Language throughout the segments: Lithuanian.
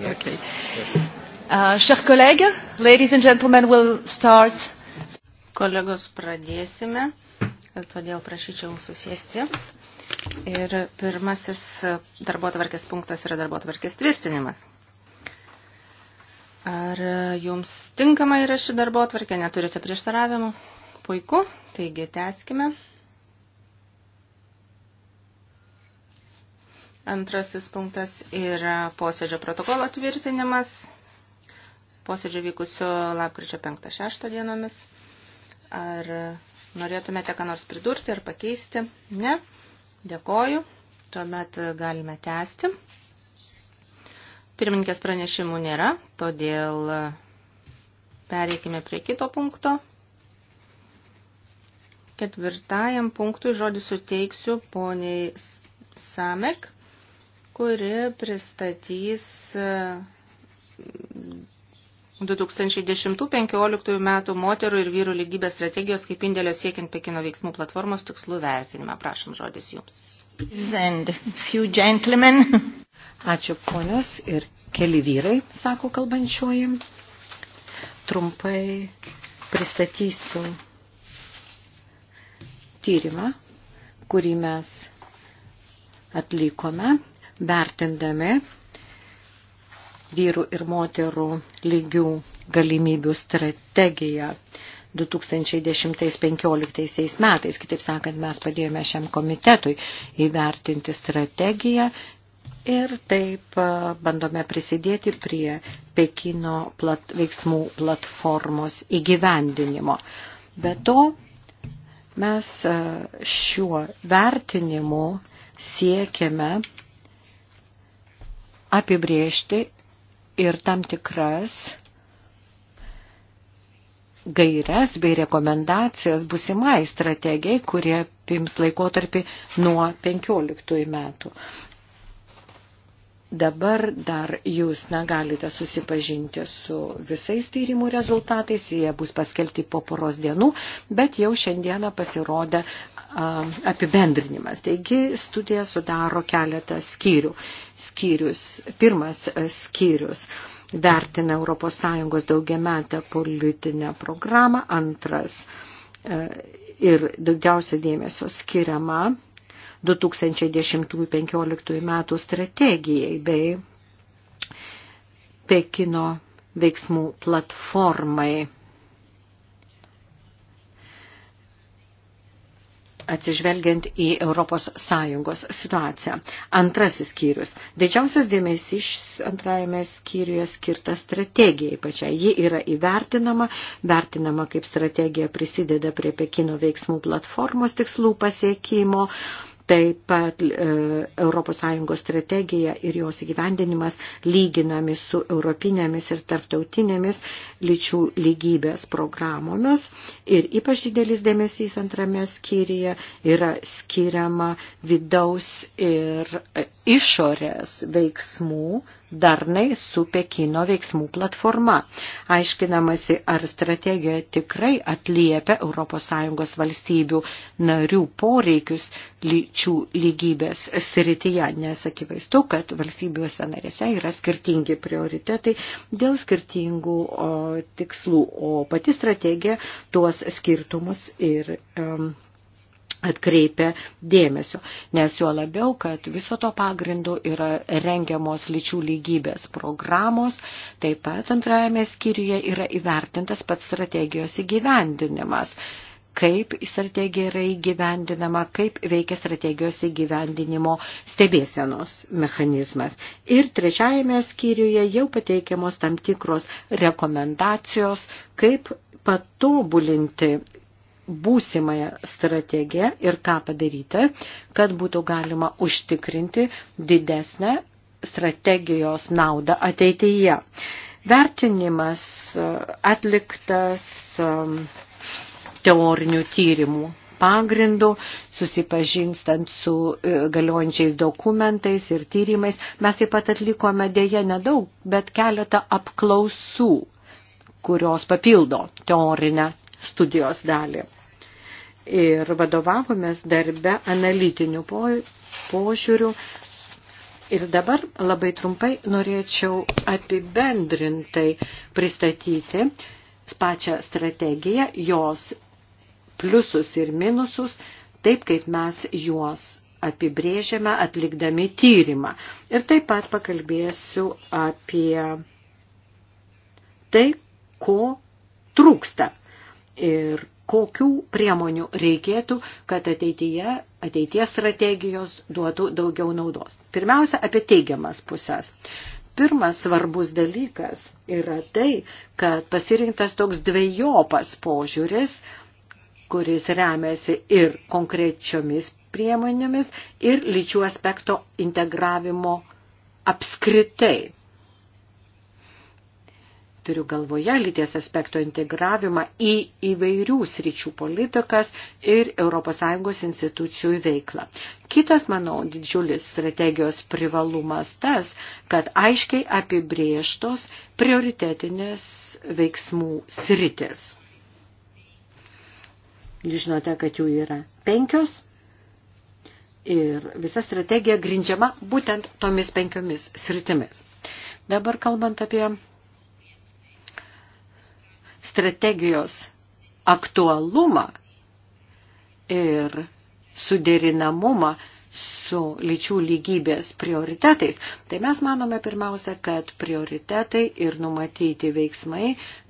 Yes. Okay. Uh, Chers collègues, ladies and gentlemen, we'll start. Kolegos, pradėsime. Todėl prašyčiau susėsti. Ir pirmasis darbo tvarkės punktas yra darbo tvarkės tvirtinimas. Ar jums tinkama yra ši darbo tvarkė, neturite prieštaravimų? Puiku, taigi teskime. Antrasis punktas yra posėdžio protokolo tvirtinimas. Posėdžio vykusio lapkričio 5-6 dienomis. Ar norėtumėte ką nors pridurti ar pakeisti? Ne. Dėkoju. Tuomet galime tęsti. Pirmininkės pranešimų nėra, todėl pereikime prie kito punkto. Ketvirtajam punktui žodį suteiksiu poniai Samek kuri pristatys 2010-2015 e, metų moterų ir vyrų lygybės strategijos kaip indėlio siekiant Pekino veiksmų platformos tikslų vertinimą. Prašom žodis jums. Ačiū ponios ir keli vyrai, sako kalbančioji. Trumpai pristatysiu tyrimą, kurį mes atlikome vertindami vyrų ir moterų lygių galimybių strategiją 2010-2015 metais. Kitaip sakant, mes padėjome šiam komitetui įvertinti strategiją ir taip bandome prisidėti prie Pekino plat, veiksmų platformos įgyvendinimo. Be to, mes šiuo vertinimu siekiame apibriežti ir tam tikras gairias bei rekomendacijas busimai strategijai, kurie pims laikotarpį nuo 15 metų. Dabar dar jūs negalite susipažinti su visais tyrimų rezultatais, jie bus paskelbti po poros dienų, bet jau šiandieną pasirodė Um, apibendrinimas. Taigi studija sudaro keletą skyrių. Skyrius, pirmas skyrius vertina ES daugiametę politinę programą, antras e, ir daugiausia dėmesio skiriama 2010-2015 metų strategijai bei Pekino veiksmų platformai atsižvelgiant į ES situaciją. Antrasis skyrius. Didžiausias dėmesys antrajame skyriuje skirta strategijai pačiai. Ji yra įvertinama, vertinama kaip strategija prisideda prie Pekino veiksmų platformos tikslų pasiekimo, Taip pat ES strategija ir jos įgyvendinimas lyginami su europinėmis ir tarptautinėmis lyčių lygybės programomis. Ir ypač didelis dėmesys antrame skyriuje yra skiriama vidaus ir e, išorės veiksmų darnai su Pekino veiksmų platforma. Aiškinamasi, ar strategija tikrai atliepia ES valstybių narių poreikius lyčių lygybės srityje, nes akivaizdu, kad valstybiuose narėse yra skirtingi prioritetai dėl skirtingų o, tikslų, o pati strategija tuos skirtumus ir um, atkreipia dėmesio, nes jo labiau, kad viso to pagrindu yra rengiamos lyčių lygybės programos, taip pat antrajame skyriuje yra įvertintas pats strategijos įgyvendinimas kaip strategija yra įgyvendinama, kaip veikia strategijos įgyvendinimo stebėsenos mechanizmas. Ir trečiajame skyriuje jau pateikiamos tam tikros rekomendacijos, kaip patobulinti būsimąją strategiją ir ką padaryti, kad būtų galima užtikrinti didesnę strategijos naudą ateityje. Vertinimas e, atliktas e, teorinių tyrimų pagrindų, susipažinstant su e, galiojančiais dokumentais ir tyrimais. Mes taip pat atlikome dėje nedaug, bet keletą apklausų, kurios papildo teorinę studijos dalį. Ir vadovavomės darbe analitiniu požiūriu. Ir dabar labai trumpai norėčiau apibendrintai pristatyti pačią strategiją, jos pliusus ir minusus, taip kaip mes juos apibrėžiame atlikdami tyrimą. Ir taip pat pakalbėsiu apie tai, ko trūksta ir kokių priemonių reikėtų, kad ateityje, ateities strategijos duotų daugiau naudos. Pirmiausia, apie teigiamas pusės. Pirmas svarbus dalykas yra tai, kad pasirinktas toks dviejopas požiūris, kuris remiasi ir konkrečiomis priemonėmis, ir lyčių aspekto integravimo apskritai turiu galvoje lyties aspekto integravimą į įvairių sričių politikas ir ES institucijų veiklą. Kitas, manau, didžiulis strategijos privalumas tas, kad aiškiai apibrieštos prioritetinės veiksmų sritis. Jūs žinote, kad jų yra penkios ir visa strategija grindžiama būtent tomis penkiomis sritimis. Dabar kalbant apie strategijos aktualumą ir suderinamumą su lyčių lygybės prioritetais, tai mes manome pirmiausia, kad prioritetai ir numatyti veiksmai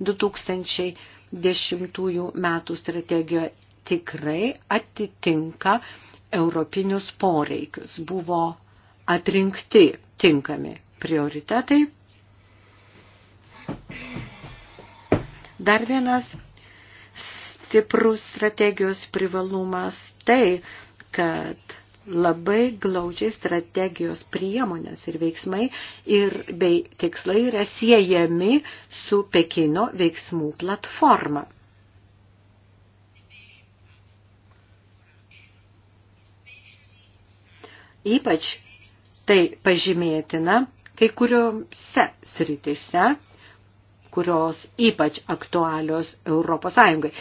2010 metų strategijoje tikrai atitinka europinius poreikius. Buvo atrinkti tinkami prioritetai Dar vienas stiprus strategijos privalumas tai, kad labai glaudžiai strategijos priemonės ir veiksmai ir bei tikslai yra siejami su Pekino veiksmų platforma. Ypač tai pažymėtina kai kuriuose sritise, kurios ypač aktualios Europos Sąjungai.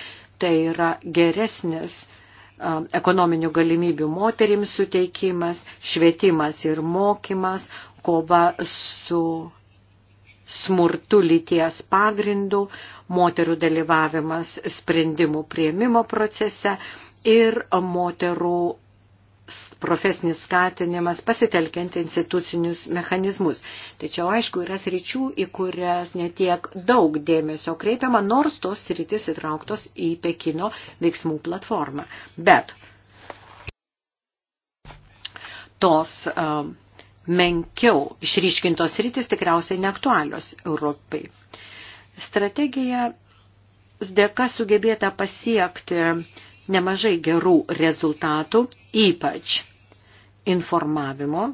Tai yra geresnis ekonominių galimybių moterims suteikimas, švietimas ir mokymas, kova su smurtu lyties pagrindų, moterų dalyvavimas sprendimų prieimimo procese ir moterų profesinis skatinimas pasitelkiant institucinius mechanizmus. Tačiau, aišku, yra sričių, į kurias netiek daug dėmesio kreipiama, nors tos sritis įtrauktos į Pekino veiksmų platformą. Bet tos uh, menkiau išryškintos sritis tikriausiai neaktualios Europai. Strategija dėka sugebėta pasiekti uh, nemažai gerų rezultatų, ypač informavimo,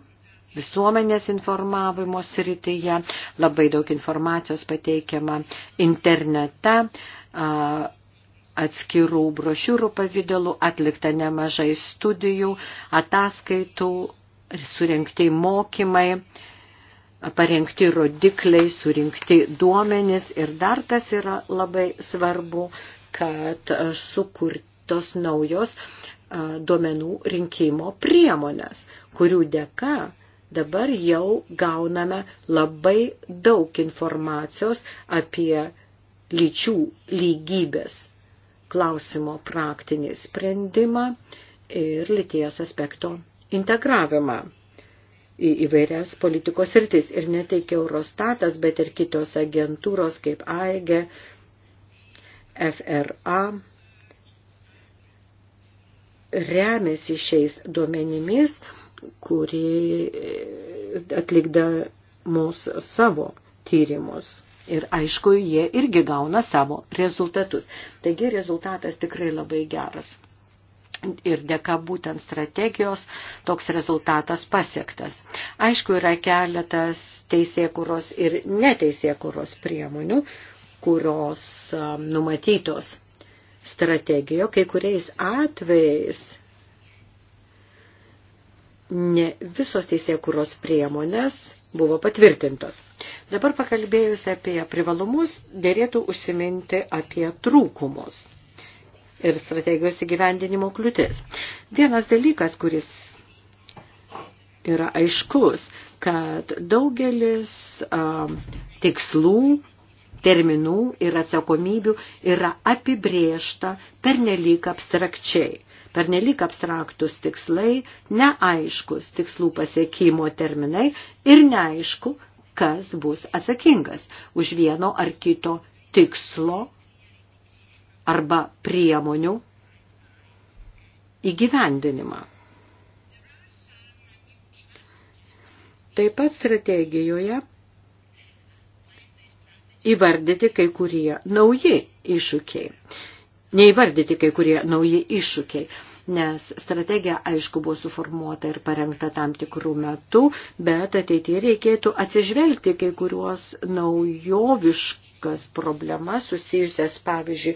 visuomenės informavimo srityje, labai daug informacijos pateikiama internete, atskirų brošiūrų pavydalų, atlikta nemažai studijų, ataskaitų, surinkti mokymai, parengti rodikliai, surinkti duomenys ir dar kas yra labai svarbu, kad sukurti tos naujos duomenų rinkimo priemonės, kurių dėka dabar jau gauname labai daug informacijos apie lyčių lygybės klausimo praktinį sprendimą ir lyties aspekto integravimą į įvairias politikos sritis. Ir ne tik Eurostatas, bet ir kitos agentūros kaip AIG, e FRA remiasi šiais duomenimis, kuri e, atlikda mūsų savo tyrimus. Ir aišku, jie irgi gauna savo rezultatus. Taigi rezultatas tikrai labai geras. Ir dėka būtent strategijos toks rezultatas pasiektas. Aišku, yra keletas teisėkuros ir neteisėkuros priemonių, kurios numatytos strategijoje kai kuriais atvejais ne visos teisėkuros priemonės buvo patvirtintos. Dabar pakalbėjus apie privalumus, dėrėtų užsiminti apie trūkumus ir strategijos įgyvendinimo kliūtis. Vienas dalykas, kuris yra aiškus, kad daugelis a, tikslų terminų ir atsakomybių yra apibriešta pernelyg abstrakčiai. Pernelyg abstraktus tikslai, neaiškus tikslų pasiekimo terminai ir neaišku, kas bus atsakingas už vieno ar kito tikslo arba priemonių įgyvendinimą. Taip pat strategijoje įvardyti kai kurie nauji iššūkiai. Neįvardyti kai kurie nauji iššūkiai nes strategija aišku buvo suformuota ir parengta tam tikrų metų, bet ateityje reikėtų atsižvelgti kai kuriuos naujoviškas problemas susijusias, pavyzdžiui,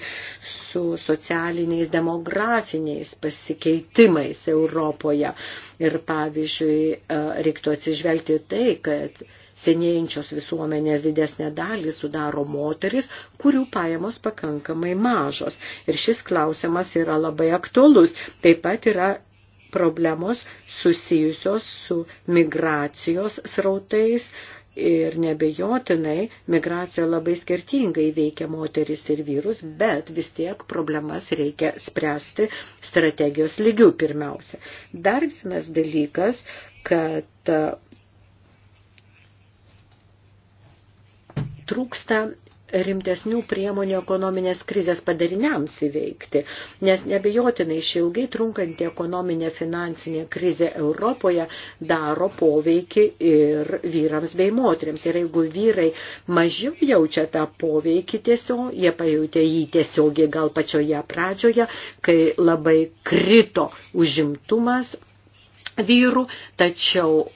su socialiniais demografiniais pasikeitimais Europoje. Ir, pavyzdžiui, e, reiktų atsižvelgti tai, kad senėjančios visuomenės didesnę dalį sudaro moteris, kurių pajamos pakankamai mažos. Ir šis klausimas yra labai aktuolus. Taip pat yra problemos susijusios su migracijos srautais. Ir nebejotinai migracija labai skirtingai veikia moteris ir vyrus, bet vis tiek problemas reikia spręsti strategijos lygių pirmiausia. Dar vienas dalykas, kad trūksta rimtesnių priemonių ekonominės krizės padariniams įveikti, nes nebejotinai šilgai trunkanti ekonominė finansinė krizė Europoje daro poveikį ir vyrams bei moteriams. Ir jeigu vyrai mažiau jaučia tą poveikį tiesiog, jie pajutė jį tiesiogiai gal pačioje pradžioje, kai labai krito užimtumas vyrų, tačiau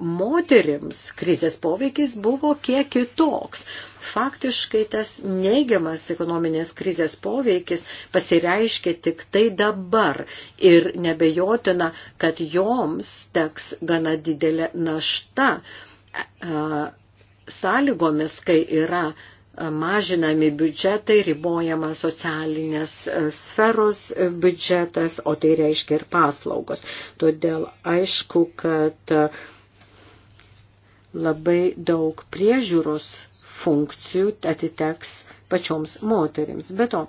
moterims krizės poveikis buvo kiek kitoks. Faktiškai tas neigiamas ekonominės krizės poveikis pasireiškia tik tai dabar ir nebejotina, kad joms teks gana didelė našta e, sąlygomis, kai yra mažinami biudžetai, ribojama socialinės e, sferos biudžetas, o tai reiškia ir paslaugos. Todėl aišku, kad uh, labai daug priežiūros funkcijų atiteks pačioms moterims. Be to,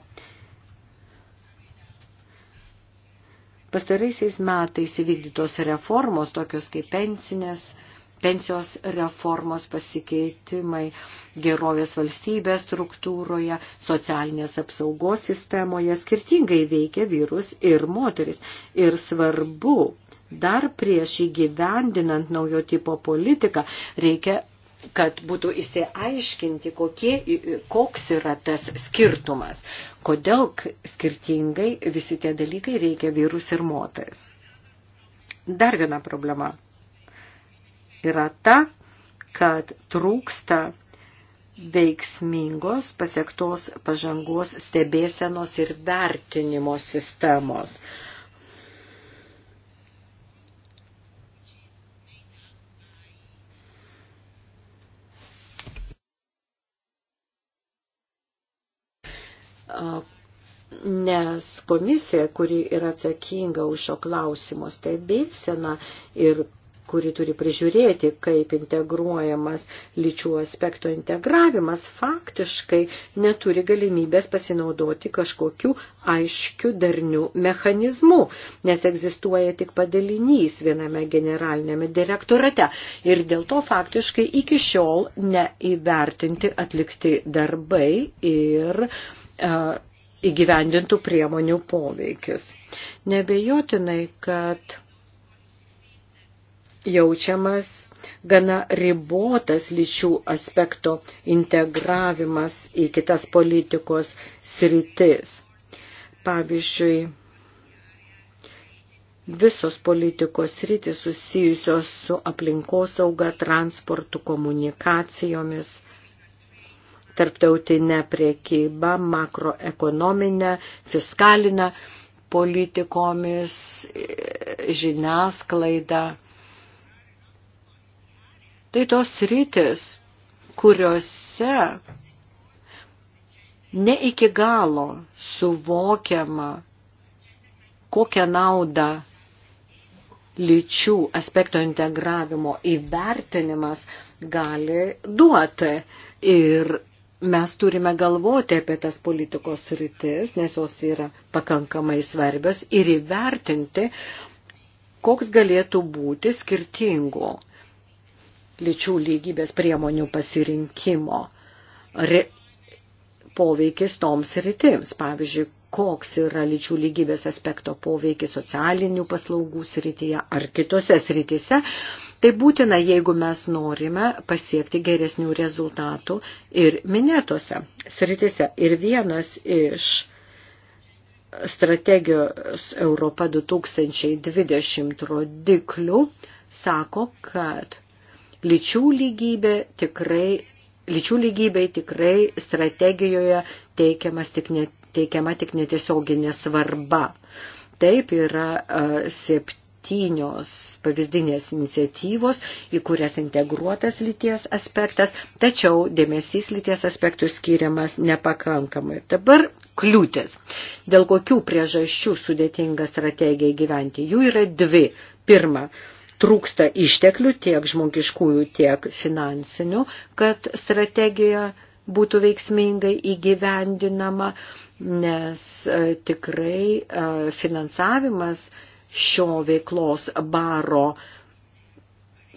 pastaraisiais metais įvykdytos reformos, tokios kaip pensinės, pensijos reformos pasikeitimai gerovės valstybės struktūroje, socialinės apsaugos sistemoje skirtingai veikia vyrus ir moteris. Ir svarbu, dar prieš įgyvendinant naujo tipo politiką reikia kad būtų įsiaiškinti, kokie, koks yra tas skirtumas, kodėl skirtingai visi tie dalykai reikia vyrus ir moteris. Dar viena problema yra ta, kad trūksta veiksmingos pasiektos pažangos stebėsenos ir vertinimo sistemos. Uh, nes komisija, kuri yra atsakinga už šio klausimo stebėseną ir kuri turi prižiūrėti, kaip integruojamas lyčių aspekto integravimas, faktiškai neturi galimybės pasinaudoti kažkokiu aiškiu darniu mechanizmu, nes egzistuoja tik padalinys viename generalinėme direktorate ir dėl to faktiškai iki šiol neįvertinti atlikti darbai ir E, įgyvendintų priemonių poveikis. Nebejotinai, kad jaučiamas gana ribotas lyčių aspekto integravimas į kitas politikos sritis. Pavyzdžiui, visos politikos sritis susijusios su aplinkosauga, transportu, komunikacijomis tarptautinę priekybą, makroekonominę, fiskalinę politikomis, žiniasklaidą. Tai tos rytis, kuriuose ne iki galo suvokiama, kokią naudą lyčių aspekto integravimo įvertinimas gali duoti. Ir mes turime galvoti apie tas politikos rytis, nes jos yra pakankamai svarbios ir įvertinti, koks galėtų būti skirtingų lyčių lygybės priemonių pasirinkimo re, poveikis toms rytims. Pavyzdžiui, koks yra lyčių lygybės aspekto poveikis socialinių paslaugų srityje ar kitose srityse. Uh, Tai būtina, jeigu mes norime pasiekti geresnių rezultatų ir minėtose sritise. Ir vienas iš strategijos Europa 2020 rodiklių sako, kad lyčių lygybė tikrai, lyčių lygybei tikrai strategijoje teikiamas tik ne, teikiama tik netiesioginė svarba. Taip yra septyni septynios pavyzdinės iniciatyvos, į kurias integruotas lyties aspektas, tačiau dėmesys lyties aspektų skiriamas nepakankamai. Dabar kliūtis. Dėl kokių priežasčių sudėtinga strategija gyventi? Jų yra dvi. Pirma, trūksta išteklių tiek žmogiškųjų, tiek finansinių, kad strategija būtų veiksmingai įgyvendinama nes e, tikrai e, finansavimas šio veiklos baro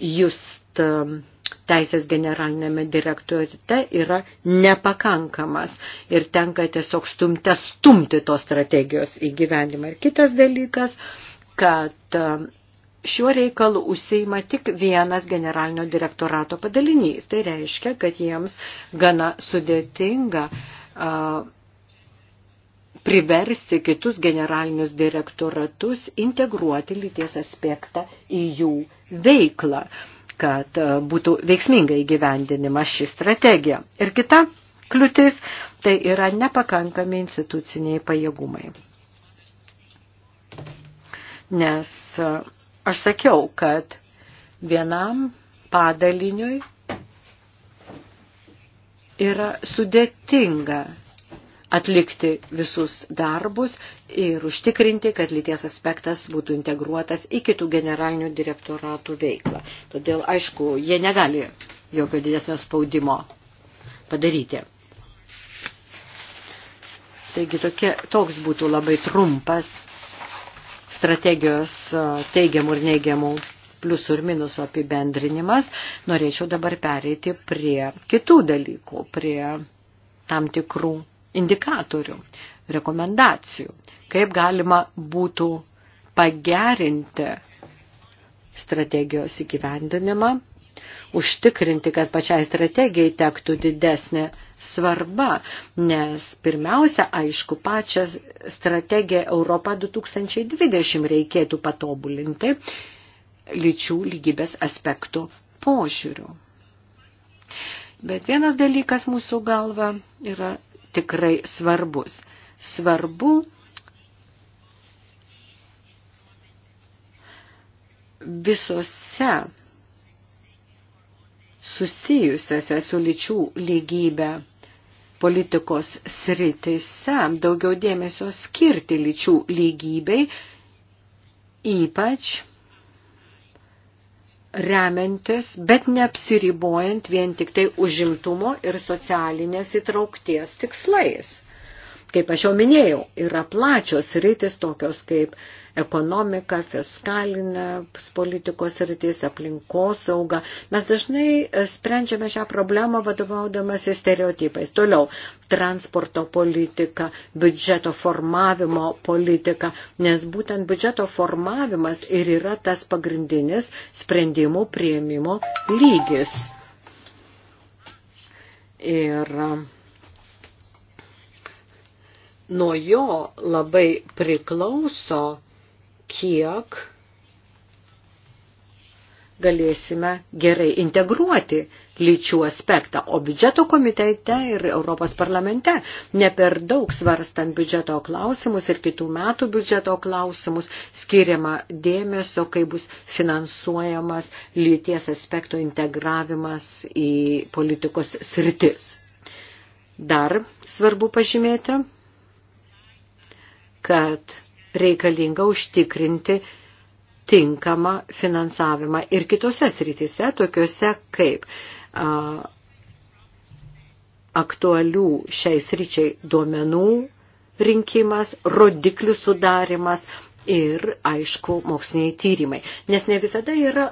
just um, teisės generalinėme direktorite yra nepakankamas ir tenka tiesiog stumti, stumti tos strategijos įgyvendimą. Ir kitas dalykas, kad um, šiuo reikalu užseima tik vienas generalinio direktorato padalinys. Tai reiškia, kad jiems gana sudėtinga uh, priversti kitus generalinius direktoratus integruoti lyties aspektą į jų veiklą, kad e, būtų veiksmingai įgyvendinima ši strategija. Ir kita kliūtis tai yra nepakankami instituciniai pajėgumai. Nes e, aš sakiau, kad vienam padaliniui yra sudėtinga atlikti visus darbus ir užtikrinti, kad lyties aspektas būtų integruotas į kitų generalinių direktoratų veiklą. Todėl, aišku, jie negali jokio didesnio spaudimo padaryti. Taigi tokie, toks būtų labai trumpas strategijos teigiamų ir neigiamų pliusų ir minusų apibendrinimas. Norėčiau dabar pereiti prie kitų dalykų, prie tam tikrų indikatorių, rekomendacijų, kaip galima būtų pagerinti strategijos įgyvendinimą, užtikrinti, kad pačiai strategijai tektų didesnė svarba, nes pirmiausia, aišku, pačią strategiją Europą 2020 reikėtų patobulinti lyčių lygybės aspektų požiūrių. Bet vienas dalykas mūsų galva yra tikrai svarbus. Svarbu visose susijusiose su lyčių lygybė politikos sritise daugiau dėmesio skirti lyčių lygybei, ypač remiantis, bet neapsiribojant vien tik tai užimtumo ir socialinės įtraukties tikslais kaip aš jau minėjau, yra plačios rytis tokios kaip ekonomika, fiskalinės politikos rytis, aplinkosauga. Mes dažnai e, sprendžiame šią problemą vadovaudamasi stereotipais. Toliau, transporto politika, biudžeto formavimo politika, nes būtent biudžeto formavimas ir yra tas pagrindinis sprendimų prieimimo lygis. Ir nuo jo labai priklauso, kiek galėsime gerai integruoti lyčių aspektą. O biudžeto komitete ir Europos parlamente ne per daug svarstant biudžeto klausimus ir kitų metų biudžeto klausimus skiriama dėmesio, kai bus finansuojamas lyties aspekto integravimas į politikos sritis. Dar svarbu pažymėti, kad reikalinga užtikrinti tinkamą finansavimą ir kitose srityse, tokiuose kaip a, aktualių šiais ryčiai duomenų rinkimas, rodiklių sudarimas ir, aišku, moksliniai tyrimai. Nes ne visada yra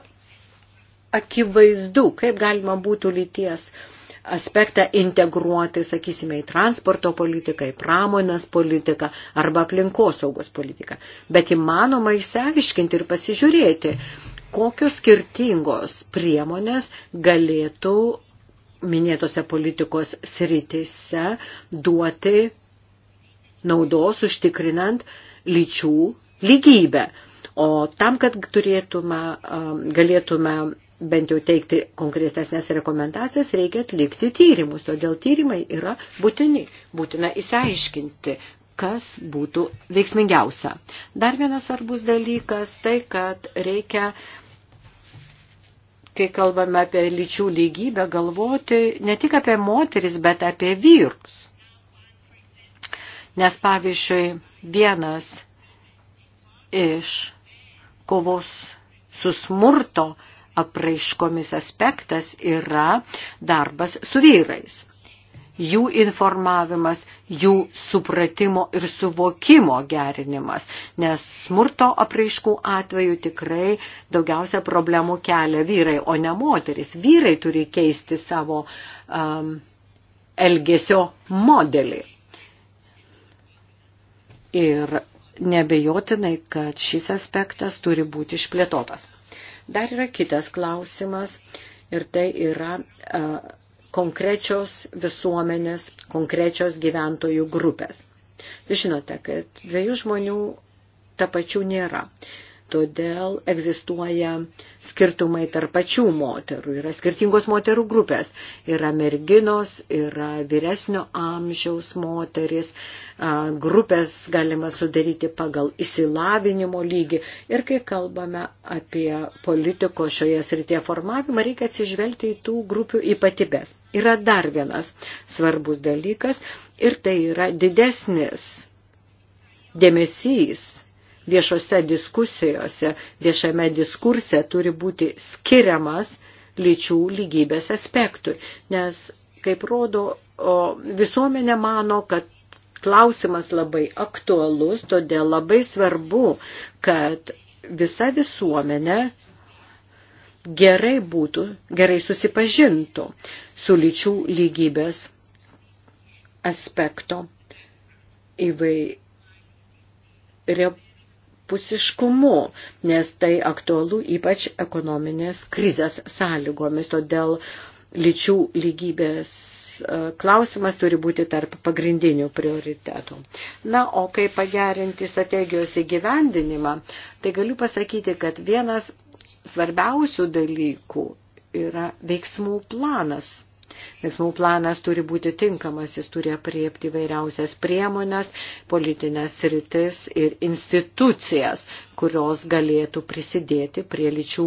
akivaizdu, kaip galima būtų lyties uh, aspektą integruoti, sakysime, į transporto politiką, į pramonės politiką arba aplinkosaugos politiką. Bet įmanoma išsiaiškinti ir pasižiūrėti, kokios skirtingos priemonės galėtų minėtose politikos sritise duoti naudos užtikrinant lyčių lygybę. O tam, kad turėtume, um, galėtume bent jau teikti konkretesnės rekomendacijas, reikia atlikti tyrimus. Todėl tyrimai yra būtini. Būtina įsiaiškinti, kas būtų veiksmingiausia. Dar vienas svarbus dalykas tai, kad reikia kai kalbame apie lyčių lygybę, galvoti ne tik apie moteris, bet apie vyrus. Nes pavyzdžiui, vienas iš kovos su smurto apraiškomis aspektas yra darbas su vyrais jų informavimas, jų supratimo ir suvokimo gerinimas, nes smurto apraiškų atveju tikrai daugiausia problemų kelia vyrai, o ne moteris. Vyrai turi keisti savo um, elgesio modelį. Ir nebejotinai, kad šis aspektas turi būti išplėtotas. Dar yra kitas klausimas ir tai yra e, konkrečios visuomenės, konkrečios gyventojų grupės. Žinote, kad dviejų žmonių tapačių nėra. Todėl egzistuoja skirtumai tarp pačių moterų. Yra skirtingos moterų grupės. Yra merginos, yra vyresnio amžiaus moteris, grupės galima sudaryti pagal įsilavinimo lygį. Ir kai kalbame apie politiko šioje srityje formavimą, reikia atsižvelgti į tų grupių ypatybės. Yra dar vienas svarbus dalykas ir tai yra didesnis dėmesys viešose diskusijose, viešame diskurse turi būti skiriamas lyčių lygybės aspektui. Nes, kaip rodo, visuomenė mano, kad klausimas labai aktualus, todėl labai svarbu, kad visa visuomenė gerai būtų, gerai susipažintų su lyčių lygybės aspekto įvairia pusiškumu, nes tai aktualu ypač ekonominės krizės sąlygomis. Todėl lyčių lygybės e, klausimas turi būti tarp pagrindinių prioritetų. Na, o kaip pagerinti strategijos įgyvendinimą, tai galiu pasakyti, kad vienas svarbiausių dalykų yra veiksmų planas Veiksmų planas turi būti tinkamas, jis turi apriepti vairiausias priemonės, politinės rytis ir institucijas, kurios galėtų prisidėti prie lyčių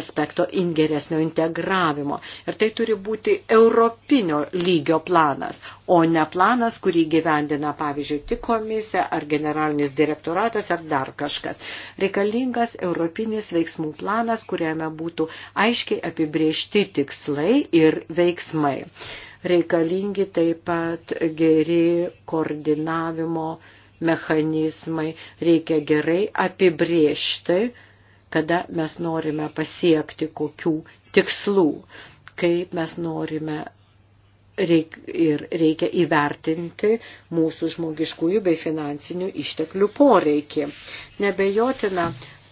aspekto ingeresnio integravimo. Ir tai turi būti europinio lygio planas, o ne planas, kurį gyvendina, pavyzdžiui, tik komisija ar generalinis direktoratas ar dar kažkas. Reikalingas europinis veiksmų planas, kuriame būtų aiškiai apibriežti tikslai ir veiksmai. Reikalingi taip pat geri koordinavimo mechanizmai, reikia gerai apibriežti, kada mes norime pasiekti kokių tikslų, kaip mes norime reik, ir reikia įvertinti mūsų žmogiškųjų bei finansinių išteklių poreikį. Nebejotina,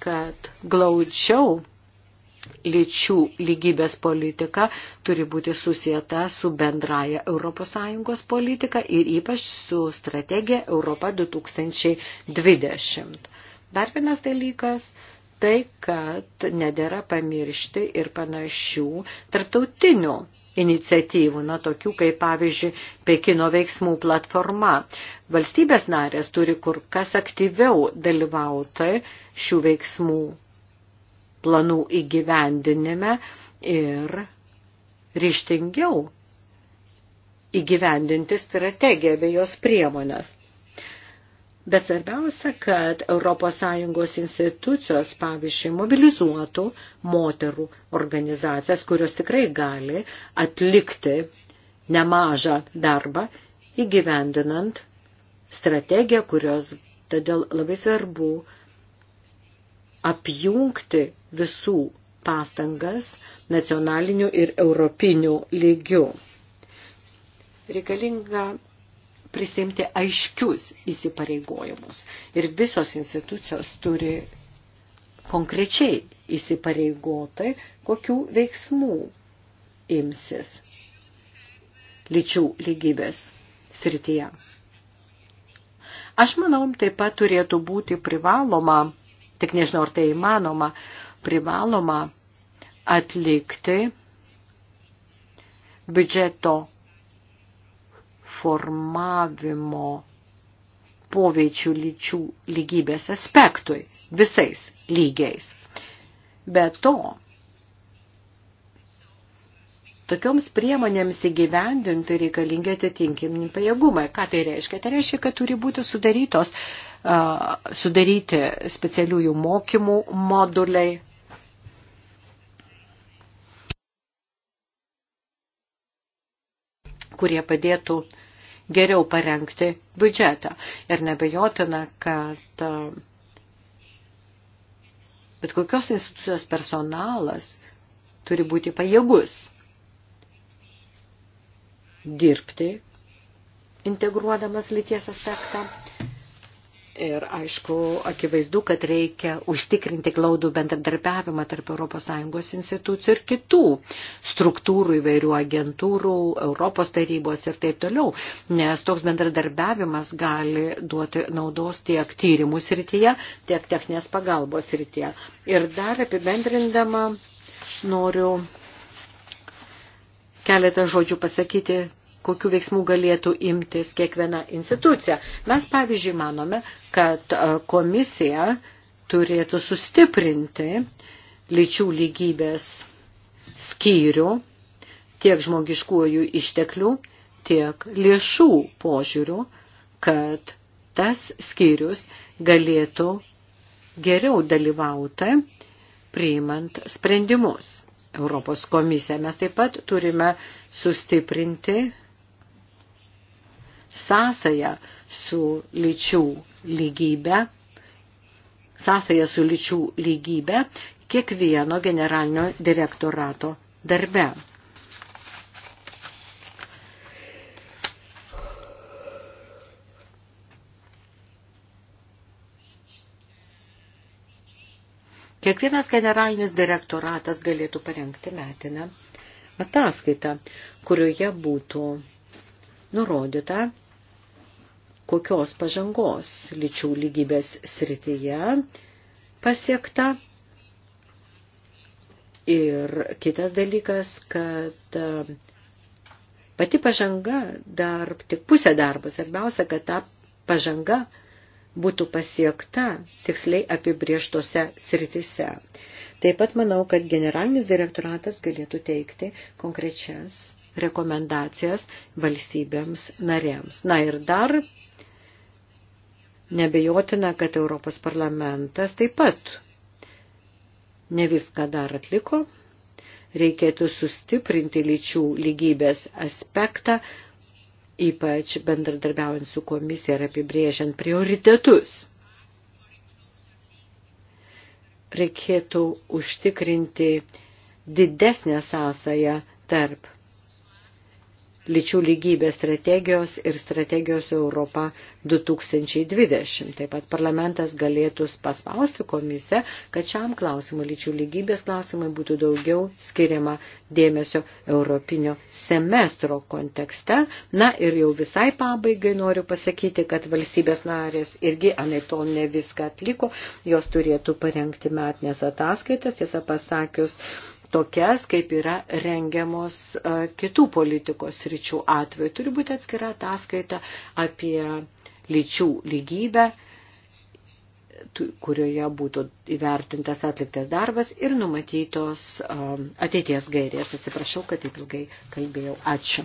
kad glaudžiau lyčių lygybės politika turi būti susijęta su bendraja ES politika ir ypač su strategija Europa 2020. Dar vienas dalykas - tai, kad nedėra pamiršti ir panašių tarptautinių iniciatyvų, na, tokių kaip, pavyzdžiui, Pekino veiksmų platforma. Valstybės narės turi kur kas aktyviau dalyvauti šių veiksmų planų įgyvendinime ir ryštingiau įgyvendinti strategiją bei jos priemonės. Bet svarbiausia, kad ES institucijos, pavyzdžiui, mobilizuotų moterų organizacijas, kurios tikrai gali atlikti nemažą darbą įgyvendinant strategiją, kurios todėl labai svarbu apjungti visų pastangas nacionalinių ir europinių lygių. Reikalinga prisimti aiškius įsipareigojimus ir visos institucijos turi konkrečiai įsipareigoti, kokių veiksmų imsis lyčių lygybės srityje. Aš manau, taip pat turėtų būti privaloma tik nežinau, ar tai įmanoma, privaloma atlikti biudžeto formavimo poveičių lyčių lygybės aspektui visais lygiais. Be to, tokioms priemonėms įgyvendinti reikalingi atitinkimni pajėgumai. Ką tai reiškia? Tai reiškia, kad turi būti sudarytos sudaryti specialiųjų mokymų moduliai. kurie padėtų geriau parengti biudžetą. Ir nebejotina, kad bet kokios institucijos personalas turi būti pajėgus dirbti, integruodamas lyties aspektą Ir aišku, akivaizdu, kad reikia užtikrinti glaudų bendradarbiavimą tarp ES institucijų ir kitų struktūrų įvairių agentūrų, Europos tarybos ir taip toliau, nes toks bendradarbiavimas gali duoti naudos tiek tyrimų srityje, tiek techninės pagalbos srityje. Ir dar apibendrindama noriu keletą žodžių pasakyti kokiu veiksmu galėtų imtis kiekviena institucija. Mes, pavyzdžiui, manome, kad e, komisija turėtų sustiprinti lyčių lygybės skyrių tiek žmogiškuojų išteklių, tiek lėšų požiūrių, kad tas skyrius galėtų geriau dalyvauti priimant sprendimus. Europos komisija mes taip pat turime sustiprinti sąsają su lyčių lygybė, sąsają su lyčių lygybė kiekvieno generalinio direktorato darbe. Kiekvienas generalinis direktoratas galėtų parengti metinę ataskaitą, kurioje būtų nurodyta, kokios pažangos lyčių lygybės srityje pasiekta. Ir kitas dalykas, kad e, pati pažanga dar tik pusė darbo. Svarbiausia, kad ta pažanga būtų pasiekta tiksliai apibrieštose sritise. Taip pat manau, kad generalinis direktoratas galėtų teikti konkrečias rekomendacijas valstybėms narėms. Na ir dar Nebejotina, kad Europos parlamentas taip pat ne viską dar atliko. Reikėtų sustiprinti lyčių lygybės aspektą, ypač bendradarbiaujant su komisija ir apibrėžiant prioritetus. Reikėtų užtikrinti didesnę sąsąją tarp lyčių lygybės strategijos ir strategijos Europa 2020. Taip pat parlamentas galėtų paspausti komisiją, kad šiam klausimui lyčių lygybės klausimai būtų daugiau skiriama dėmesio europinio semestro kontekste. Na ir jau visai pabaigai noriu pasakyti, kad valstybės narės irgi anaitol ne viską atliko, jos turėtų parengti metinės ataskaitas, tiesą pasakius, tokias, kaip yra rengiamos e, kitų politikos ryčių atveju. Turi būti atskira ataskaita apie lyčių lygybę, kurioje būtų įvertintas atliktas darbas ir numatytos e, ateities gairės. Atsiprašau, kad taip ilgai kalbėjau. Ačiū.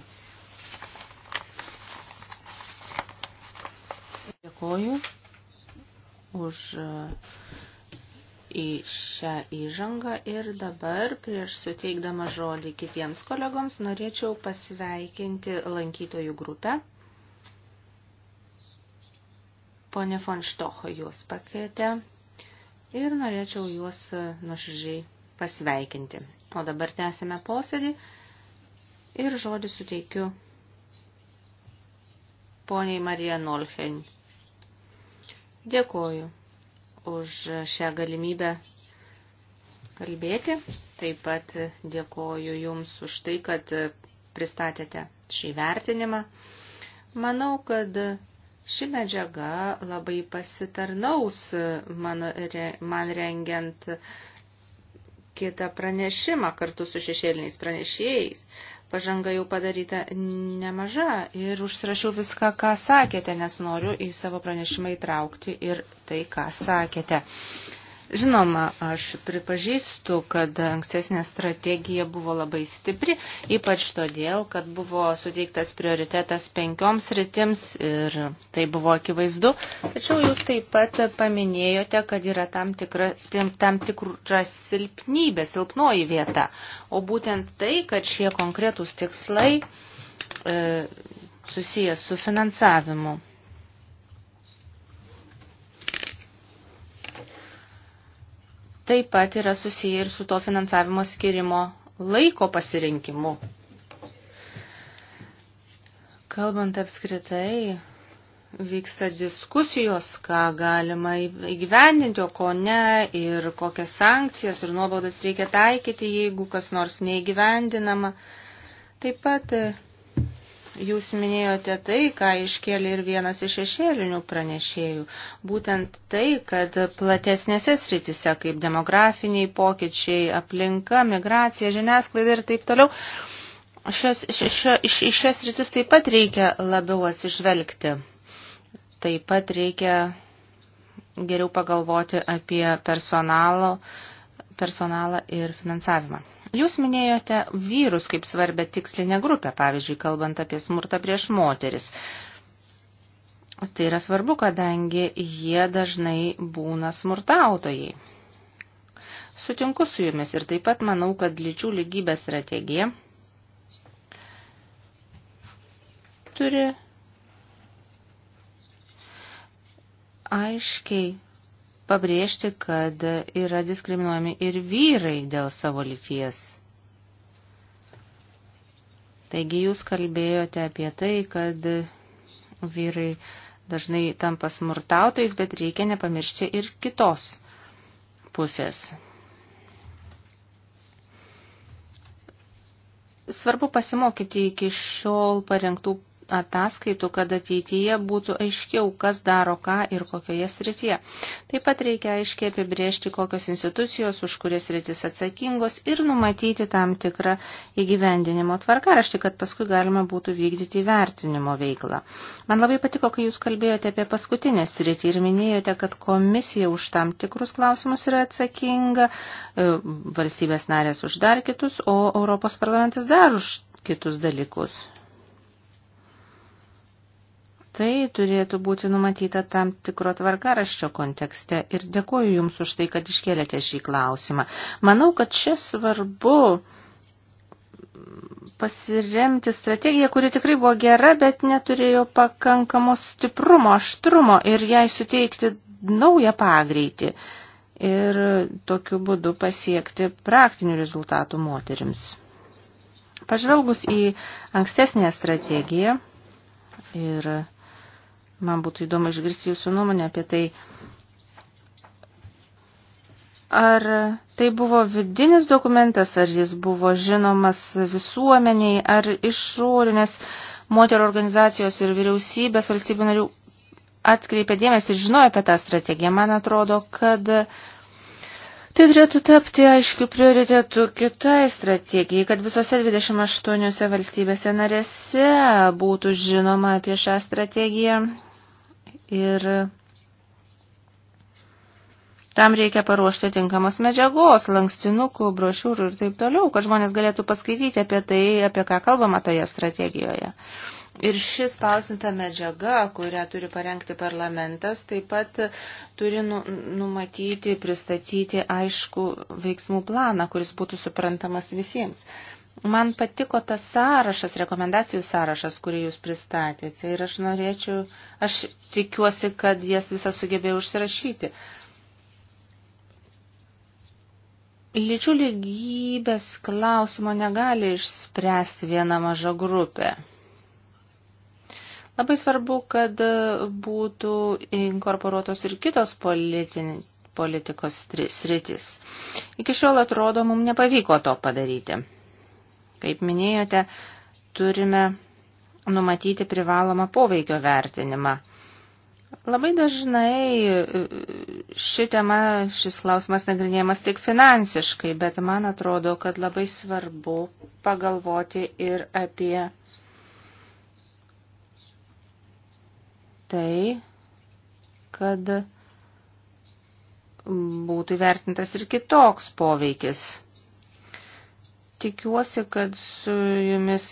Dėkoju už uh, į šią įžangą ir dabar prieš suteikdama žodį kitiems kolegoms norėčiau pasveikinti lankytojų grupę. Pone von Štocho juos pakvietė ir norėčiau juos nuoširdžiai pasveikinti. O dabar tęsime posėdį ir žodį suteikiu poniai Marija Nolhein. Dėkoju už šią galimybę kalbėti. Taip pat dėkoju Jums už tai, kad pristatėte šį vertinimą. Manau, kad ši medžiaga labai pasitarnaus man, man rengiant kitą pranešimą kartu su šešėliniais pranešėjais pažanga jau padaryta nemaža ir užsirašiau viską, ką sakėte, nes noriu į savo pranešimą įtraukti ir tai, ką sakėte. Uh, Žinoma, aš pripažįstu, kad ankstesnė strategija buvo labai stipri, ypač todėl, kad buvo suteiktas prioritetas penkioms rytims ir tai buvo akivaizdu. Tačiau jūs taip pat paminėjote, kad yra tam tikra, tam tikra silpnybė, silpnoji vieta. O būtent tai, kad šie konkretūs tikslai e, susijęs su finansavimu. taip pat yra susiję ir su to finansavimo skirimo laiko pasirinkimu. Kalbant apskritai, vyksta diskusijos, ką galima įgyvendinti, o ko ne, ir kokias sankcijas ir nuobaudas reikia taikyti, jeigu kas nors neįgyvendinama. Taip pat Jūs minėjote tai, ką iškėlė ir vienas iš šešėlinių pranešėjų. Būtent tai, kad platesnėse sritise, kaip demografiniai pokyčiai, aplinka, migracija, žiniasklaida ir taip toliau, šios, šio, iš šias sritis taip pat reikia labiau atsižvelgti. Taip pat reikia geriau pagalvoti apie personalo, personalą ir finansavimą. Jūs minėjote vyrus kaip svarbę tikslinę grupę, pavyzdžiui, kalbant apie smurtą prieš moteris. Tai yra svarbu, kadangi jie dažnai būna smurtautojai. Sutinku su jumis ir taip pat manau, kad lyčių lygybės strategija turi aiškiai pabrėžti, kad yra diskriminuojami ir vyrai dėl savo lyties. Taigi jūs kalbėjote apie tai, kad vyrai dažnai tampa smurtautojais, bet reikia nepamiršti ir kitos pusės. Svarbu pasimokyti iki šiol parengtų ataskaitų, kad ateityje būtų aiškiau, kas daro ką ir kokioje srityje. Taip pat reikia aiškiai apibriežti, kokios institucijos, už kurias sritis atsakingos ir numatyti tam tikrą įgyvendinimo tvarkaraštį, kad paskui galima būtų vykdyti vertinimo veiklą. Man labai patiko, kai jūs kalbėjote apie paskutinę sritį ir minėjote, kad komisija už tam tikrus klausimus yra atsakinga, e, valstybės narės už dar kitus, o Europos parlamentas dar už kitus dalykus tai turėtų būti numatyta tam tikro tvarkaraščio kontekste ir dėkuoju Jums už tai, kad iškėlėte šį klausimą. Manau, kad čia svarbu pasiremti strategiją, kuri tikrai buvo gera, bet neturėjo pakankamo stiprumo, aštrumo ir jai suteikti naują pagreitį ir tokiu būdu pasiekti praktinių rezultatų moterims. Pažvelgus į ankstesnę strategiją ir Man būtų įdomu išgirsti jūsų nuomonę apie tai. Ar tai buvo vidinis dokumentas, ar jis buvo žinomas visuomeniai, ar išorinės moterų organizacijos ir vyriausybės valstybių narių atkreipė dėmesį ir žinojo apie tą strategiją. Man atrodo, kad tai turėtų tapti aiškių prioritetų kitai strategijai, kad visose 28 valstybėse narėse būtų žinoma apie šią strategiją Ir tam reikia paruošti tinkamos medžiagos, lankstinukų, brošiūrų ir taip toliau, kad žmonės galėtų paskaityti apie tai, apie ką kalbama toje strategijoje. Ir ši spausinta medžiaga, kurią turi parengti parlamentas, taip pat turi nu, numatyti, pristatyti aišku veiksmų planą, kuris būtų suprantamas visiems. Man patiko tas sąrašas, rekomendacijų sąrašas, kurį jūs pristatėte ir aš norėčiau, aš tikiuosi, kad jas visą sugebėjau užsirašyti. Lyčių lygybės klausimo negali išspręsti viena maža grupė. Labai svarbu, kad būtų inkorporuotos ir kitos politin, politikos sritis. Iki šiol atrodo, mums nepavyko to padaryti. Kaip minėjote, turime numatyti privalomą poveikio vertinimą. Labai dažnai e, ši tema, šis klausimas nagrinėjamas tik finansiškai, bet man atrodo, kad labai svarbu pagalvoti ir apie tai, kad būtų vertintas ir kitoks poveikis Tikiuosi, kad su jumis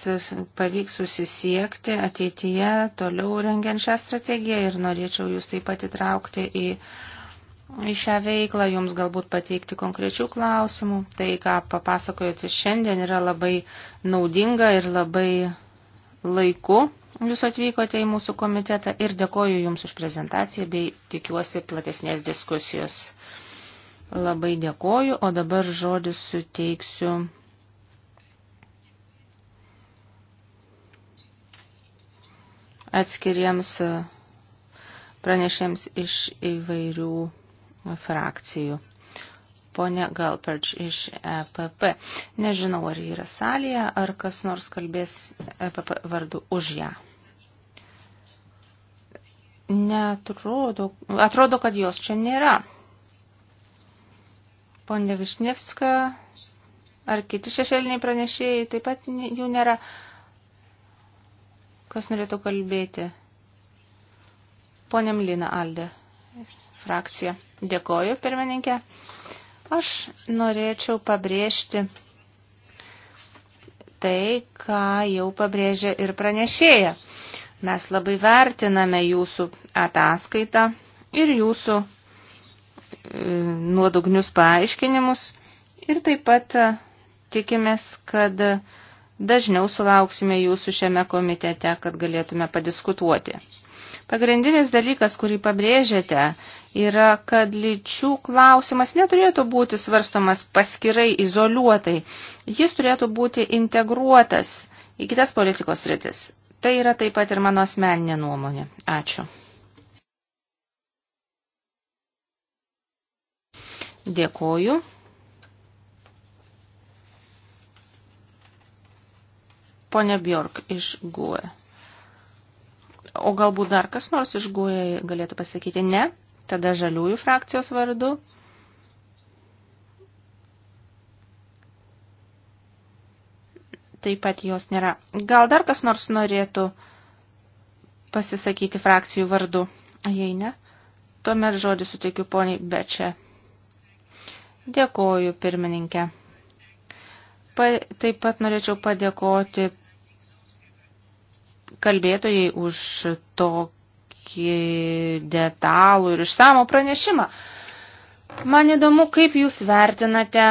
pavyks susisiekti ateityje toliau rengiant šią strategiją ir norėčiau jūs taip pat įtraukti į, į šią veiklą, jums galbūt pateikti konkrečių klausimų. Tai, ką papasakojote šiandien, yra labai naudinga ir labai laiku. Jūs atvykote į mūsų komitetą ir dėkoju Jums už prezentaciją bei tikiuosi platesnės diskusijos. Labai dėkoju, o dabar žodį suteiksiu atskiriems e, pranešėms iš įvairių frakcijų. Pone Galperč iš EPP. Nežinau, ar yra salėje, ar kas nors kalbės EPP vardu už ją. Netrodo, atrodo, kad jos čia nėra. Pone Višnevska, ar kiti šešėliniai pranešėjai, taip pat jų nėra. Kas norėtų kalbėti? Pone Mlina Aldė, frakcija. Dėkoju, pirmininkė. Aš norėčiau pabrėžti tai, ką jau pabrėžė ir pranešėja. Mes labai vertiname jūsų ataskaitą ir jūsų e, nuodugnius paaiškinimus ir taip pat e, tikimės, kad dažniau sulauksime jūsų šiame komitete, kad galėtume padiskutuoti. Pagrindinis dalykas, kurį pabrėžėte, yra, kad lyčių klausimas neturėtų būti svarstomas paskirai, izoliuotai. Jis turėtų būti integruotas į kitas politikos rytis. Tai yra taip pat ir mano asmeninė nuomonė. Ačiū. Dėkoju. Pone Bjork iš GUE. O galbūt dar kas nors iš GUE galėtų pasakyti ne? Tada žaliųjų frakcijos vardu. Taip pat jos nėra. Gal dar kas nors norėtų pasisakyti frakcijų vardu? Jei ne, tuomet žodį suteikiu poniai Bečia. Dėkoju, pirmininkė. Pa, taip pat norėčiau padėkoti kalbėtojai už tokį detalų ir išsamų pranešimą. Man įdomu, kaip jūs vertinate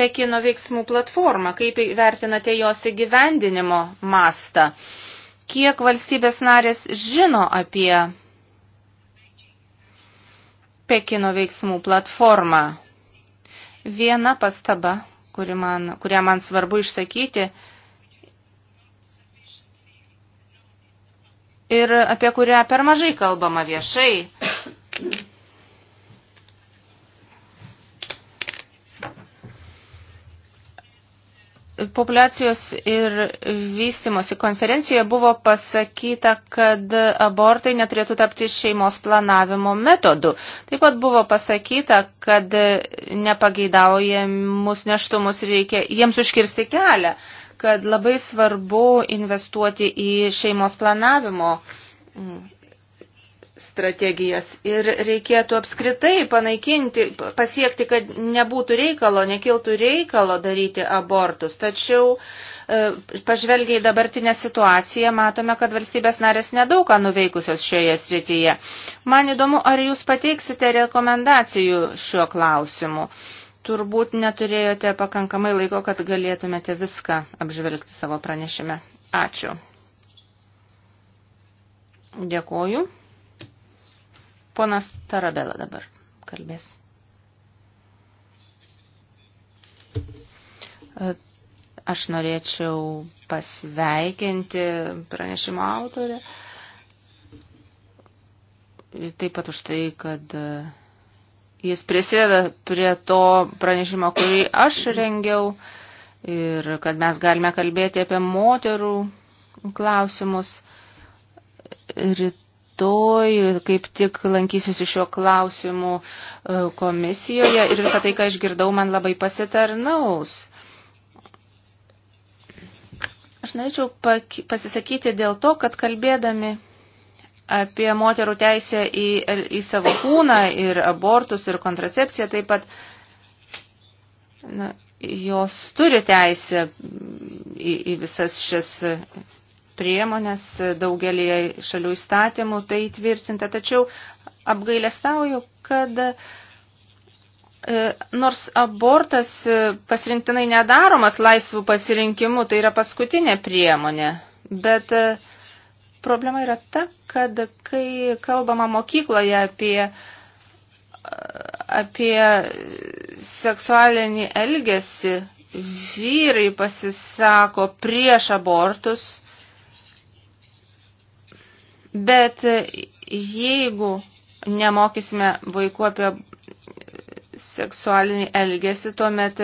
Pekino veiksmų platformą, kaip vertinate jos įgyvendinimo mastą kiek valstybės narės žino apie Pekino veiksmų platformą. Viena pastaba, kuri man, kurią man svarbu išsakyti ir apie kurią per mažai kalbama viešai populacijos ir vystimosi konferencijoje buvo pasakyta, kad abortai neturėtų tapti šeimos planavimo metodu. Taip pat buvo pasakyta, kad nepageidaujamus neštumus reikia jiems užkirsti kelią, kad labai svarbu investuoti į šeimos planavimo strategijas ir reikėtų apskritai panaikinti, pasiekti, kad nebūtų reikalo, nekiltų reikalo daryti abortus. Tačiau e, pažvelgiai dabartinę situaciją, matome, kad valstybės narės nedaug ką nuveikusios šioje srityje. Man įdomu, ar jūs pateiksite rekomendacijų šiuo klausimu. Turbūt neturėjote pakankamai laiko, kad galėtumėte viską apžvelgti savo pranešime. Ačiū. Dėkoju. Ponas Tarabela dabar kalbės. E, aš norėčiau pasveikinti pranešimo autorę. Taip pat už tai, kad e, jis prisėda prie to pranešimo, kurį aš rengiau ir kad mes galime kalbėti apie moterų klausimus. Ryt rytoj kaip tik lankysiuosi šiuo klausimu e, komisijoje ir visą tai, ką išgirdau, man labai pasitarnaus. Aš norėčiau pasisakyti dėl to, kad kalbėdami apie moterų teisę į, į savo kūną ir abortus ir kontracepciją taip pat, na, jos turi teisę į, į visas šias priemonės, daugelį šalių įstatymų tai tvirtinta. Tačiau apgailestauju, kad e, nors abortas pasirinktinai nedaromas laisvų pasirinkimu, tai yra paskutinė priemonė, bet e, problema yra ta, kad kai kalbama mokykloje apie, e, apie seksualinį elgesį, vyrai pasisako prieš abortus Bet jeigu nemokysime vaikų apie seksualinį elgesį, tuomet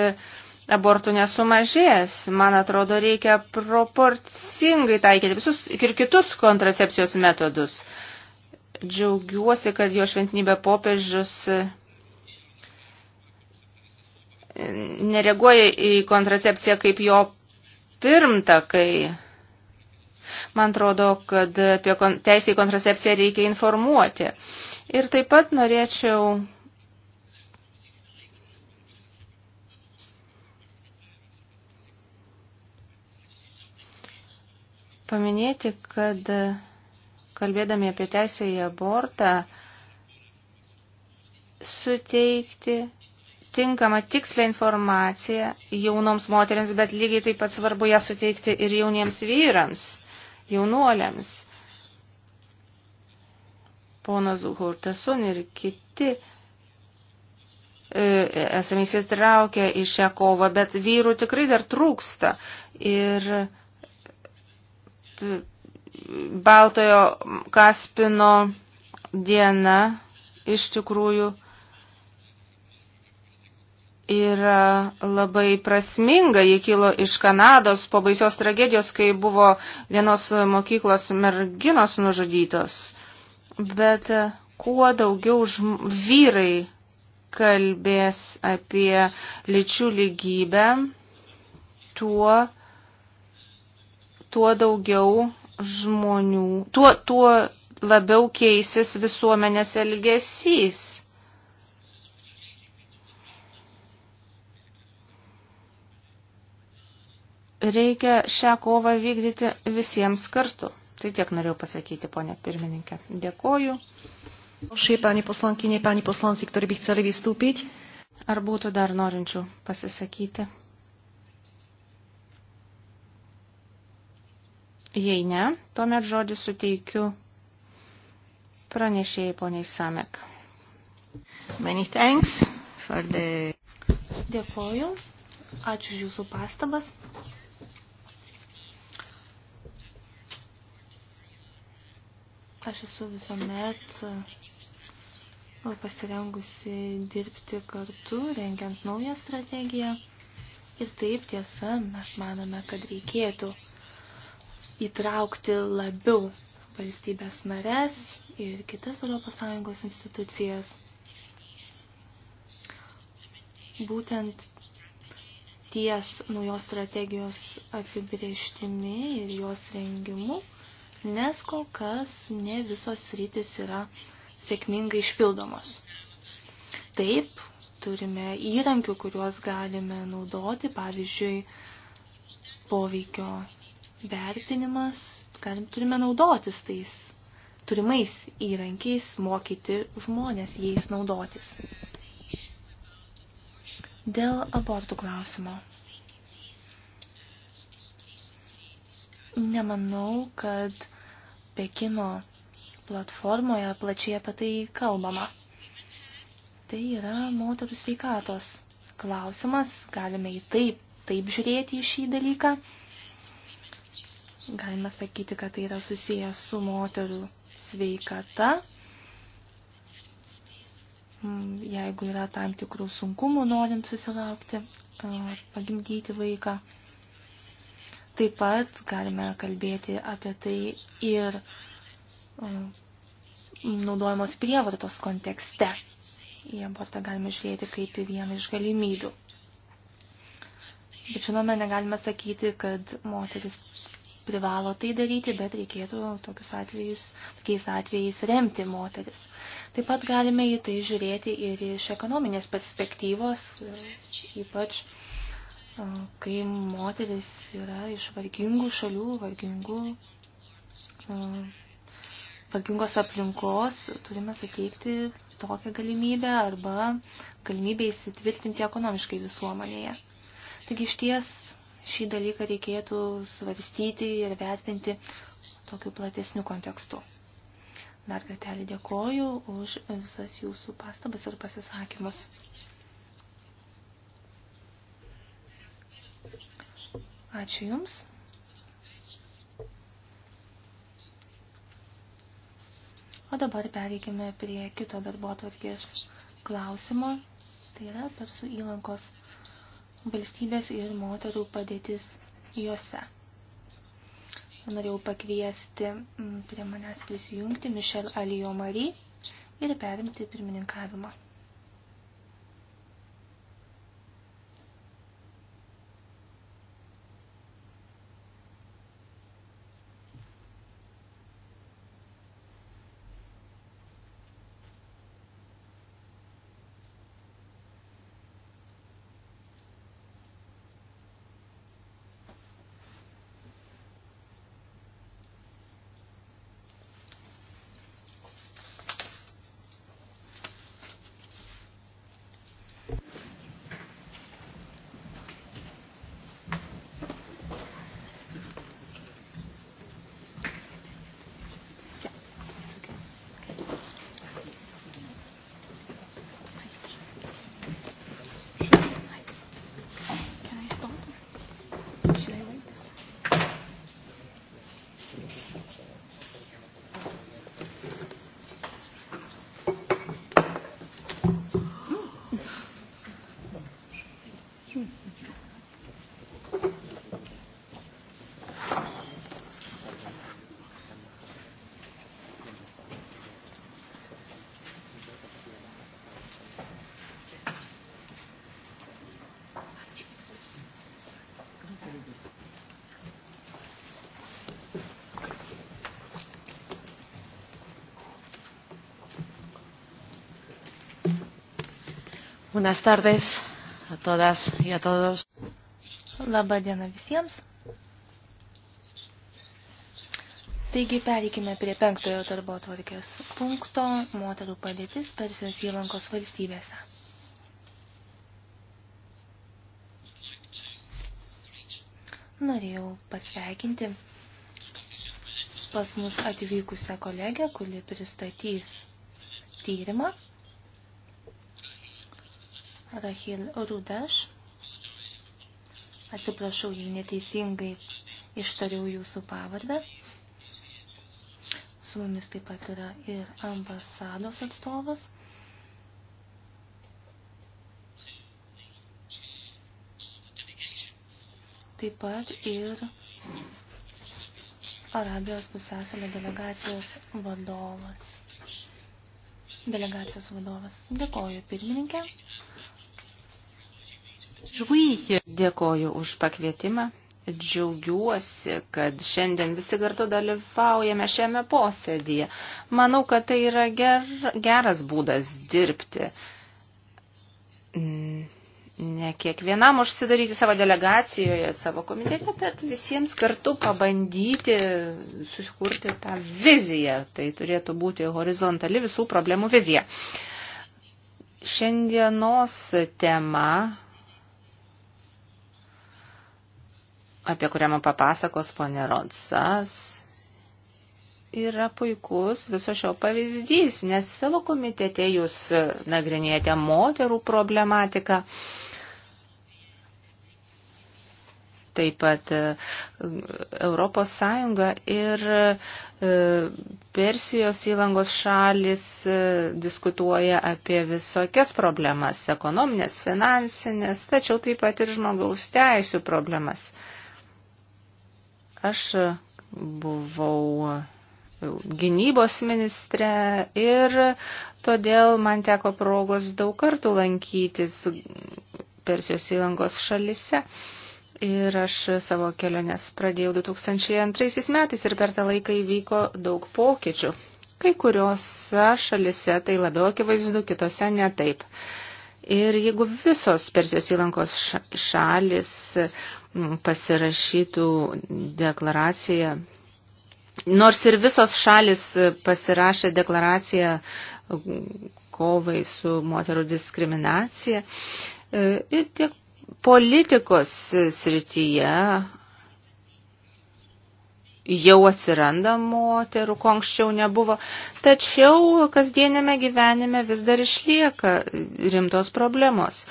abortų nesumažės. Man atrodo, reikia proporcingai taikyti visus ir kitus kontracepcijos metodus. Džiaugiuosi, kad jo šventinybė popiežius nereaguoja į kontracepciją kaip jo pirmtakai. Man atrodo, kad apie teisę į kontracepciją reikia informuoti. Ir taip pat norėčiau paminėti, kad kalbėdami apie teisę į abortą, suteikti tinkamą tikslę informaciją jaunoms moteriams, bet lygiai taip pat svarbu ją suteikti ir jauniems vyrams jaunuoliams. Ponas Hurtasun ir kiti e, esame įsitraukę į šią kovą, bet vyrų tikrai dar trūksta. Ir Baltojo Kaspino diena iš tikrųjų yra labai prasminga. Ji kilo iš Kanados po baisios tragedijos, kai buvo vienos mokyklos merginos nužudytos. Bet e, kuo daugiau žm... vyrai kalbės apie lyčių lygybę, tuo, tuo daugiau žmonių, tuo, tuo labiau keisis visuomenės elgesys reikia šią kovą vykdyti visiems kartu. Tai tiek norėjau pasakyti, ponė pirmininkė. Dėkoju. Šiai, pani poslankinė, pani poslanci, kuri by chceli vystūpyti. Ar būtų dar norinčių pasisakyti? Jei ne, tuomet žodį suteikiu pranešėjai poniai Samek. Many thanks for the... Dėkoju. Ačiū už jūsų pastabas. Aš esu visuomet pasirengusi dirbti kartu, rengiant naują strategiją. Ir taip tiesa, mes manome, kad reikėtų įtraukti labiau valstybės narės ir kitas ES institucijas. Būtent ties naujos strategijos apibrieštimi ir jos rengimu nes kol kas ne visos rytis yra sėkmingai išpildomos. Taip, turime įrankių, kuriuos galime naudoti, pavyzdžiui, poveikio vertinimas, galim, turime naudotis tais turimais įrankiais, mokyti žmonės jais naudotis. Dėl abortų klausimo. Nemanau, kad Pekino platformoje plačiai apie tai kalbama. Tai yra moterų sveikatos klausimas, galime į taip, taip žiūrėti į šį dalyką. Galime sakyti, kad tai yra susijęs su moterų sveikata. Mm, jeigu yra tam tikrų sunkumų norint susilaukti ar pagimdyti vaiką. Taip pat galime kalbėti apie tai ir e, naudojamos prievartos kontekste. Į abortą galime žiūrėti kaip į vieną iš galimybių. Bet žinome, negalime sakyti, kad moteris privalo tai daryti, bet reikėtų tokius atvejus, tokiais atvejais remti moteris. Taip pat galime į tai žiūrėti ir iš ekonominės perspektyvos, e, ypač uh, kai moteris yra iš vargingų šalių, vargingų, vargingos aplinkos, turime suteikti tokią galimybę arba galimybę įsitvirtinti ekonomiškai visuomenėje. Taigi iš ties šį dalyką reikėtų svarstyti ir vertinti tokiu platesniu kontekstu. Dar kartelį dėkoju už visas jūsų pastabas ir pasisakymus. Ačiū Jums. O dabar pereikime prie kito darbo atvarkės klausimo. Tai yra persų įlankos valstybės ir moterų padėtis juose. Norėjau pakviesti prie manęs prisijungti Michelle Aliomari ir perimti pirmininkavimą. Buenas tardes a todas y a todos. Labą dieną visiems. Taigi pereikime prie penktojo darbo tvarkės punkto moterų padėtis Persijos įlankos valstybėse. Norėjau pasveikinti pas mus atvykusią kolegę, kuri pristatys tyrimą Rahil Rudaš. Atsiprašau, jei neteisingai ištariau jūsų pavardę. Su mumis taip pat yra ir ambasados atstovas. Taip pat ir Arabijos pusėsalio delegacijos vadovas. Delegacijos vadovas. Dėkoju pirmininkė. Žuikė. Dėkoju už pakvietimą. Džiaugiuosi, kad šiandien visi kartu dalyvaujame šiame posėdėje. Manau, kad tai yra ger, geras būdas dirbti. Mm, ne kiekvienam užsidaryti savo delegacijoje, savo komitete, bet visiems kartu pabandyti susikurti tą viziją. Tai turėtų būti horizontali visų problemų vizija. Šiandienos tema apie kurią man papasakos ponė Rodsas, yra puikus viso šio pavyzdys, nes savo komitete jūs nagrinėjate moterų problematiką. Taip pat e, Europos Sąjunga ir e, Persijos įlangos šalis e, diskutuoja apie visokias problemas - ekonominės, finansinės, tačiau taip pat ir žmogaus teisų problemas. Aš buvau gynybos ministre ir todėl man teko progos daug kartų lankytis Persijos įlangos šalise. Ir aš savo keliones pradėjau 2002 metais ir per tą laiką įvyko daug pokyčių. Kai kuriuose šalise tai labiau akivaizdu, kitose ne taip. Ir jeigu visos Persijos įlankos šalis pasirašytų deklaraciją. Nors ir visos šalis pasirašė deklaraciją kovai su moterų diskriminacija. E, ir tiek politikos srityje jau atsiranda moterų, ko anksčiau nebuvo, tačiau kasdienėme gyvenime vis dar išlieka rimtos problemos.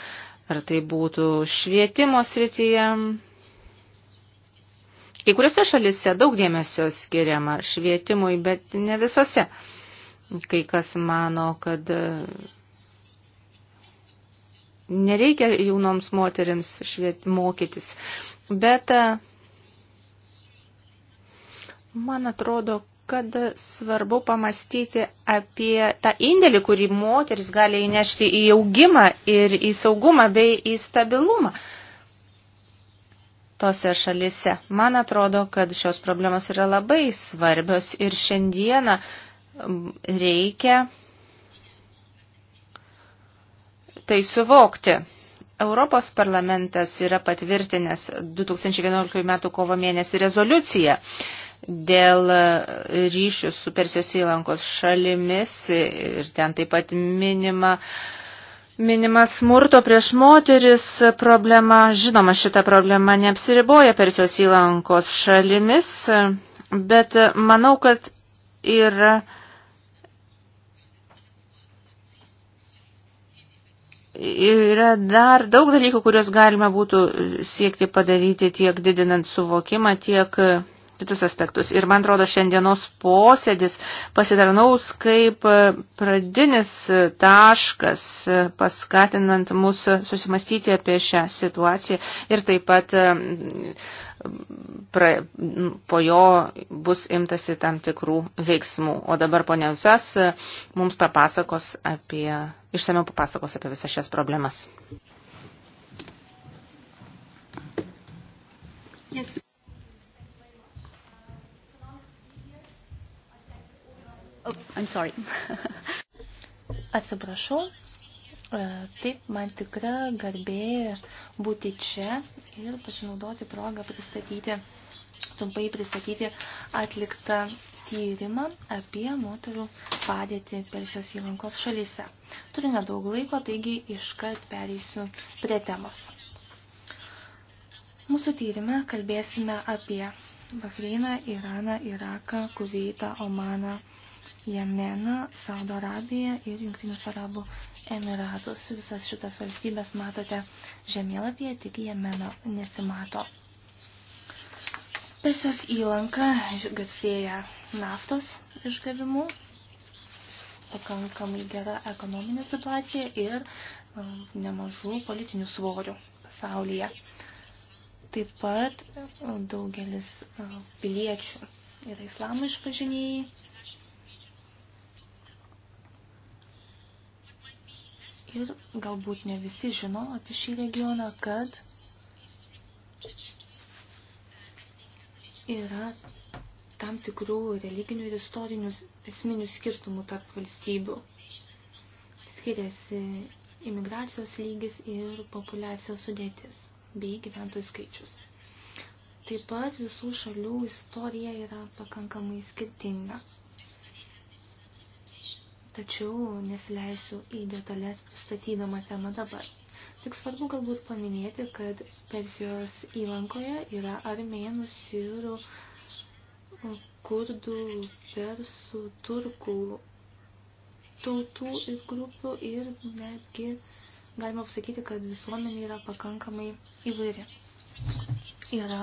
Ar tai būtų švietimo srityje, Kai kuriuose šalise daug dėmesio skiriama švietimui, bet ne visose. Kai kas mano, kad e, nereikia jaunoms moteriams šviet, mokytis, bet e, man atrodo, kad svarbu pamastyti apie tą indėlį, kurį moteris gali įnešti į augimą ir į saugumą bei į stabilumą. Uh, tose šalise. Man atrodo, kad šios problemos yra labai svarbios ir šiandieną reikia tai suvokti. Europos parlamentas yra patvirtinęs 2011 m. kovo mėnesį rezoliuciją dėl e, ryšių su Persijos įlankos šalimis ir ten taip pat minima uh, Minima smurto prieš moteris problema, žinoma, šita problema neapsiriboja Persijos įlankos šalimis, bet manau, kad yra yra dar daug dalykų, kuriuos galima būtų siekti padaryti tiek didinant suvokimą, tiek kitus aspektus. Ir man atrodo, šiandienos posėdis pasitarnaus kaip pradinis taškas, paskatinant mus susimastyti apie šią situaciją ir taip pat pra, po jo bus imtasi tam tikrų veiksmų. O dabar ponia Usas mums papasakos apie, išsameu papasakos apie visas šias problemas. Yes. I'm sorry. Atsiprašau. E, taip, man tikra garbė būti čia ir pasinaudoti progą pristatyti, trumpai pristatyti atliktą tyrimą apie moterų padėtį Persijos įlankos šalyse. Turiu nedaug laiko, taigi iškart pereisiu prie temos. Mūsų tyrime kalbėsime apie Bahreiną, Iraną, Iraką, Kuveitą, Omaną, Jemeną, Saudo Arabiją ir Junktinius Arabų Emiratus. Visas šitas valstybės matote žemėlapyje, tik Jemeno nesimato. Persijos įlanka garsėja naftos išgavimu, pakankamai gera ekonominė situacija ir um, nemažų politinių svorių pasaulyje. Taip pat um, daugelis um, piliečių yra islamo išpažinėjai ir galbūt ne visi žino apie šį regioną, kad yra tam tikrų religinių ir istorinių esminių skirtumų tarp valstybių. Skiriasi imigracijos lygis ir populiacijos sudėtis bei gyventojų skaičius. Taip pat visų šalių istorija yra pakankamai skirtinga tačiau nesileisiu į detalės pristatydama temą dabar. Tik svarbu galbūt paminėti, kad Persijos įlankoje yra armėnų, sirų, kurdų, persų, turkų tautų ir grupių ir netgi galima pasakyti, kad visuomenė yra pakankamai įvairi. Yra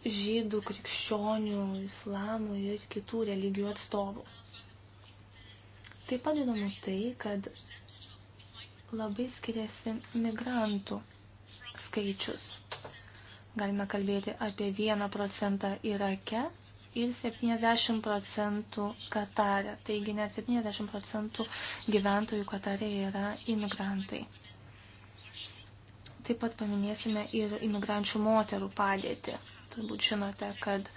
žydų, krikščionių, islamų ir kitų religijų atstovų. Taip pat įdomu tai, kad labai skiriasi migrantų skaičius. Galime kalbėti apie 1 procentą Irake ir 70 procentų Katare. Taigi net 70 procentų gyventojų Katare yra imigrantai. Taip pat paminėsime ir imigrančių moterų padėtį. Turbūt žinote, kad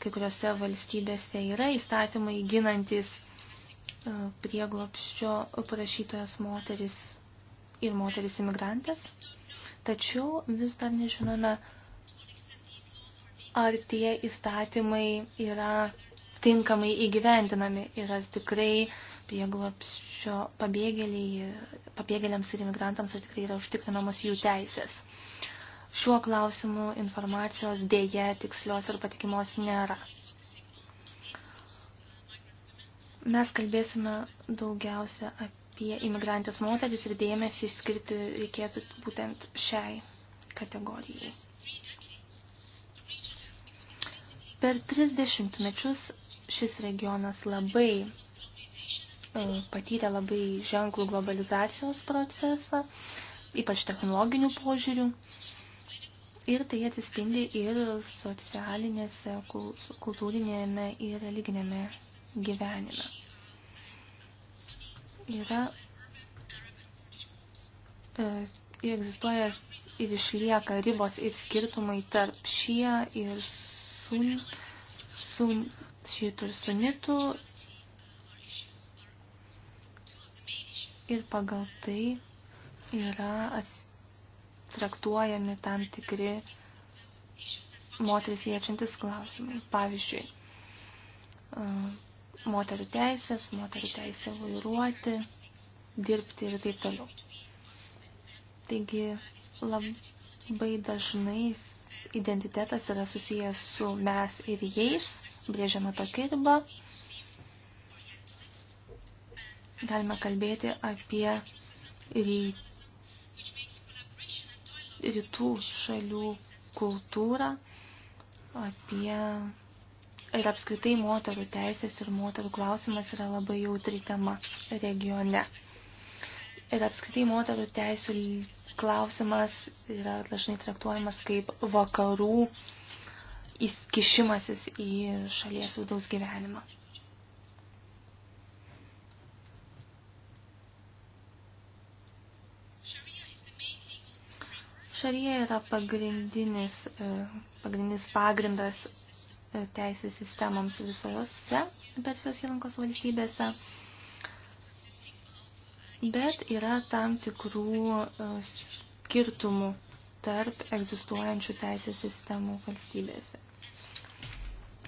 kai kuriuose valstybėse yra įstatymai ginantis E, prieglopščio prašytojas moteris ir moteris imigrantės, tačiau vis dar nežinome, ar tie įstatymai yra tinkamai įgyvendinami ir ar tikrai prieglopščio pabėgėliams ir imigrantams ar tikrai yra užtikrinamos jų teisės. Šiuo klausimu informacijos dėje tikslios ir patikimos nėra. Mes kalbėsime daugiausia apie imigrantės moteris ir dėmesį skirti reikėtų būtent šiai kategorijai. Per 30 mečius šis regionas labai e, patyrė labai ženklų globalizacijos procesą, ypač technologinių požiūrių. Ir tai atsispindi ir socialinėse, kultūrinėme ir religinėme gyvenime. Yra, e, egzistuoja ir išlieka ribos ir skirtumai tarp šie ir sun, sun, šitų ir sunitų. Ir pagal tai yra traktuojami tam tikri moteris liečiantis klausimai. Pavyzdžiui, moterų teisės, moterų teisę vairuoti, dirbti ir taip toliau. Taigi labai dažnai identitetas yra susijęs su mes ir jais, brėžiama tokia riba. Galime kalbėti apie rytų šalių kultūrą, apie Ir apskritai moterų teisės ir moterų klausimas yra labai jautri tema regione. Ir apskritai moterų teisų klausimas yra dažnai traktuojamas kaip vakarų įskišimasis į šalies vidaus gyvenimą. šalyje yra pagrindinis, e, pagrindinis pagrindas teisės sistemoms visose Persijos įlankos valstybėse. Bet yra tam tikrų e, skirtumų tarp egzistuojančių teisės sistemų valstybėse.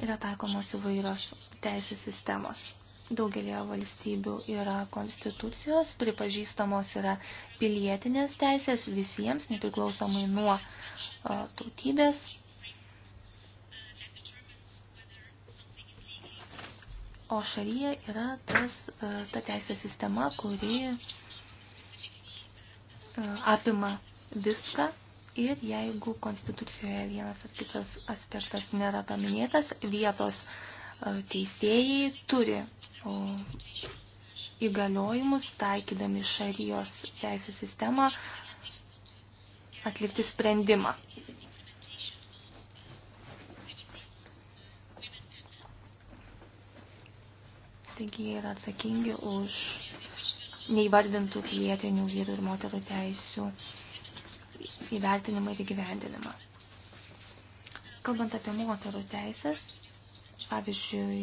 Yra taikomos įvairios teisės sistemos. Daugelėje valstybių yra konstitucijos, pripažįstamos yra pilietinės teisės visiems, nepriklausomai nuo e, tautybės, O šalyje yra tas, e, ta teisės sistema, kuri e, apima viską ir jeigu konstitucijoje vienas ar kitas aspektas nėra paminėtas, vietos e, teisėjai turi įgaliojimus, taikydami šarijos teisės sistemą, atlikti sprendimą. Taigi yra atsakingi už neįvardintų pilietinių vyrų ir moterų teisių įvertinimą ir įgyvendinimą. Kalbant apie moterų teisės, pavyzdžiui,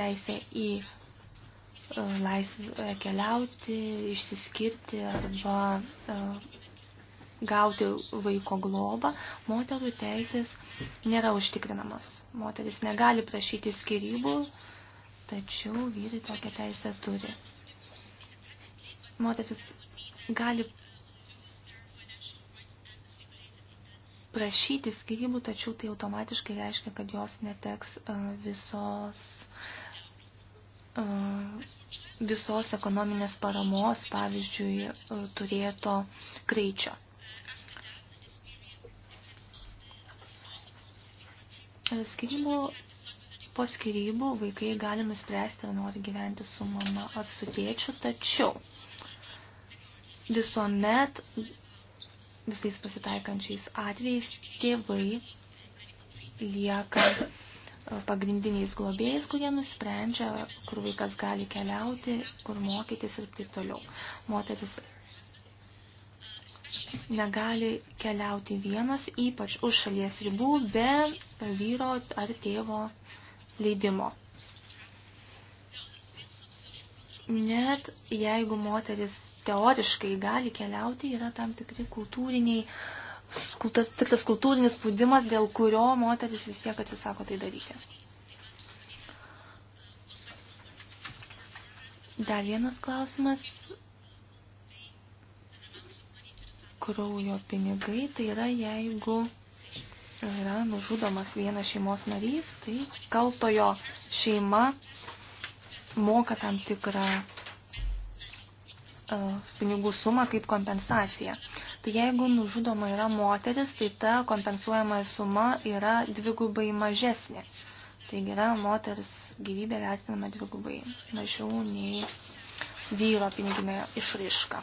teisė į e, laisvę keliauti, išsiskirti arba e, gauti vaiko globą, moterų teisės nėra užtikrinamos. Moteris negali prašyti skirybų, tačiau vyrai tokią teisę turi. Moteris gali prašyti skirybų, tačiau tai automatiškai reiškia, kad jos neteks e, visos e, visos ekonominės paramos, pavyzdžiui, e, turėto kreičio. Skirybų Po skirybų vaikai gali nuspręsti, ar nori gyventi su mama ar su tėčiu, tačiau visuomet visais pasitaikančiais atvejais tėvai lieka e, pagrindiniais globėjais, kurie nusprendžia, kur vaikas gali keliauti, kur mokytis ir taip toliau. Moteris negali keliauti vienas, ypač už šalies ribų, be vyro ar tėvo leidimo. Net jeigu moteris teoriškai gali keliauti, yra tam tikri kultūriniai, tikras kultūrinis spaudimas, dėl kurio moteris vis tiek atsisako tai daryti. Dar vienas klausimas. Kraujo pinigai, tai yra jeigu yra nužudomas vienas šeimos narys, tai kaltojo šeima moka tam tikrą e, pinigų sumą kaip kompensacija. Tai jeigu nužudoma yra moteris, tai ta kompensuojama suma yra dvigubai mažesnė. Taigi yra moters gyvybė vertinama dvigubai mažiau nei vyro piniginė išraiška.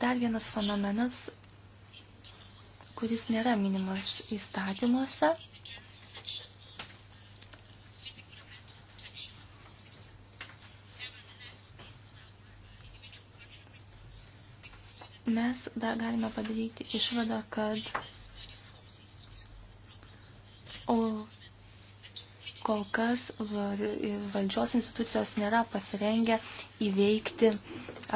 Dar vienas fenomenas kuris nėra minimas įstatymuose. Mes dar galime padaryti išvadą, kad o kol kas valdžios institucijos nėra pasirengę įveikti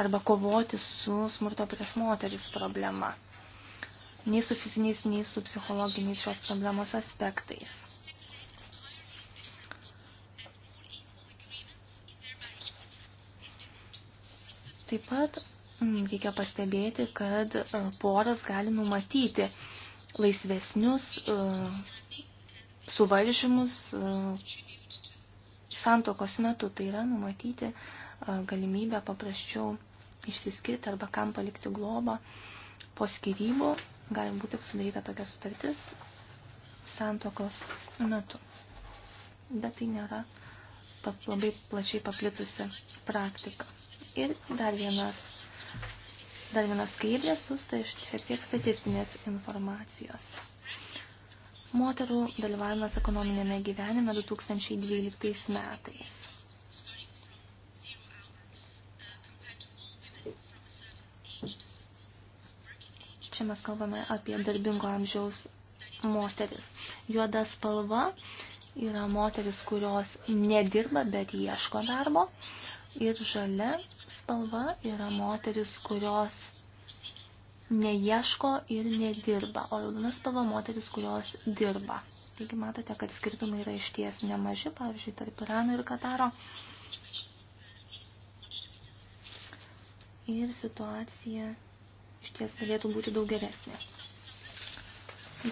arba kovoti su smurto prieš moteris problema nei su fiziniais, nei su psichologiniais šios problemos aspektais. Taip pat mm, reikia pastebėti, kad e, poras gali numatyti laisvesnius e, suvaržymus e, santokos metu. Tai yra numatyti galimybę paprasčiau išsiskirti arba kam palikti globą po skirybų gali būti sudaryta tokia sutartis santokos metu. Bet tai nėra labai plačiai paplitusi praktika. Ir dar vienas, dar vienas skaidrė sustai iš šiek tiek statistinės informacijos. Moterų dalyvavimas ekonominėme gyvenime 2012 metais. Čia mes kalbame apie darbingo amžiaus moteris. Juoda spalva yra moteris, kurios nedirba, bet ieško darbo. Ir žalia spalva yra moteris, kurios neieško ir nedirba, o raudona spalva moteris, kurios dirba. Taigi matote, kad skirtumai yra išties nemaži, pavyzdžiui, tarp Irano ir Kataro. Ir situacija išties galėtų būti daug geresnė.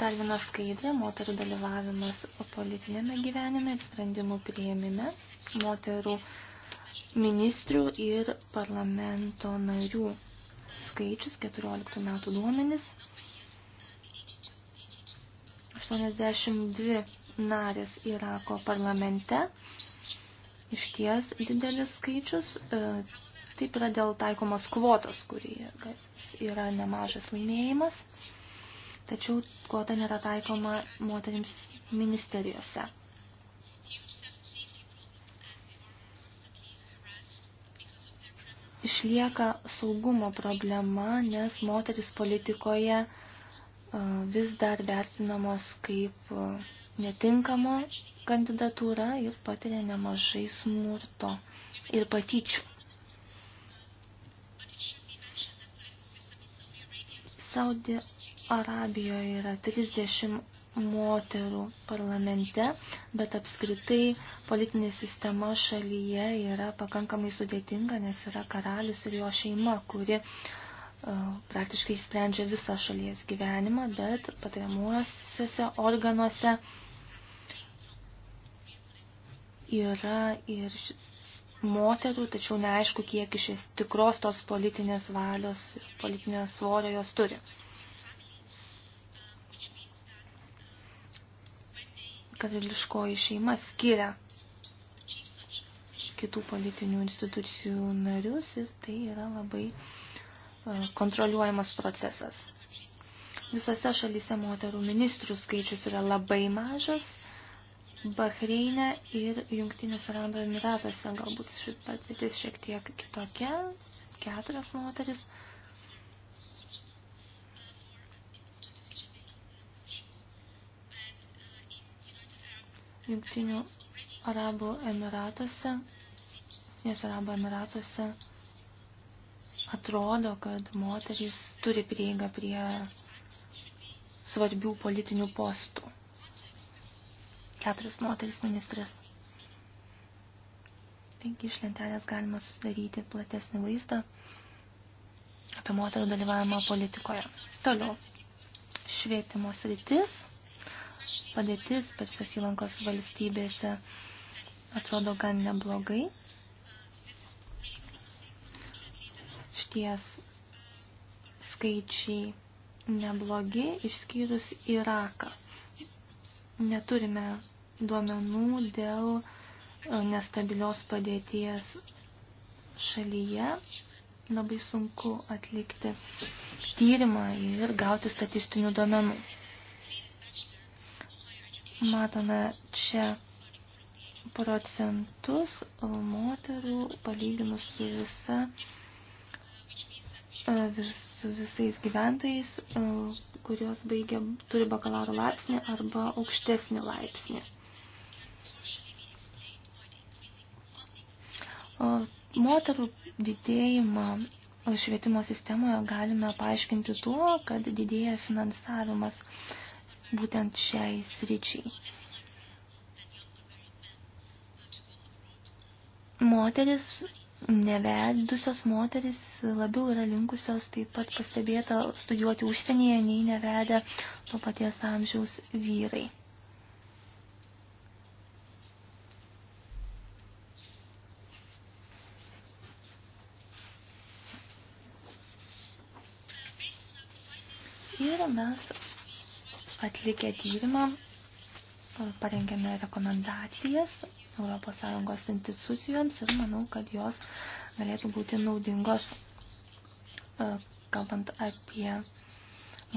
Dar viena skaidrė – moterų dalyvavimas politinėme gyvenime ir sprendimų prieimime, moterų ministrių ir parlamento narių skaičius 14 metų duomenis. 82 narės Irako parlamente, išties didelis skaičius, Taip yra dėl taikomos kvotos, kuris yra nemažas laimėjimas, tačiau kvota nėra taikoma moterims ministerijose. Išlieka saugumo problema, nes moteris politikoje vis dar vertinamos kaip netinkamo kandidatūra ir patiria nemažai smurto ir patyčių. Saudi Arabijoje yra 30 moterų parlamente, bet apskritai politinė sistema šalyje yra pakankamai sudėtinga, nes yra karalius ir jo šeima, kuri e, praktiškai sprendžia visą šalies gyvenimą, bet patariamuosiuose organuose yra ir moterų, tačiau neaišku, kiek iš es tikros tos politinės valios, politinio svorio jos turi. Karališkoji šeima skiria kitų politinių institucijų narius ir tai yra labai e, kontroliuojamas procesas. Visose šalyse moterų ministrų skaičius yra labai mažas Bahreinė ir Jungtinės Arabų Emiratuose. Galbūt šita atvitis šiek tiek kitokia, keturios moteris. Jungtinių Arabų Emiratuose, Jungtinės Arabų Emiratuose atrodo, kad moterys turi prieigą prie svarbių politinių postų keturios moteris ministrės. Taigi iš lentelės galima susidaryti platesnį vaizdą apie moterų dalyvavimą politikoje. Toliau, švietimo sritis, padėtis Persijos įlankos valstybėse atrodo gan neblogai. Šties skaičiai neblogi, išskyrus Iraką. Neturime duomenų dėl e, nestabilios padėties šalyje. Labai sunku atlikti tyrimą ir gauti statistinių duomenų. Matome čia procentus moterų palyginus su visa e, su visais gyventojais, e, kurios baigia, turi bakalauro laipsnį arba aukštesnį laipsnį. Moterų didėjimą švietimo sistemoje galime paaiškinti tuo, kad didėja finansavimas būtent šiai sričiai. Moteris, nevedusios moteris labiau yra linkusios taip pat pastebėta studijuoti užsienyje, nei nevedę to paties amžiaus vyrai. mes atlikę tyrimą parengėme rekomendacijas ES institucijoms ir manau, kad jos galėtų būti naudingos, e, kalbant apie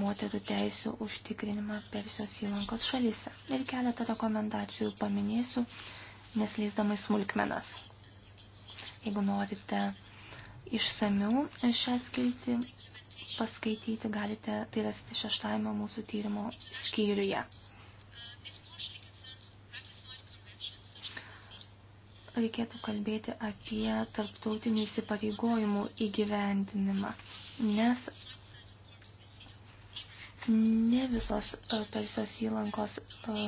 moterų teisų užtikrinimą Persijos įlankos šalyse. Ir keletą rekomendacijų paminėsiu, nesleisdamai smulkmenas. Jeigu norite išsamiau šią skiltį paskaityti, galite tai rasti šeštajame mūsų tyrimo skyriuje. Reikėtų kalbėti apie tarptautinį įsipareigojimų įgyvendinimą, nes ne visos e, Persijos įlankos e,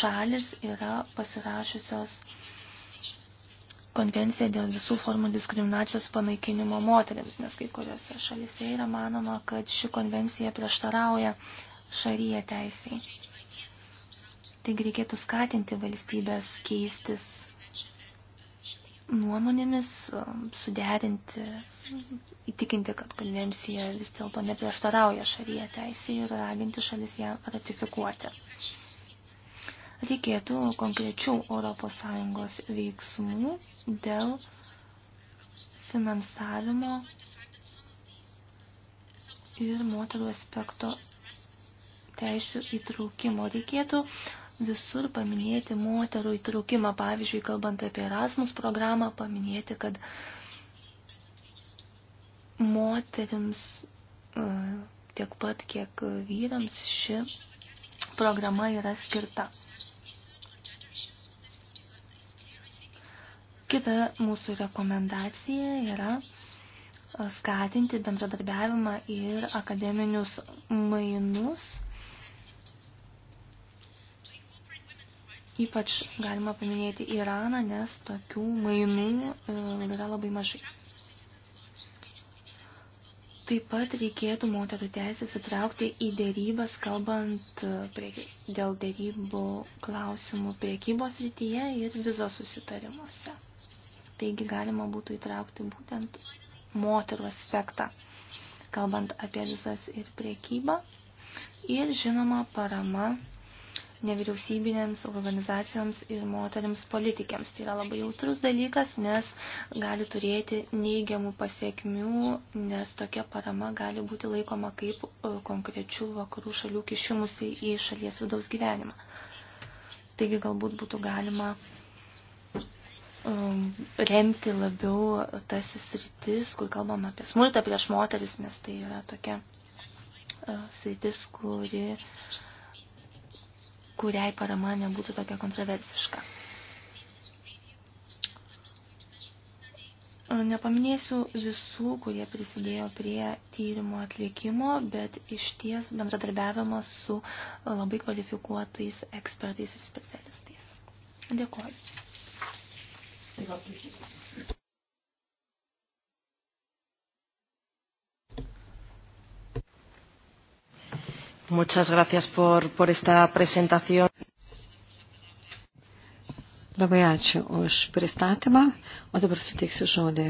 šalis yra pasirašiusios uh, konvenciją dėl visų formų diskriminacijos panaikinimo moteriams, nes kai kuriuose šalise yra manoma, kad ši konvencija prieštarauja šaryje teisiai. Taigi reikėtų skatinti valstybės keistis nuomonėmis, um, suderinti, įtikinti, kad konvencija vis dėlto neprieštarauja šaryje teisėje ir raginti šalis ją ratifikuoti reikėtų konkrečių ES veiksmų dėl finansavimo ir moterų aspekto teisų įtraukimo. Reikėtų visur paminėti moterų įtraukimą. Pavyzdžiui, kalbant apie Erasmus programą, paminėti, kad moterims e, tiek pat, kiek vyrams ši programa yra skirta. Kita mūsų rekomendacija yra skatinti bendradarbiavimą ir akademinius mainus. Ypač galima paminėti Iraną, nes tokių mainų e, yra labai mažai. Taip pat reikėtų moterų teisės įtraukti į dėrybas, kalbant e, prie, dėl dėrybų klausimų priekybos rytyje ir vizos susitarimuose. Taigi galima būtų įtraukti būtent moterų aspektą, kalbant apie vizas ir priekybą. Ir žinoma, parama nevyriausybinėms organizacijoms ir moteriams politikėms. Tai yra labai jautrus dalykas, nes gali turėti neigiamų pasiekmių, nes tokia parama gali būti laikoma kaip e, konkrečių vakarų šalių kišimusi į šalies vidaus gyvenimą. Taigi galbūt būtų galima e, remti labiau tas sritis, kur kalbam apie smurtą prieš moteris, nes tai yra tokia e, sritis, kuri uh, kuriai parama nebūtų tokia kontroversiška. Nepaminėsiu visų, kurie prisidėjo prie tyrimo atlikimo, bet iš ties bendradarbiavimas su labai kvalifikuotais ekspertais ir specialistais. Dėkuoju. Muchas gracias por, por esta presentación. Labai ačiū už pristatymą, o dabar suteiksiu žodį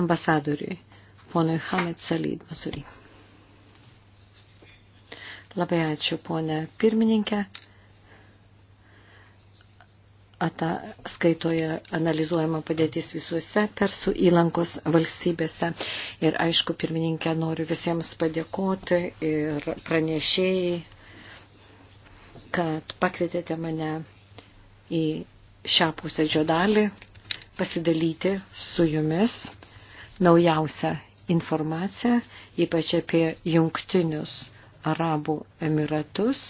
ambasadoriui, ponui Hamed Salid Masuri. Labai ačiū, ponė pirmininkė ataskaitoje analizuojama padėtis visuose Persų įlankos valstybėse. Ir aišku, pirmininkė, noriu visiems padėkoti ir pranešėjai, kad pakvietėte mane į šią pusėdžio dalį pasidalyti su jumis naujausią informaciją, ypač apie jungtinius Arabų Emiratus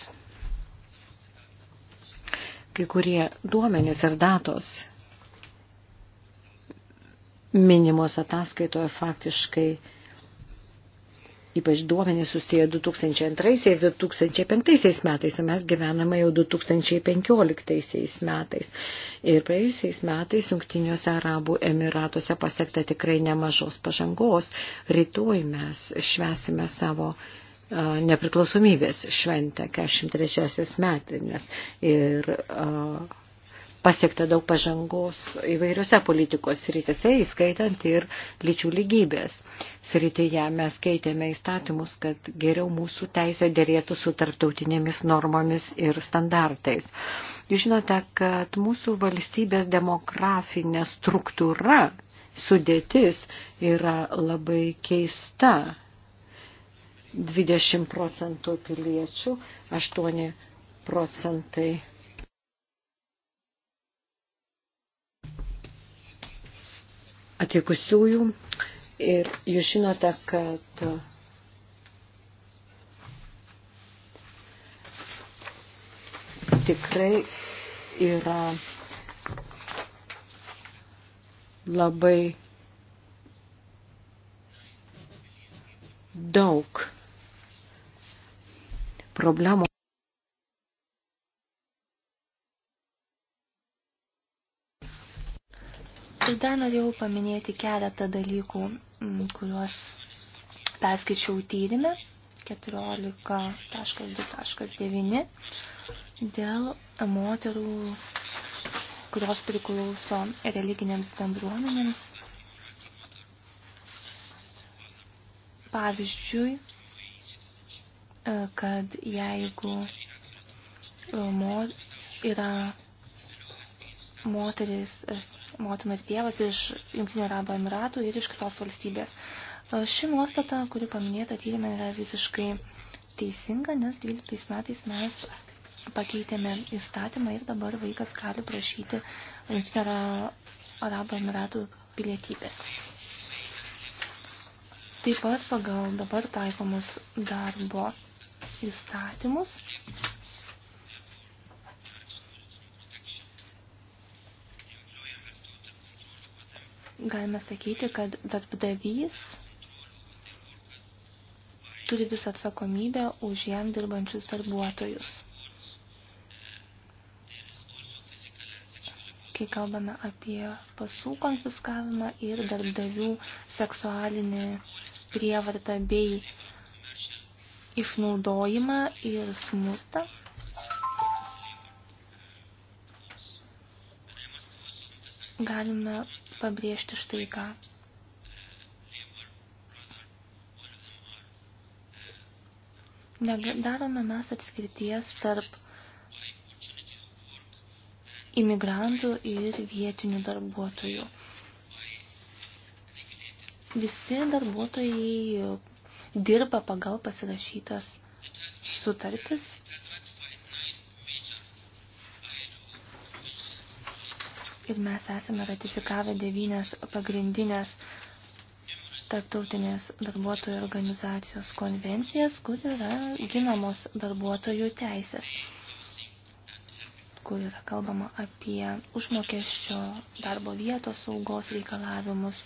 kai kurie duomenys ir datos minimos ataskaitoje faktiškai ypač duomenys susiję 2002-2005 metais, o mes gyvename jau 2015 metais. Ir praėjusiais metais Junktiniuose Arabų Emiratuose pasiekta tikrai nemažos pažangos. Rytoj mes švesime savo nepriklausomybės šventę, 43 metinės. Ir pasiekta daug pažangos įvairiose politikos sritise, įskaitant ir lyčių lygybės. Srityje mes keitėme įstatymus, kad geriau mūsų teisė dėrėtų su tarptautinėmis normomis ir standartais. Jūs žinote, kad mūsų valstybės demografinė struktūra sudėtis yra labai keista 20 procentų piliečių, 8 procentai atvykusiųjų. Ir jūs žinote, kad tikrai yra labai daug problemų. Ir tai dar norėjau paminėti keletą dalykų, kuriuos perskaičiau tyrimę 14.2.9 dėl moterų, kurios priklauso religinėms bendruomenėms. Pavyzdžiui, kad jeigu e, mo, yra moteris, e, motina ir tėvas iš Junktinio Arabo Emiratų ir iš kitos valstybės. E, ši nuostata, kuri paminėta tyrimė, yra visiškai teisinga, nes 12 metais mes pakeitėme įstatymą ir dabar vaikas gali prašyti Junktinio Arabo Emiratų pilietybės. Taip pat pagal dabar taikomus darbo įstatymus. Galime sakyti, kad darbdavys turi visą atsakomybę už jam dirbančius darbuotojus. Kai kalbame apie pasų konfiskavimą ir darbdavių seksualinį prievartą bei išnaudojimą ir smurtą. Galime pabrėžti štai ką. Nedarome mes atskirties tarp imigrantų ir vietinių darbuotojų. Visi darbuotojai dirba pagal pasirašytas sutartis. Ir mes esame ratifikavę devynės pagrindinės tarptautinės darbuotojų organizacijos konvencijas, kur yra ginamos darbuotojų teisės, kur yra kalbama apie užmokesčio darbo vietos saugos reikalavimus,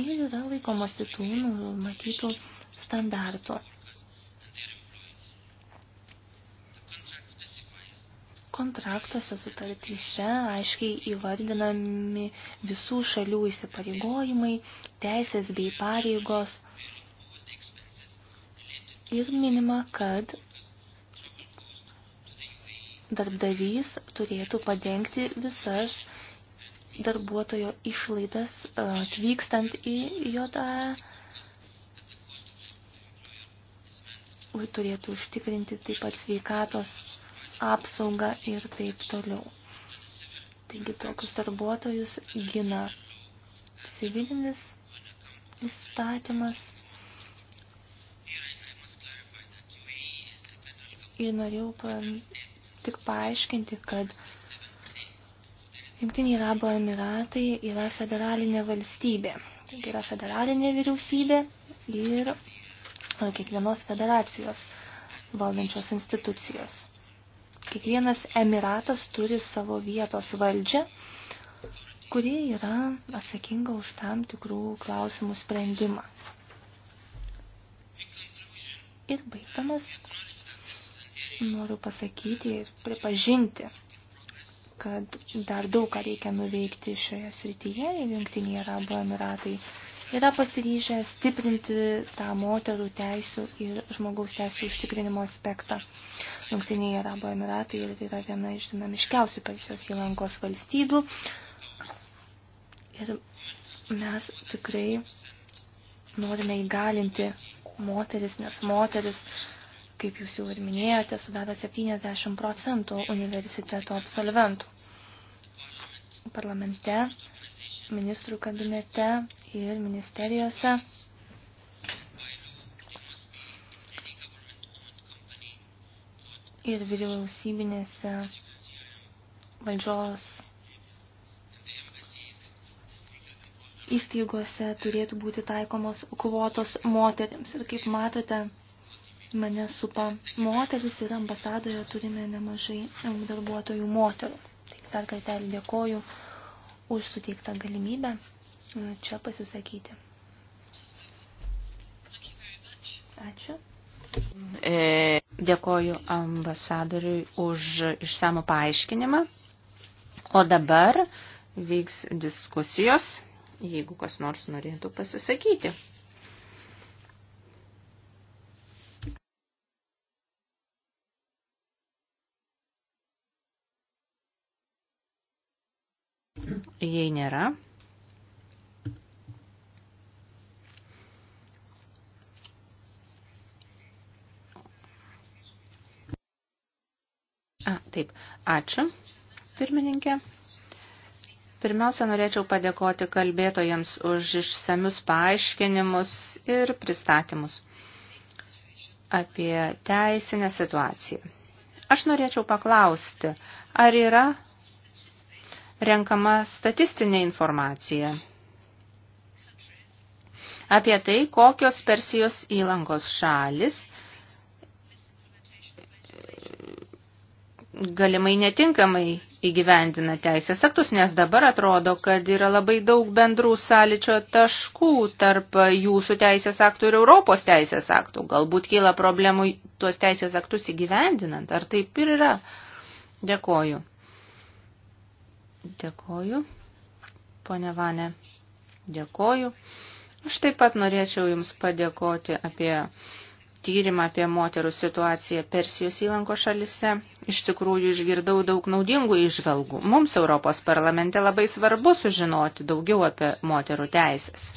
ir yra laikomasi tų numatytų standartų. kontraktuose, sutartyse aiškiai įvardinami visų šalių įsipareigojimai, teisės bei pareigos. Ir minima, kad darbdavys turėtų padengti visas darbuotojo išlaidas e, atvykstant į juodąją turėtų užtikrinti taip pat sveikatos apsaugą ir taip toliau. Taigi tokius darbuotojus gina civilinis įstatymas. Ir norėjau pa, tik paaiškinti, kad Junktiniai Arabų Emiratai yra federalinė valstybė. Taigi yra federalinė vyriausybė ir e, kiekvienos federacijos valdančios institucijos. Kiekvienas emiratas turi savo vietos valdžią, kurie yra atsakinga už tam tikrų klausimų sprendimą. Ir baigdamas noriu pasakyti ir pripažinti, kad dar daug ką reikia nuveikti šioje srityje ir jungtiniai Arabų Emiratai yra pasiryžę stiprinti tą moterų teisų ir žmogaus teisų užtikrinimo aspektą. Jungtiniai Arabų Emiratai yra viena iš dinamiškiausių Persijos įlankos valstybių. Ir mes tikrai norime įgalinti moteris, nes moteris uh, kaip jūs jau ir minėjote, sudaro 70 procentų universiteto absolventų. Parlamente, ministrų kabinete ir ministerijose. Ir vyriausybinėse valdžios įstaigose turėtų būti taikomos kvotos moteriams. Ir kaip matote, mane supa moteris ir ambasadoje turime nemažai darbuotojų moterų. Taip, dar kartelį dėkoju už suteiktą galimybę e, čia pasisakyti. Ačiū. E, dėkoju ambasadoriui už išsamų paaiškinimą. O dabar vyks diskusijos, jeigu kas nors norėtų pasisakyti. jei nėra. A, taip, ačiū, pirmininkė. Pirmiausia, norėčiau padėkoti kalbėtojams už išsamius paaiškinimus ir pristatymus apie teisinę situaciją. Aš norėčiau paklausti, ar yra renkama statistinė informacija apie tai, kokios Persijos įlangos šalis galimai netinkamai įgyvendina teisės aktus, nes dabar atrodo, kad yra labai daug bendrų sąlyčio taškų tarp jūsų teisės aktų ir Europos teisės aktų. Galbūt kyla problemų tuos teisės aktus įgyvendinant, ar taip ir yra? Dėkoju. Dėkoju. Pone Vane, dėkoju. Aš taip pat norėčiau Jums padėkoti apie tyrimą apie moterų situaciją Persijos įlanko šalise. Iš tikrųjų išgirdau daug naudingų išvelgų. Mums Europos parlamente labai svarbu sužinoti daugiau apie moterų teisės.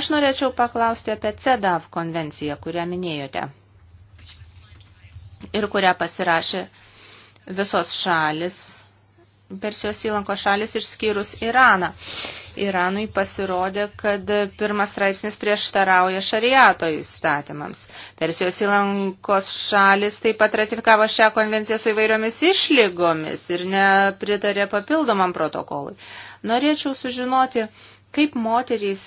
Aš norėčiau paklausti apie CEDAV konvenciją, kurią minėjote ir kurią pasirašė visos šalis Persijos įlanko šalis išskyrus Iraną. Iranui pasirodė, kad pirmas straipsnis prieštarauja šariato įstatymams. Persijos įlankos šalis taip pat ratifikavo šią konvenciją su įvairiomis išlygomis ir nepritarė papildomam protokolui. Norėčiau sužinoti, kaip moterys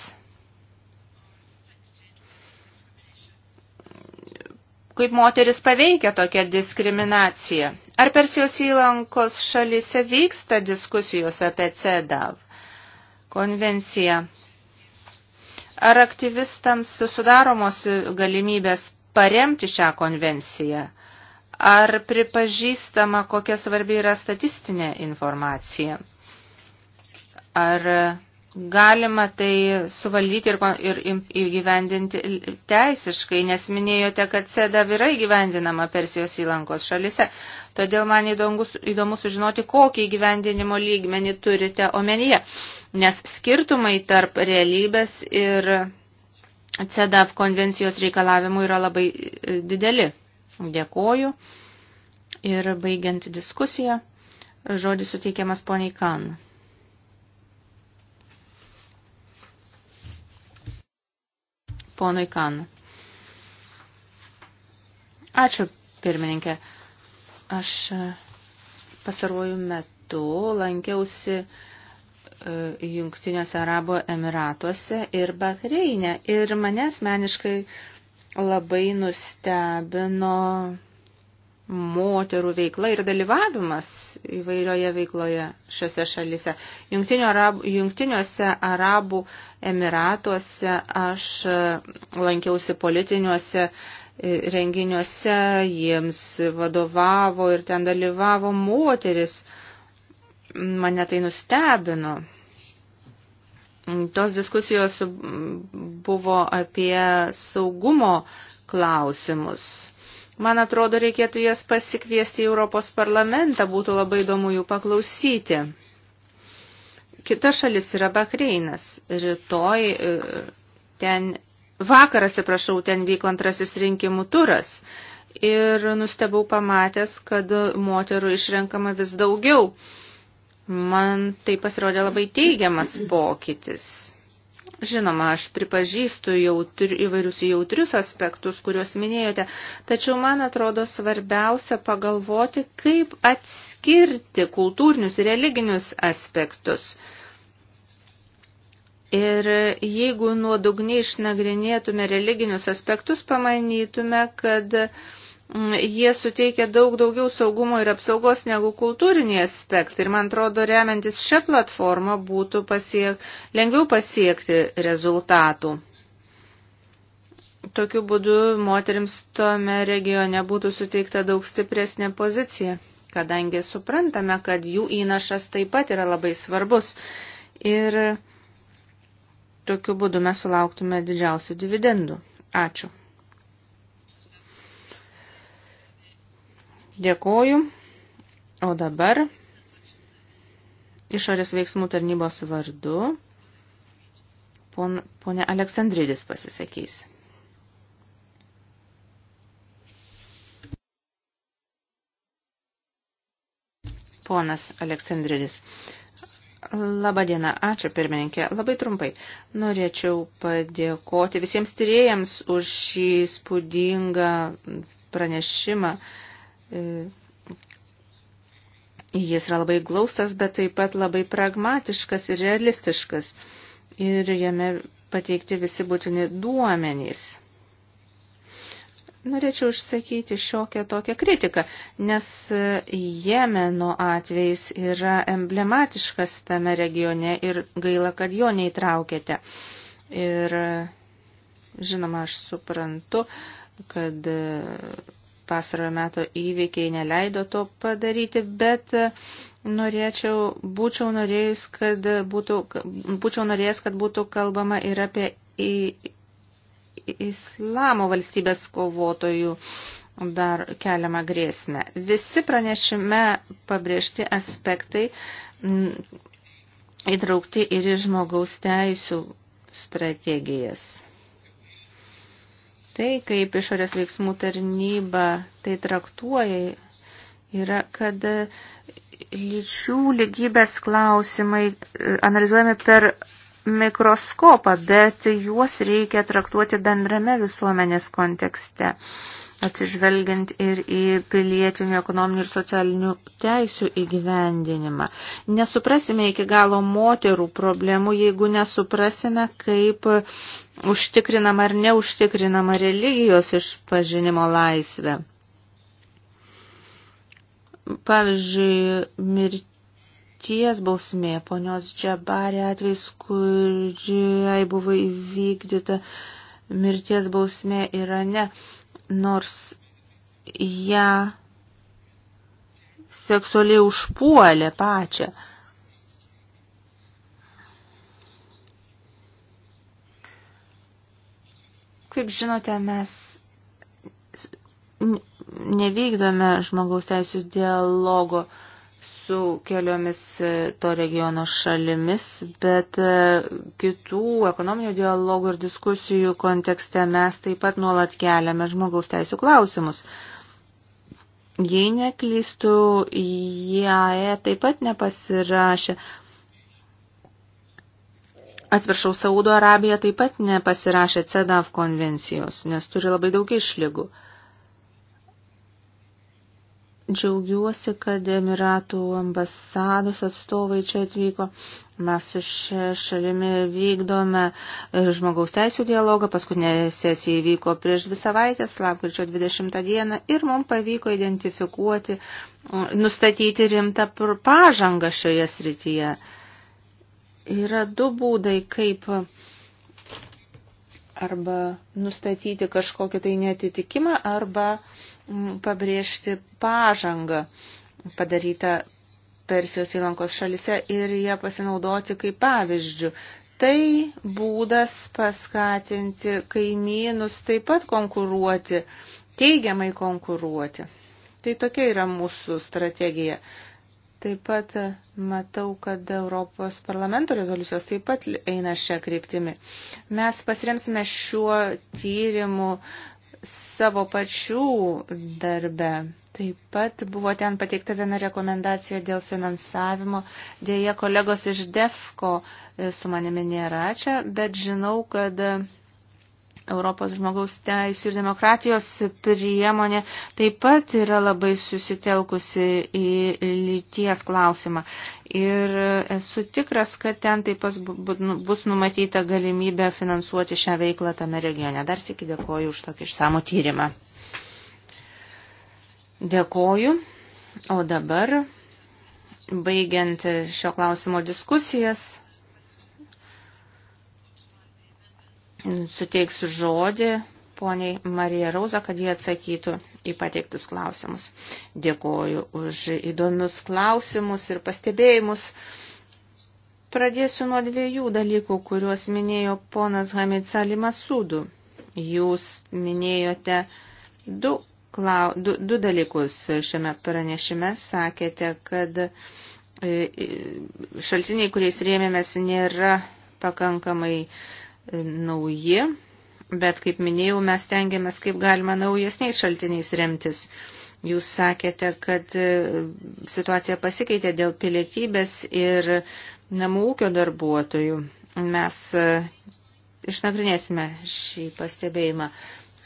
kaip moteris paveikia tokia diskriminacija. Ar Persijos įlankos šalise vyksta diskusijos apie CEDAV konvenciją? Ar aktyvistams sudaromos galimybės paremti šią konvenciją? Ar pripažįstama, kokia svarbi yra statistinė informacija? Ar Galima tai suvaldyti ir, ir įgyvendinti teisiškai, nes minėjote, kad CEDAV yra įgyvendinama Persijos įlankos šalise. Todėl man įdomus, įdomu sužinoti, kokį įgyvendinimo lygmenį turite omenyje, nes skirtumai tarp realybės ir CEDAV konvencijos reikalavimų yra labai e, dideli. Dėkoju. Ir baigiant diskusiją, žodis suteikiamas poniai Kan. ponai Kan. Ačiū, pirmininkė. Aš e, pasaruoju metu lankiausi e, Jungtiniuose Arabo Emiratuose ir Bahreinė. Ir mane asmeniškai labai nustebino moterų veikla ir dalyvavimas įvairioje veikloje šiose šalise. Jungtinio arabų, jungtiniuose Arabų Emiratuose aš lankiausi politiniuose e, renginiuose, jiems vadovavo ir ten dalyvavo moteris. Mane tai nustebino. Tos diskusijos buvo apie saugumo klausimus Man atrodo, reikėtų jas pasikviesti į Europos parlamentą, būtų labai įdomu jų paklausyti. Kita šalis yra Bahreinas. Rytoj e, ten, vakar atsiprašau, ten vyko antrasis rinkimų turas. Ir nustebau pamatęs, kad moterų išrenkama vis daugiau. Man tai pasirodė labai teigiamas pokytis. Žinoma, aš pripažįstu jautri, įvairius jautrius aspektus, kuriuos minėjote, tačiau man atrodo svarbiausia pagalvoti, kaip atskirti kultūrinius ir religinius aspektus. Ir jeigu nuodugniai išnagrinėtume religinius aspektus, pamanytume, kad uh, Mm, jie suteikia daug daugiau saugumo ir apsaugos negu kultūriniai aspektai. Ir man atrodo, remiantis šią platformą būtų pasiek, lengviau pasiekti rezultatų. Tokiu būdu moteriams tome regione būtų suteikta daug stipresnė pozicija, kadangi suprantame, kad jų įnašas taip pat yra labai svarbus. Ir tokiu būdu mes sulauktume didžiausių dividendų. Ačiū. Dėkoju. O dabar išorės veiksmų tarnybos vardu pon, ponė Aleksandridis pasisakys. Ponas Aleksandridis. Labadiena, ačiū pirmininkė. Labai trumpai. Norėčiau padėkoti visiems tyrėjams už šį spūdingą pranešimą. Uh, E, jis yra labai glaustas, bet taip pat labai pragmatiškas ir realistiškas. Ir jame pateikti visi būtini duomenys. Norėčiau išsakyti šiokią tokią kritiką, nes Jemeno atvejs yra emblematiškas tame regione ir gaila, kad jo neįtraukėte. Ir žinoma, aš suprantu, kad pasarojo meto įvykiai neleido to padaryti, bet norėčiau, būčiau norėjus, kad būtų, būčiau norėjęs, kad būtų kalbama ir apie į, islamo valstybės kovotojų dar keliamą grėsmę. Visi pranešime pabrėžti aspektai įtraukti ir į žmogaus teisų strategijas tai, kaip išorės veiksmų tarnyba tai traktuoja, yra, kad lyčių lygybės klausimai e, analizuojami per mikroskopą, bet juos reikia traktuoti bendrame visuomenės kontekste atsižvelgiant ir į pilietinių, ekonominių ir socialinių teisių įgyvendinimą. Nesuprasime iki galo moterų problemų, jeigu nesuprasime, kaip užtikrinama ar neužtikrinama religijos išpažinimo laisvė. Pavyzdžiui, mirties bausmė ponios Džabarė atvejs, kuriai buvo įvykdyta mirties bausmė Irane. ne nors ją seksualiai užpuolė pačią. Kaip žinote, mes nevykdome žmogaus teisų dialogo su keliomis e, to regiono šalimis, bet e, kitų ekonominio dialogų ir diskusijų kontekste mes taip pat nuolat keliame žmogaus teisų klausimus. Jei neklystų, JAE taip pat nepasirašė. Atsiprašau, Saudo Arabija taip pat nepasirašė CEDAV konvencijos, nes turi labai daug išlygų. Uh, Džiaugiuosi, kad Emiratų ambasados atstovai čia atvyko. Mes su šia šalimi vykdome e, žmogaus teisų dialogą. Paskutinė sesija įvyko prieš dvi savaitės, lapkričio 20 dieną, ir mums pavyko identifikuoti, nustatyti rimtą pažangą šioje srityje. Yra du būdai, kaip arba nustatyti kažkokį tai netitikimą, arba uh, pabrėžti pažangą padarytą Persijos įlankos šalise ir ją pasinaudoti kaip pavyzdžių. Tai būdas paskatinti kaimynus taip pat konkuruoti, teigiamai konkuruoti. Tai tokia yra mūsų strategija. Taip pat e, matau, kad Europos parlamento rezoliucijos taip pat eina šią kryptimį. Mes pasiremsime šiuo tyrimu savo pačių darbe. Taip pat buvo ten pateikta viena rekomendacija dėl finansavimo. Dėja, kolegos iš DEFCO su manimi nėra čia, bet žinau, kad Europos žmogaus teisų ir demokratijos priemonė taip pat yra labai susitelkusi į lyties klausimą. Ir esu tikras, kad ten taip pat nu, bus numatyta galimybė finansuoti šią veiklą tame regione. Dar sėki dėkoju už tokį išsamų tyrimą. Dėkoju. O dabar, baigiant šio klausimo diskusijas, suteiksiu žodį poniai Marija Rauza, kad jie atsakytų į pateiktus klausimus. Dėkoju už įdomius klausimus ir pastebėjimus. Pradėsiu nuo dviejų dalykų, kuriuos minėjo ponas Hamitsali Masudų. Jūs minėjote du, klau, du, du dalykus šiame pranešime. Sakėte, kad e, e, šaltiniai, kuriais rėmėmės, nėra pakankamai uh, nauji, bet, kaip minėjau, mes tengiamės kaip galima naujesniais šaltiniais remtis. Jūs sakėte, kad e, situacija pasikeitė dėl pilietybės ir namų ūkio darbuotojų. Mes e, išnagrinėsime šį pastebėjimą.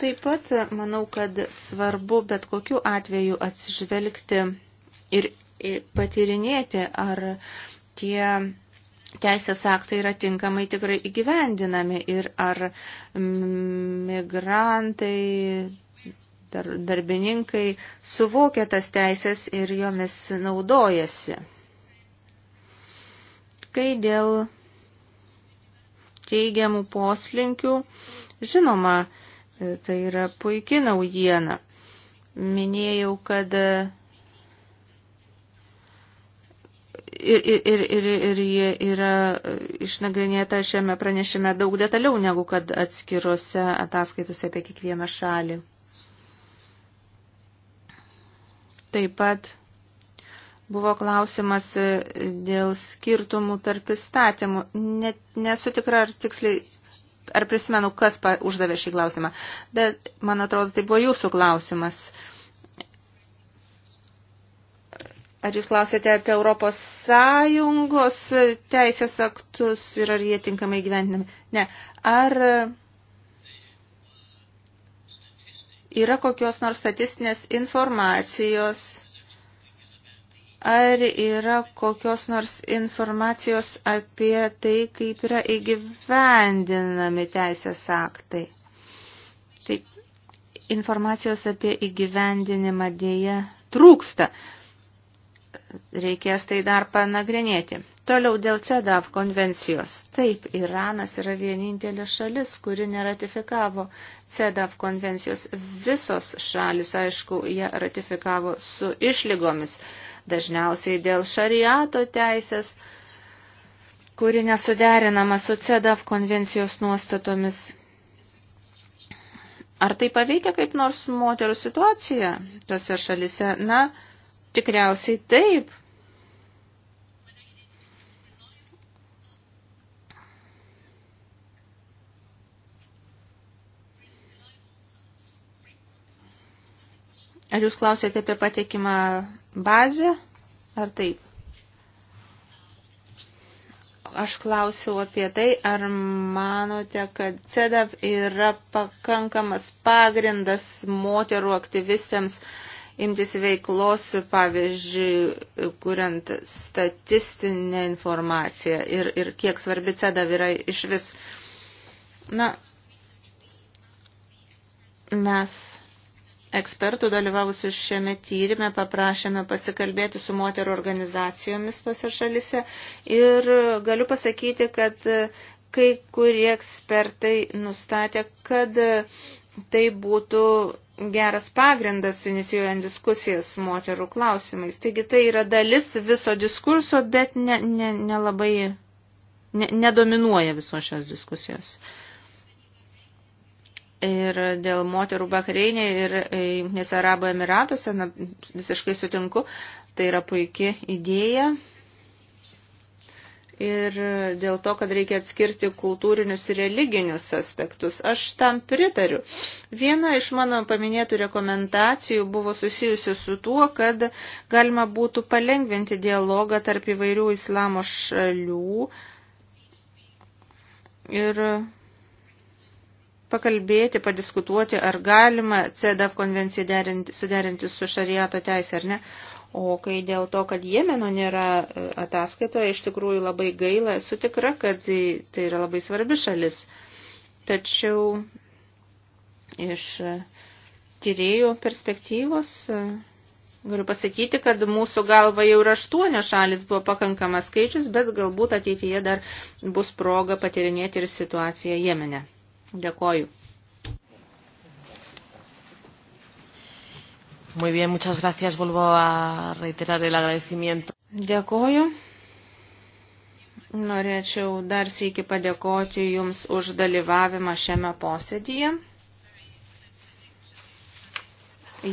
Taip pat e, manau, kad svarbu bet kokiu atveju atsižvelgti ir patyrinėti, ar tie teisės aktai yra tinkamai tikrai įgyvendinami ir ar mm, migrantai, dar, darbininkai suvokia tas teisės ir jomis naudojasi. Kai dėl teigiamų poslinkių, žinoma, tai yra puikia naujiena. Minėjau, kad ir, ir, ir, ir jie yra išnagrinėta šiame pranešime daug detaliau negu kad atskiruose ataskaitose apie kiekvieną šalį. Taip pat buvo klausimas dėl skirtumų tarp įstatymų. Net nesu tikra, ar tiksliai, ar prisimenu, kas pa, uždavė šį klausimą, bet man atrodo, tai buvo jūsų klausimas. Uh, Ar jūs klausėte apie Europos Sąjungos teisės aktus ir ar jie tinkamai gyventinami? Ne. Ar yra kokios nors statistinės informacijos? Ar yra kokios nors informacijos apie tai, kaip yra įgyvendinami teisės aktai? Taip, informacijos apie įgyvendinimą dėja trūksta reikės tai dar panagrinėti. Toliau dėl CEDAV konvencijos. Taip, Iranas yra vienintelė šalis, kuri neratifikavo CEDAV konvencijos. Visos šalis, aišku, jie ratifikavo su išlygomis, dažniausiai dėl šariato teisės, kuri nesuderinama su CEDAV konvencijos nuostatomis. Ar tai paveikia kaip nors moterų situaciją tose šalise? Na, Tikriausiai taip. Ar jūs klausėte apie patekimą bazę, ar taip? Aš klausiau apie tai, ar manote, kad CEDAV yra pakankamas pagrindas moterų aktyvistėms uh, imtis veiklos, pavyzdžiui, kuriant statistinę informaciją ir, ir kiek svarbi CEDAV yra iš vis. Na, mes ekspertų dalyvavusių šiame tyrimė paprašėme pasikalbėti su moterų organizacijomis tose šalise ir galiu pasakyti, kad kai kurie ekspertai nustatė, kad tai būtų geras pagrindas inicijuojant diskusijas moterų klausimais. Taigi tai yra dalis viso diskurso, bet nelabai ne, ne ne, nedominuoja visos šios diskusijos. Ir dėl moterų Bahreinė ir e, Jungtinėse Arabų Emiratuose na, visiškai sutinku, tai yra puikia idėja ir dėl to, kad reikia atskirti kultūrinius ir religinius aspektus. Aš tam pritariu. Viena iš mano paminėtų rekomendacijų buvo susijusi su tuo, kad galima būtų palengventi dialogą tarp įvairių islamo šalių ir pakalbėti, padiskutuoti, ar galima CEDAV konvenciją derinti, suderinti su šariato teisė ar ne. O kai dėl to, kad Jemeno nėra e, ataskaitoje, iš tikrųjų labai gaila, esu tikra, kad tai, tai yra labai svarbi šalis. Tačiau iš e, tyriejų perspektyvos e, galiu pasakyti, kad mūsų galva jau ir aštuonios šalis buvo pakankamas skaičius, bet galbūt ateityje dar bus proga patirinėti ir situaciją Jemene. Dėkoju. Muy bien, muchas gracias. Vuelvo a reiterar el agradecimiento. Dėkoju. Norėčiau dar sėki padėkoti Jums už dalyvavimą šiame posėdyje.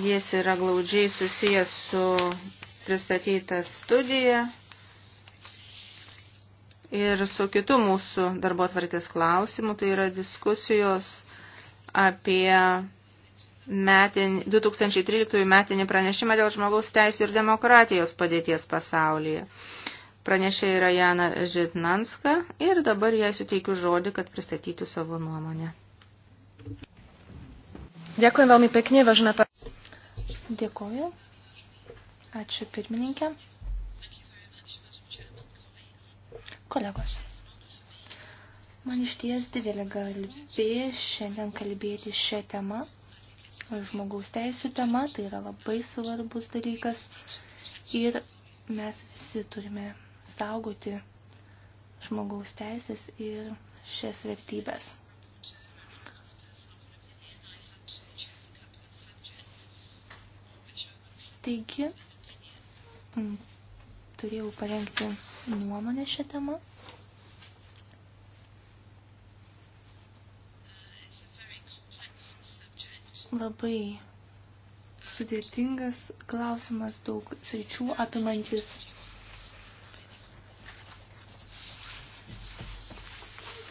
Jis yra glaudžiai susijęs su pristatyta studija ir su kitu mūsų darbo tvarkės klausimu, tai yra diskusijos apie metin, 2013 metinį pranešimą dėl žmogaus teisų ir demokratijos padėties pasaulyje. Pranešė yra Jana Žitnanska ir dabar jai suteikiu žodį, kad pristatytų savo nuomonę. Dėkuoju veľmi pekne, važina pa... Dėkuoju. Ačiū pirmininkė. Kolegos. Man išties didelė galbė šiandien kalbėti šią temą žmogaus teisų tema, tai yra labai svarbus dalykas ir mes visi turime saugoti žmogaus teisės ir šias vertybės. Taigi, turėjau parengti nuomonę šią temą. labai sudėtingas klausimas, daug sričių apimantis.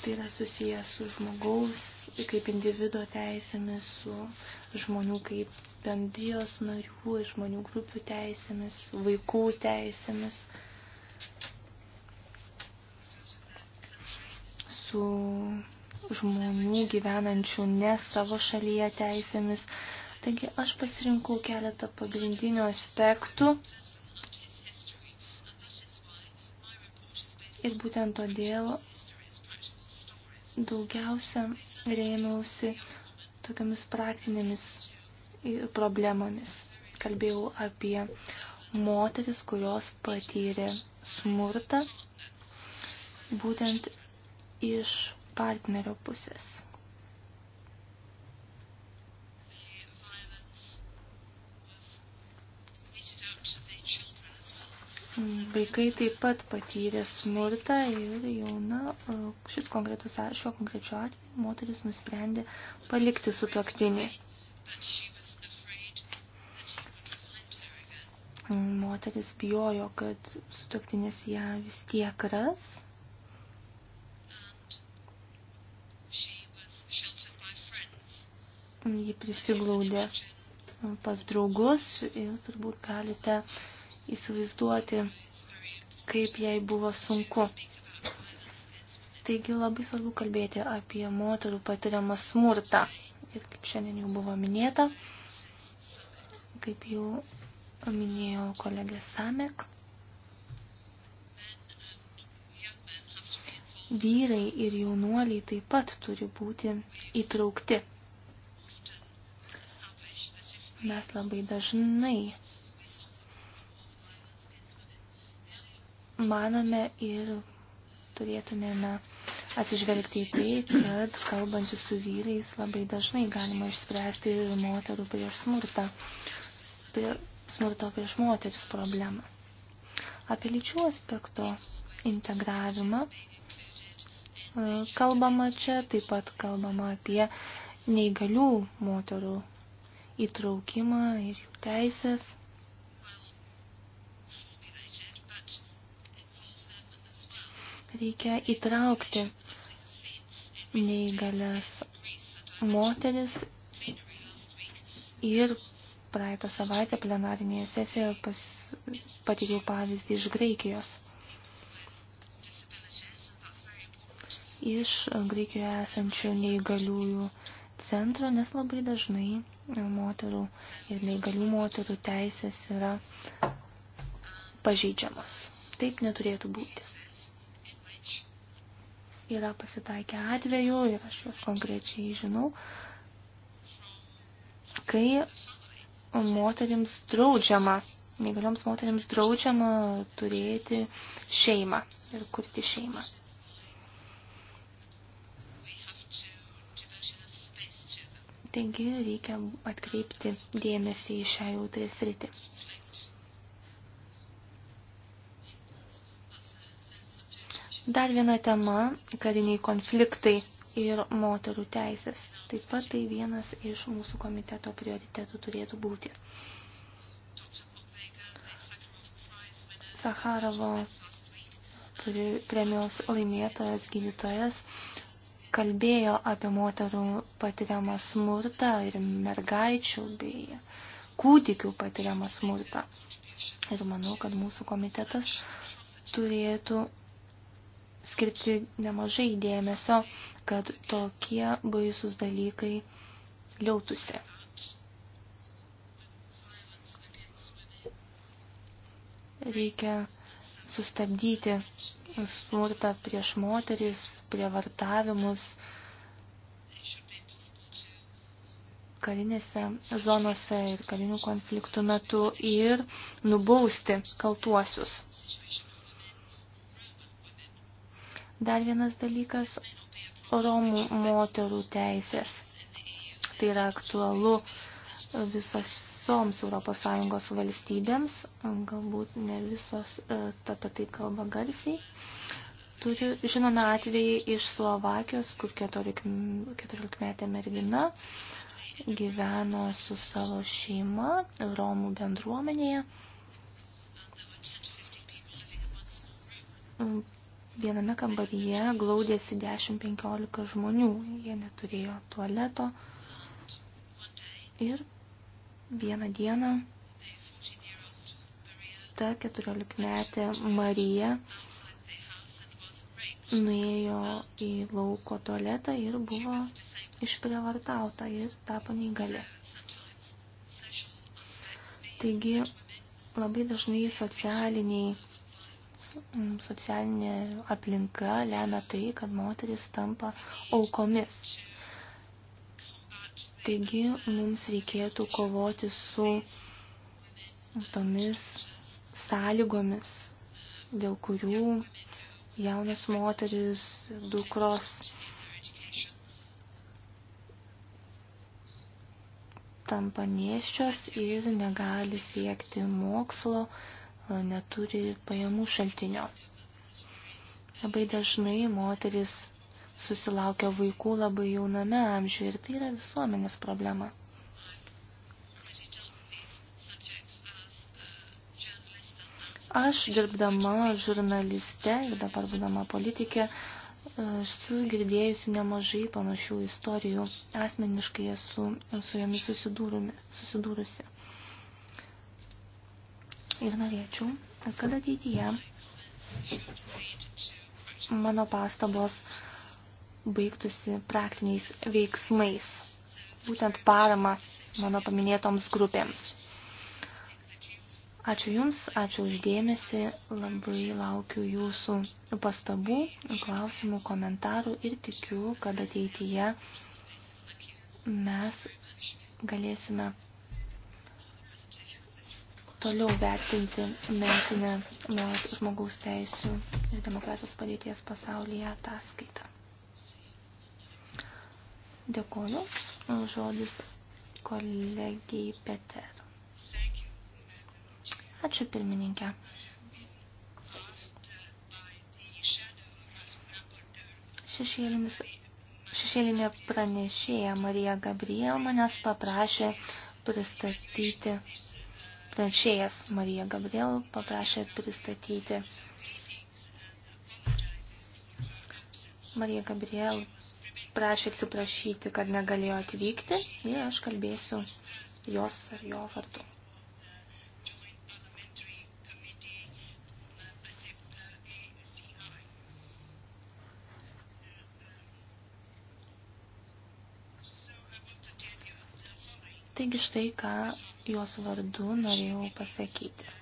Tai yra susijęs su žmogaus kaip individo teisėmis, su žmonių kaip bendrijos narių, žmonių grupių teisėmis, vaikų teisėmis, su žmonių gyvenančių ne savo šalyje teisėmis. Taigi aš pasirinkau keletą pagrindinių aspektų ir būtent todėl daugiausia rėmiausi tokiamis praktinėmis problemomis. Kalbėjau apie moteris, kurios patyrė smurtą būtent iš partnerio pusės. Vaikai taip pat patyrė smurtą ir jauna šis konkretus, šiuo konkrečiu atveju moteris nusprendė palikti su tuoktinį. Moteris bijojo, kad su tuoktinės ją vis tiek ras. ji prisiglaudė pas draugus ir turbūt galite įsivaizduoti, kaip jai buvo sunku. Taigi labai svarbu kalbėti apie moterų patiriamą smurtą. Ir kaip šiandien jau buvo minėta, kaip jau minėjo kolegė Samek, vyrai ir jaunuoliai taip pat turi būti įtraukti mes labai dažnai manome ir turėtumėme atsižvelgti į tai, kad kalbančių su vyrais labai dažnai galima išspręsti ir moterų prieš smurtą, prie, smurto prieš moteris problemą. Apie lyčių aspekto integravimą e, kalbama čia, taip pat kalbama apie neįgalių moterų įtraukimą ir jų teisės. Reikia įtraukti neįgalias moteris ir praeitą savaitę plenarinėje sesijoje pas, pateikiau pavyzdį iš Graikijos. Iš Graikijoje esančių neįgaliųjų centro, nes labai dažnai e, moterų ir neįgalių moterų teisės yra pažeidžiamas. Taip neturėtų būti. Yra pasitaikę atvejų ir aš juos konkrečiai žinau, kai moterims draudžiama, negalioms moterims draudžiama turėti šeimą ir kurti šeimą. Taigi reikia atkreipti dėmesį į šią jautrį sritį. Dar viena tema – kariniai konfliktai ir moterų teisės. Taip pat tai vienas iš mūsų komiteto prioritetų turėtų būti. Saharovo premijos laimėtojas gydytojas kalbėjo apie moterų patiriamą smurtą ir mergaičių bei kūdikių patiriamą smurtą. Ir manau, kad mūsų komitetas turėtų skirti nemažai dėmesio, kad tokie baisus dalykai liautusi. Reikia sustabdyti smurtą prieš moteris, prievartavimus karinėse zonose ir karinių konfliktų metu ir nubausti kaltuosius. Dar vienas dalykas – Romų moterų teisės. Tai yra aktualu visos visoms ES valstybėms, galbūt ne visos e, apie tai kalba garsiai. Turiu, žinome atvejį iš Slovakijos, kur 14-metė mergina gyveno su savo šeima Romų bendruomenėje. Viename kambaryje glaudėsi 10-15 žmonių, jie neturėjo tualeto ir vieną dieną ta 14-metė Marija nuėjo į lauko tualetą ir buvo išprievartauta ir tapo neįgali. Taigi labai dažnai socialiniai mm, socialinė aplinka lemia tai, kad moteris tampa aukomis. Taigi mums reikėtų kovoti su tomis sąlygomis, dėl kurių jaunas moteris, dukros tampa nėščios ir negali siekti mokslo, neturi pajamų šaltinio. Labai dažnai moteris susilaukia vaikų labai jauname amžiuje ir tai yra visuomenės problema. Aš dirbdama žurnaliste ir dabar būdama politikė, esu girdėjusi nemažai panašių istorijų, asmeniškai esu su jomis susidūrusi. Ir norėčiau, kad ateityje mano pastabos uh, baigtųsi praktiniais veiksmais, būtent parama mano paminėtoms grupėms. Ačiū Jums, ačiū uždėmesi, labai laukiu Jūsų pastabų, klausimų, komentarų ir tikiu, kad ateityje mes galėsime toliau vertinti metinę žmogaus teisų ir demokratijos padėties pasaulyje ataskaitą. Dėkoju. Žodis kolegijai Peter. Ačiū pirmininkė. Šešėlinis, šešėlinė pranešėja Marija Gabriel manęs paprašė pristatyti pranešėjas Marija Gabriel paprašė pristatyti Marija Gabriel prašė atsiprašyti, kad negalėjo atvykti ir aš kalbėsiu jos ar jo vardu. Taigi štai ką jos vardu norėjau pasakyti.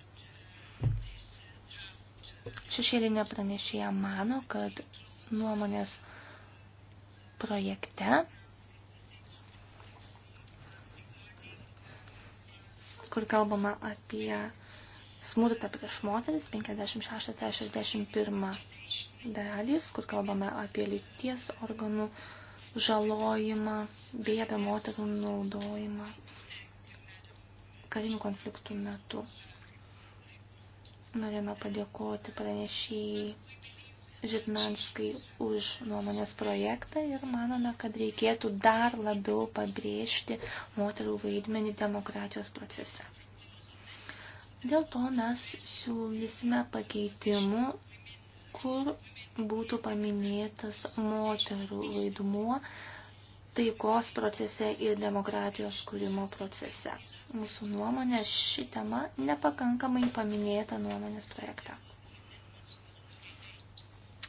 Šešėlinė pranešėja mano, kad nuomonės projekte, kur kalbama apie smurtą prieš moteris 56-61 dalys, kur kalbame apie lyties organų žalojimą bei apie moterų naudojimą karinių konfliktų metu. Norėjome padėkoti pranešėjai Žitnanskai už nuomonės projektą ir manome, kad reikėtų dar labiau pabrėžti moterų vaidmenį demokratijos procese. Dėl to mes siūlysime pakeitimų, kur būtų paminėtas moterų vaidmuo taikos procese ir demokratijos kūrimo procese. Mūsų nuomonė ši tema nepakankamai paminėta nuomonės projektą.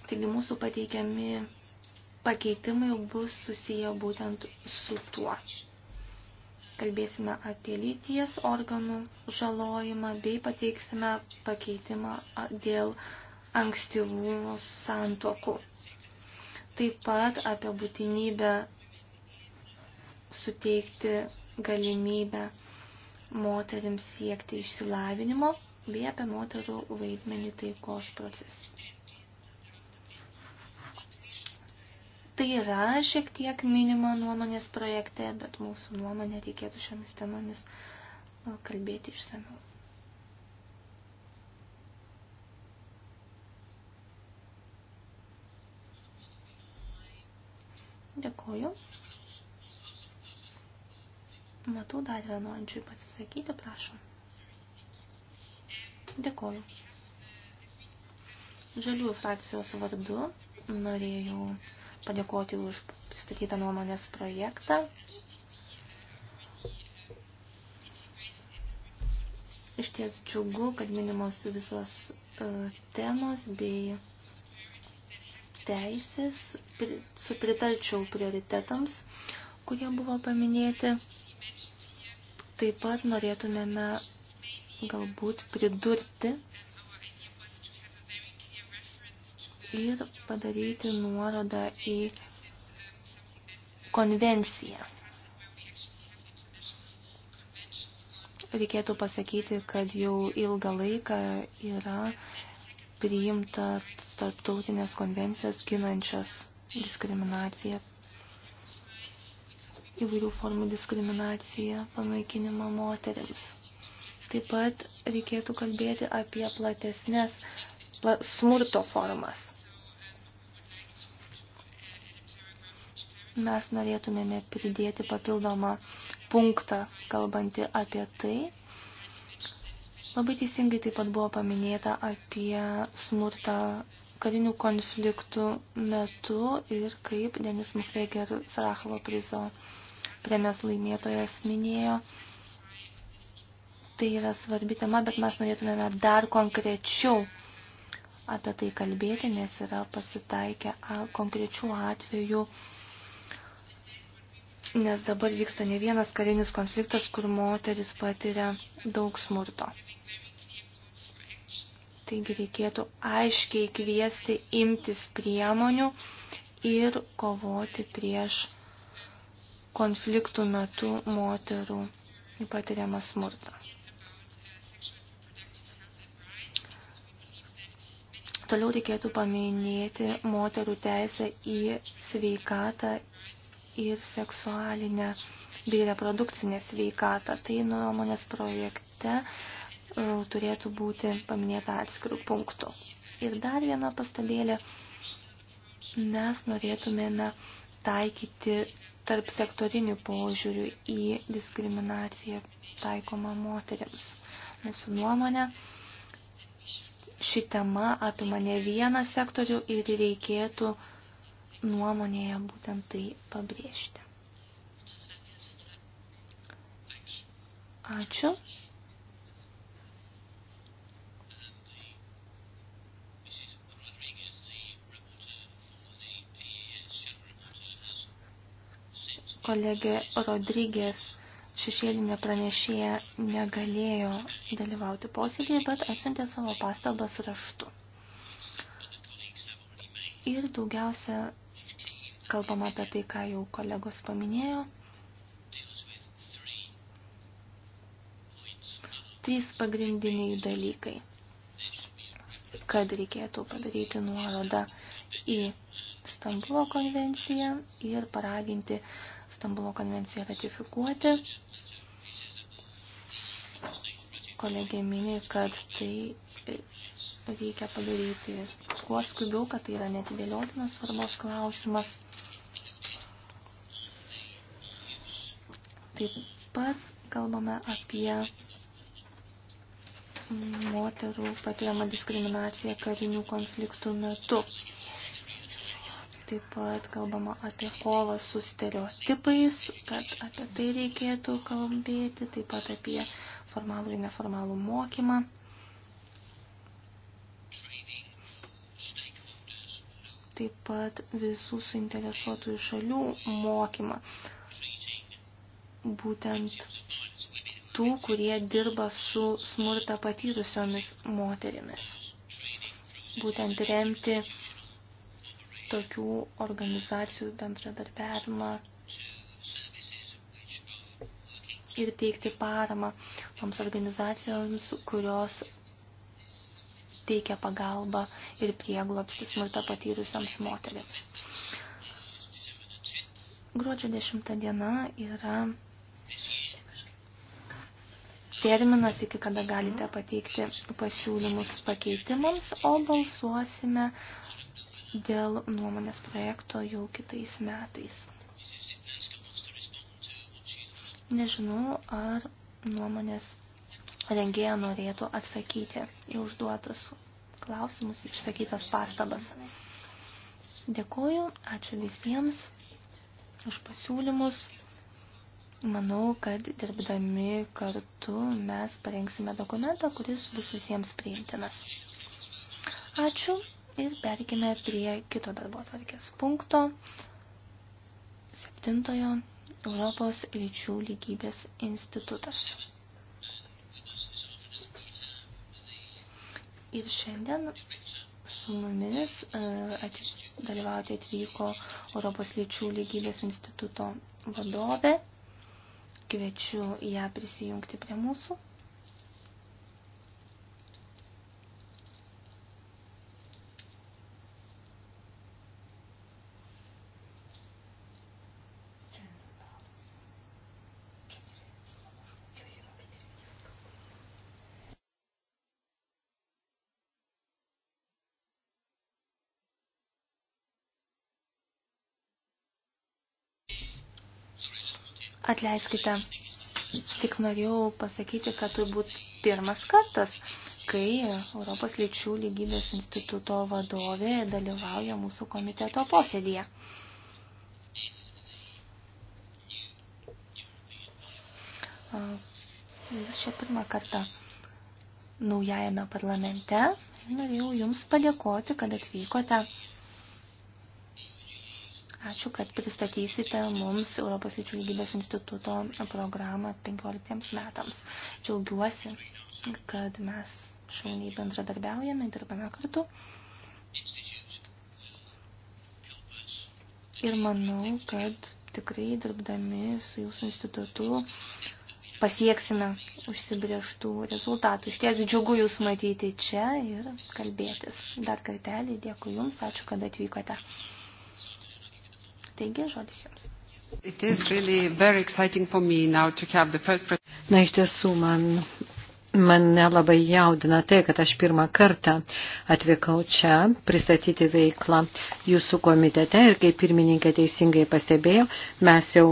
Taigi mūsų pateikiami pakeitimai bus susiję būtent su tuo. Kalbėsime apie lyties organų žalojimą bei pateiksime pakeitimą dėl ankstyvų santokų. Taip pat apie būtinybę suteikti galimybę moterims siekti išsilavinimo bei apie moterų vaidmenį taikos procese. yra šiek tiek minima nuomonės projekte, bet mūsų nuomonė reikėtų šiomis temomis kalbėti išsamiau. Dėkuoju. Matau dar yra norinčių pasisakyti, prašom. Dėkuoju. Žaliųjų frakcijos vardu norėjau padėkoti už pristatytą nuomonės projektą. Iš ties džiugu, kad minimos visos uh, temos bei teisės, pri, supritarčiau prioritetams, kurie buvo paminėti. Taip pat norėtumėme galbūt pridurti ir padaryti nuorodą į konvenciją. Reikėtų pasakyti, kad jau ilgą laiką yra priimta tarptautinės konvencijos ginančios diskriminaciją, įvairių formų diskriminaciją, panaikinimą moterims. Taip pat reikėtų kalbėti apie platesnės smurto formas. mes norėtumėme pridėti papildomą punktą, kalbantį apie tai. Labai teisingai taip pat buvo paminėta apie smurtą karinių konfliktų metu ir kaip Denis Mukveger Sarachovo prizo premijos laimėtojas minėjo. Tai yra svarbi tema, bet mes norėtumėme dar konkrečiau apie tai kalbėti, nes yra pasitaikę konkrečių atvejų nes dabar vyksta ne vienas karinis konfliktas, kur moteris patiria daug smurto. Taigi reikėtų aiškiai kviesti imtis priemonių ir kovoti prieš konfliktų metu moterų patiriamą smurtą. Toliau reikėtų paminėti moterų teisę į sveikatą ir seksualinę bei reprodukcinę sveikatą. Tai nuomonės projekte e, turėtų būti paminėta atskirų punktų. Ir dar viena pastabėlė. Mes norėtumėme taikyti tarp sektorinių požiūrių į diskriminaciją taikomą moteriams. Mūsų nuomonė, ši tema apima ne vieną sektorių ir reikėtų uh, nuomonėje būtent tai pabrėžti. Ačiū. kolegė Rodrygės šešėlinė pranešėja negalėjo dalyvauti posėdėje, bet atsiuntė savo pastabas raštu. Ir daugiausia Kalbama apie tai, ką jau kolegos paminėjo. Trys pagrindiniai dalykai, kad reikėtų padaryti nuorodą į Stambulo konvenciją ir paraginti Stambulo konvenciją ratifikuoti. Kolegė mini, kad tai Tai reikia padaryti kuo skubiau, kad tai yra netidėliotinas svarbos klausimas. Taip pat kalbame apie moterų patiriamą diskriminaciją karinių konfliktų metu. Taip pat kalbama apie kovą su stereotipais, kad apie tai reikėtų kalbėti, taip pat apie formalų ir neformalų mokymą. taip pat visų suinteresuotųjų šalių mokymą. Būtent tų, kurie dirba su smurta patyrusiomis moterimis. Būtent remti tokių organizacijų bendradarbiavimą ir teikti paramą toms organizacijoms, kurios teikia pagalbą ir prieglobstį smurtą patyrusiams moteriams. Gruodžio 10 diena yra terminas, iki kada galite pateikti pasiūlymus pakeitimams, o balsuosime dėl nuomonės projekto jau kitais metais. Nežinau, ar nuomonės rengėja norėtų atsakyti į užduotus klausimus, išsakytas pastabas. Dėkuoju, ačiū visiems už pasiūlymus. Manau, kad dirbdami kartu mes parengsime dokumentą, kuris bus visiems priimtinas. Ačiū ir perkime prie kito darbo atvarkės punkto, septintojo Europos lyčių lygybės institutas. Ir šiandien su mumis e, dalyvauti atvyko Europos lyčių lygybės instituto vadovė. Kviečiu ją prisijungti prie mūsų. Atleiskite, tik norėjau pasakyti, kad turbūt pirmas kartas, kai Europos lyčių lygybės instituto vadovė dalyvauja mūsų komiteto posėdėje. Jūs čia pirmą kartą naujajame parlamente norėjau Jums padėkoti, kad atvykote Ačiū, kad pristatysite mums Europos lyčių lygybės instituto programą 15 metams. Džiaugiuosi, kad mes šauniai bendradarbiaujame, dirbame kartu. Ir manau, kad tikrai dirbdami su jūsų institutu pasieksime užsibrieštų rezultatų. Iš ties džiugu jūs matyti čia ir kalbėtis. Dar kartelį dėkui jums, ačiū, kad atvykote. Taigi, žodis jums. Really first... Na, iš tiesų, man, mane labai jaudina tai, kad aš pirmą kartą atvykau čia pristatyti veiklą jūsų komitete ir kaip pirmininkė teisingai pastebėjo, mes jau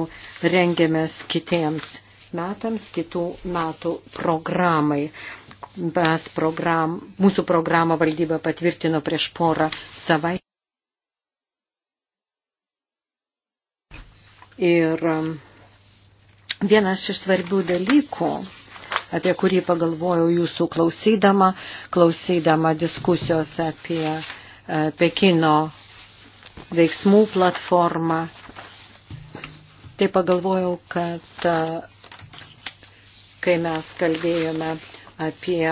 rengiamės kitiems metams, kitų metų programai mes program, mūsų programą valdyba patvirtino prieš porą savaičių. Ir um, vienas iš svarbių dalykų, apie kurį pagalvojau jūsų klausydama, klausydama diskusijos apie e, Pekino veiksmų platformą, tai pagalvojau, kad e, kai mes kalbėjome apie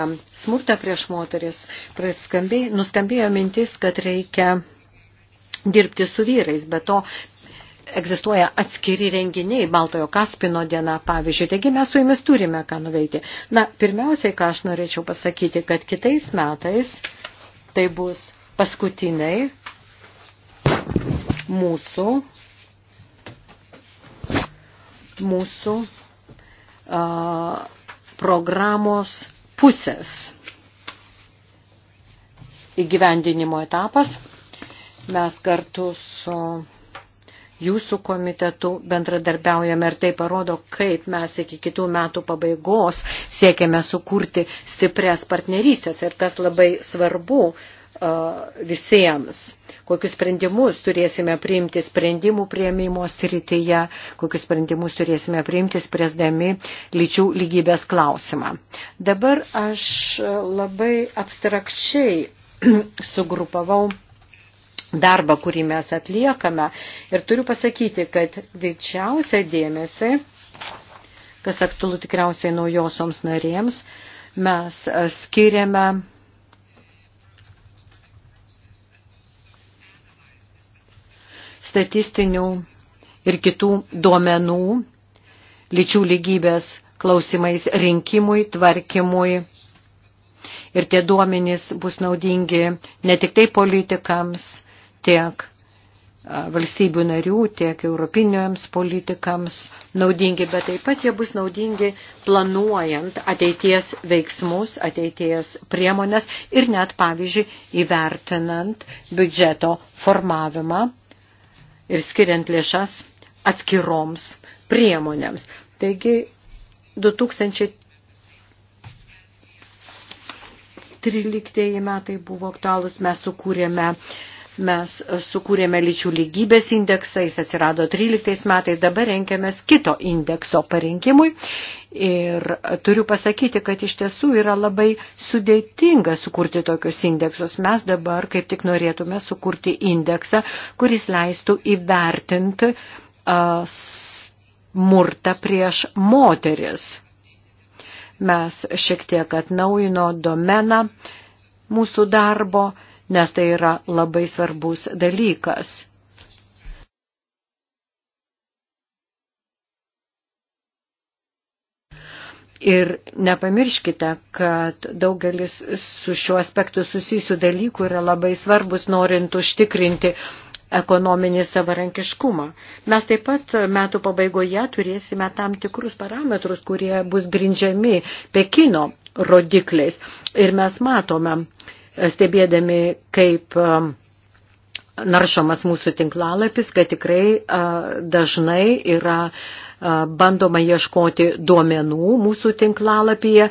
smurtą prieš moteris, nuskambėjo mintis, kad reikia dirbti su vyrais, bet to egzistuoja atskiri renginiai, Baltojo Kaspino diena, pavyzdžiui. Taigi mes su jumis turime ką nuveikti. Na, pirmiausiai, ką aš norėčiau pasakyti, kad kitais metais tai bus paskutiniai mūsų, mūsų a, programos pusės įgyvendinimo etapas. Mes kartu su jūsų komitetu bendradarbiaujame ir tai parodo, kaip mes iki kitų metų pabaigos siekiame sukurti stiprias partnerystės ir tas labai svarbu visiems, kokius sprendimus turėsime priimti sprendimų prieimimo srityje, kokius sprendimus turėsime priimti spręsdami lyčių lygybės klausimą. Dabar aš labai abstrakčiai sugrupavau darbą, kurį mes atliekame. Ir turiu pasakyti, kad didžiausia dėmesį, kas aktualu tikriausiai naujosioms narėms, mes skiriame statistinių ir kitų duomenų lyčių lygybės klausimais rinkimui, tvarkimui. Ir tie duomenys bus naudingi ne tik tai politikams, tiek valstybių narių, tiek europiniams politikams naudingi, bet taip pat jie bus naudingi planuojant ateities veiksmus, ateities priemonės ir net, pavyzdžiui, įvertinant biudžeto formavimą ir skiriant lėšas atskiroms priemonėms. Taigi 2000 2013 metai buvo aktualūs, mes sukūrėme Mes sukūrėme lyčių lygybės indeksą, jis atsirado 13 metais, dabar renkiamės kito indekso parinkimui. Ir turiu pasakyti, kad iš tiesų yra labai sudėtinga sukurti tokius indeksus. Mes dabar kaip tik norėtume sukurti indeksą, kuris leistų įvertinti uh, smurtą prieš moteris mes šiek tiek atnaujino domeną mūsų darbo nes tai yra labai svarbus dalykas. Ir nepamirškite, kad daugelis su šiuo aspektu susijusių dalykų yra labai svarbus, norint užtikrinti ekonominį savarankiškumą. Mes taip pat metų pabaigoje turėsime tam tikrus parametrus, kurie bus grindžiami Pekino rodikliais. Ir mes matome, stebėdami, kaip um, naršomas mūsų tinklalapis, kad tikrai dažnai yra bandoma ieškoti duomenų mūsų tinklalapyje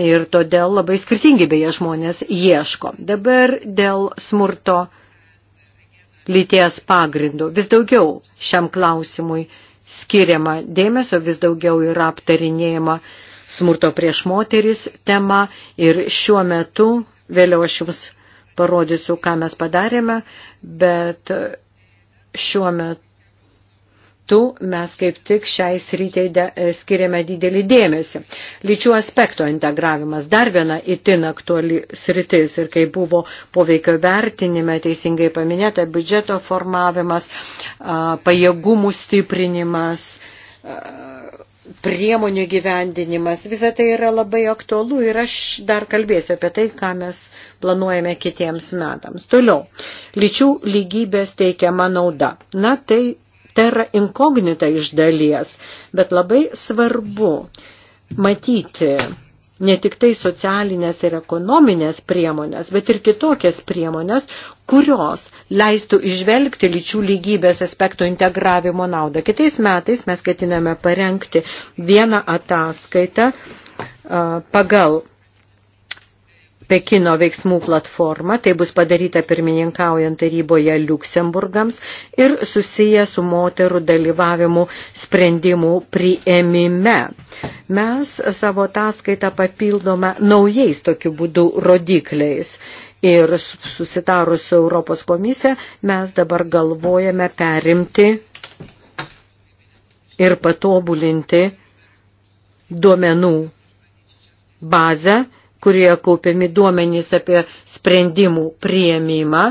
ir todėl labai skirtingi beje žmonės ieško. Dabar dėl smurto lyties pagrindų. Vis daugiau šiam klausimui skiriama dėmesio, vis daugiau yra aptarinėjama smurto prieš moteris tema ir šiuo metu Vėliau aš jums parodysiu, ką mes padarėme, bet šiuo metu mes kaip tik šiai srityje e, skiriame didelį dėmesį. Lyčių aspekto integravimas dar viena itin aktuali sritis ir kai buvo poveikio vertinime teisingai paminėta biudžeto formavimas, pajėgumų stiprinimas priemonių gyvendinimas, visa tai yra labai aktualu ir aš dar kalbėsiu apie tai, ką mes planuojame kitiems metams. Toliau, lyčių lygybės teikiama nauda. Na, tai terra inkognita iš dalies, bet labai svarbu matyti ne tik tai socialinės ir ekonominės priemonės, bet ir kitokias priemonės, kurios leistų išvelgti lyčių lygybės aspekto integravimo naudą. Kitais metais mes ketiname parengti vieną ataskaitą pagal Pekino veiksmų platformą, tai bus padaryta pirmininkaujant taryboje Luksemburgams ir susiję su moterų dalyvavimu sprendimų priėmime. Mes savo ataskaitą papildome naujais tokiu būdu rodikliais ir susitarus su Europos komisija mes dabar galvojame perimti ir patobulinti duomenų bazę kurioje kaupiami duomenys apie sprendimų prieimimą,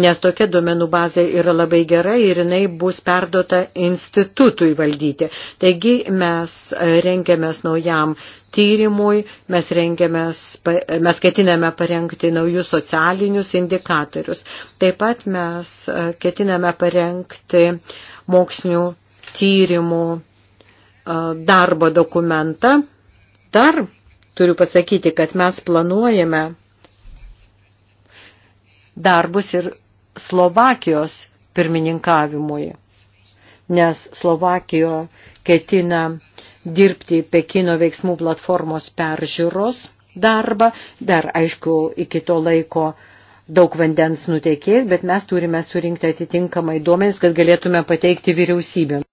nes tokia duomenų bazė yra labai gera ir jinai bus perduota institutui valdyti. Taigi mes e, rengiamės naujam tyrimui, mes, rengiamės, e, mes ketiname parengti naujus socialinius indikatorius. Taip pat mes e, ketiname parengti mokslinių tyrimų darbo dokumentą. Dar turiu pasakyti, kad mes planuojame darbus ir Slovakijos pirmininkavimui, nes Slovakijo ketina dirbti Pekino veiksmų platformos peržiūros darbą, dar aišku iki to laiko daug vandens nutekės, bet mes turime surinkti atitinkamai duomenys, kad galėtume pateikti vyriausybėm.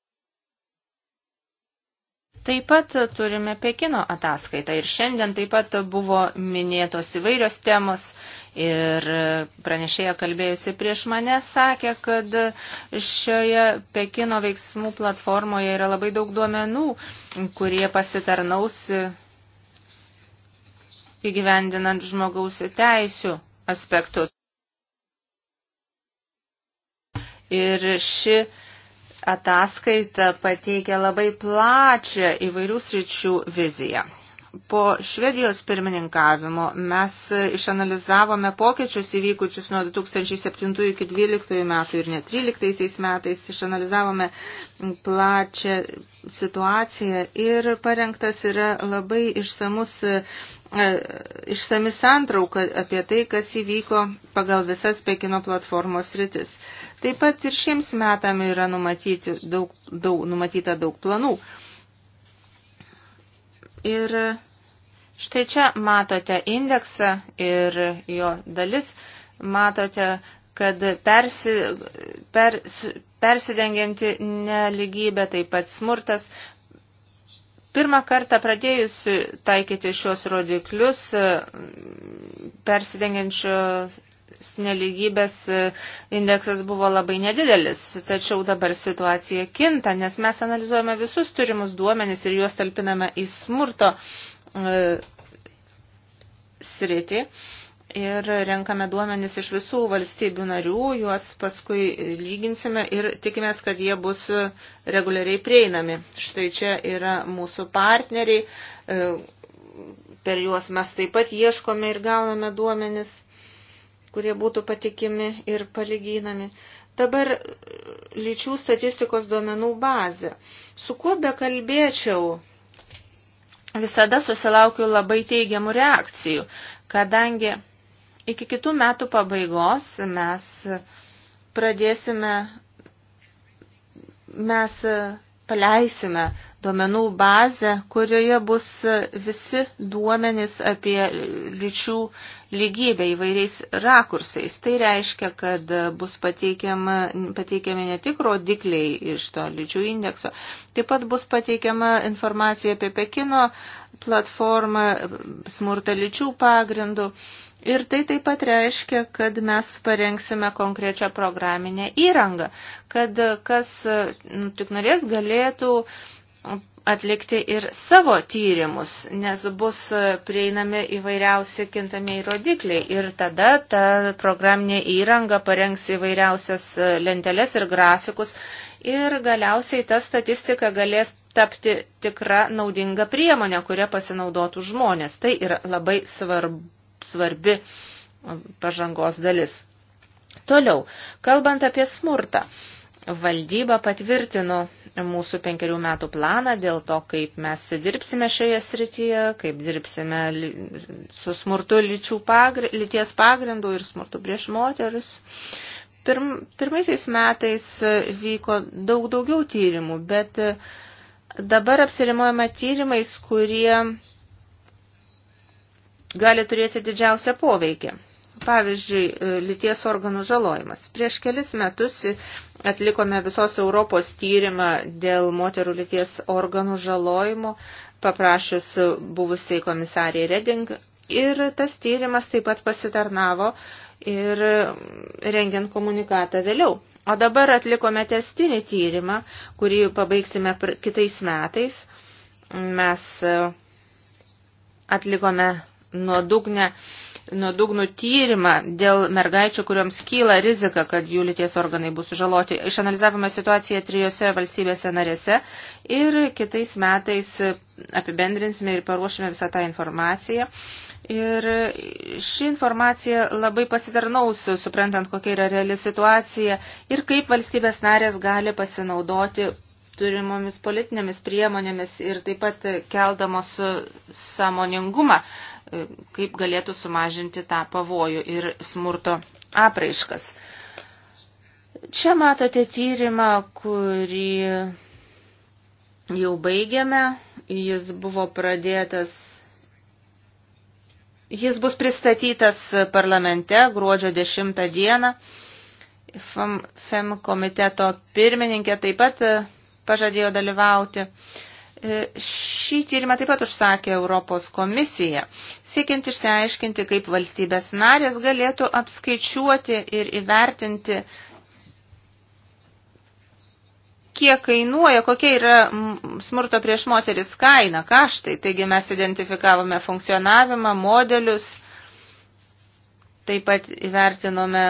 Taip pat turime Pekino ataskaitą ir šiandien taip pat buvo minėtos įvairios temos ir pranešėja kalbėjusi prieš mane sakė, kad šioje Pekino veiksmų platformoje yra labai daug duomenų, kurie pasitarnaus įgyvendinant žmogaus teisių aspektus. Ir ši ataskaita pateikia labai plačią įvairių sričių viziją. Po Švedijos pirmininkavimo mes išanalizavome pokyčius įvykučius nuo 2007 iki 2012 metų ir net 2013 metais. Išanalizavome plačią situaciją ir parengtas yra labai išsamus, e, išsami santrauka apie tai, kas įvyko pagal visas Pekino platformos rytis. Taip pat ir šiems metam yra numatyti daug, daug, numatyta daug planų. Ir Štai čia matote indeksą ir jo dalis. Matote, kad persi, per, persidengianti neligybė, taip pat smurtas. Pirmą kartą pradėjus taikyti šios rodiklius persidengiančios neligybės indeksas buvo labai nedidelis, tačiau dabar situacija kinta, nes mes analizuojame visus turimus duomenis ir juos talpiname į smurto sritį ir renkame duomenis iš visų valstybių narių, juos paskui lyginsime ir tikimės, kad jie bus reguliariai prieinami. Štai čia yra mūsų partneriai, e, per juos mes taip pat ieškome ir gauname duomenis, kurie būtų patikimi ir palyginami. Dabar lyčių statistikos duomenų bazė. Su kuo bekalbėčiau, visada susilaukiu labai teigiamų reakcijų, kadangi iki kitų metų pabaigos mes pradėsime, mes paleisime duomenų bazę, kurioje bus visi duomenys apie lyčių lygybę įvairiais rakursais. Tai reiškia, kad bus pateikiama, pateikiami ne tik rodikliai iš to lyčių indekso, taip pat bus pateikiama informacija apie Pekino platformą smurtą lyčių pagrindų. Ir tai taip pat reiškia, kad mes parengsime konkrečią programinę įrangą, kad kas nu, tik norės galėtų atlikti ir savo tyrimus, nes bus prieinami įvairiausi kintamiai rodikliai ir tada ta programinė įranga parengs įvairiausias lenteles ir grafikus ir galiausiai ta statistika galės tapti tikra naudinga priemonė, kuria pasinaudotų žmonės. Tai yra labai svarb, svarbi pažangos dalis. Toliau, kalbant apie smurtą, valdyba patvirtino mūsų penkerių metų planą dėl to, kaip mes dirbsime šioje srityje, kaip dirbsime su smurtu pagri, lyties pagrindu ir smurtu prieš moteris. Pirm, pirmaisiais metais vyko daug daugiau tyrimų, bet dabar apsirimuojama tyrimais, kurie gali turėti didžiausią poveikį. Pavyzdžiui, e, lyties organų žalojimas. Prieš kelis metus atlikome visos Europos tyrimą dėl moterų lyties organų žalojimo, paprašius buvusiai komisariai Reding. Ir tas tyrimas taip pat pasitarnavo ir rengiant komunikatą vėliau. O dabar atlikome testinį tyrimą, kurį pabaigsime kitais metais. Mes e, atlikome nuodugnę nuodugnų tyrimą dėl mergaičių, kuriuoms kyla rizika, kad jų lyties organai bus sužaloti. Išanalizavome situaciją trijose valstybėse narėse ir kitais metais apibendrinsime ir paruošime visą tą informaciją. Ir ši informacija labai pasidarnaus, suprantant, kokia yra reali situacija ir kaip valstybės narės gali pasinaudoti turimomis politinėmis priemonėmis ir taip pat keldamos samoningumą E, kaip galėtų sumažinti tą pavojų ir smurto apraiškas. Čia matote tyrimą, kurį jau baigėme. Jis buvo pradėtas. Jis bus pristatytas parlamente gruodžio 10 dieną. FEM komiteto pirmininkė taip pat e, pažadėjo dalyvauti. E, šį tyrimą taip pat užsakė Europos komisija, siekiant išsiaiškinti, kaip valstybės narės galėtų apskaičiuoti ir įvertinti, kiek kainuoja, kokia yra smurto prieš moteris kaina, kaštai. Taigi mes identifikavome funkcionavimą, modelius, Taip pat įvertinome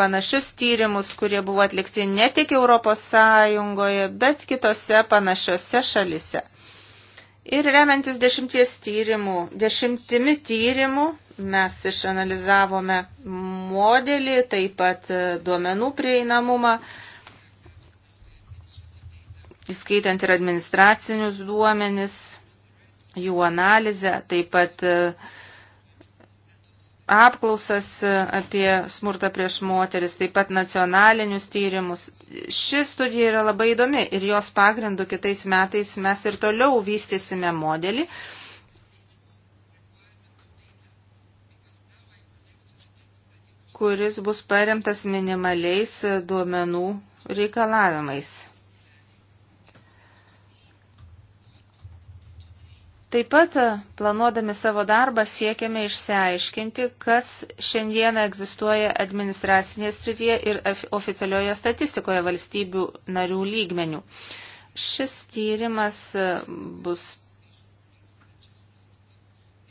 panašius tyrimus, kurie buvo atlikti ne tik Europos Sąjungoje, bet kitose panašiose šalise. Ir remiantis dešimties tyrimų, dešimtimi tyrimų mes išanalizavome modelį, taip pat e, duomenų prieinamumą, įskaitant ir administracinius duomenis, jų analizę, taip pat uh, apklausas e, apie smurtą prieš moteris, taip pat nacionalinius tyrimus. Ši studija yra labai įdomi ir jos pagrindu kitais metais mes ir toliau vystysime modelį. kuris bus paremtas minimaliais duomenų reikalavimais. Taip pat e, planuodami savo darbą siekiame išsiaiškinti, kas šiandieną egzistuoja administracinėje srityje ir oficialioje statistikoje valstybių narių lygmenių. Šis tyrimas e, bus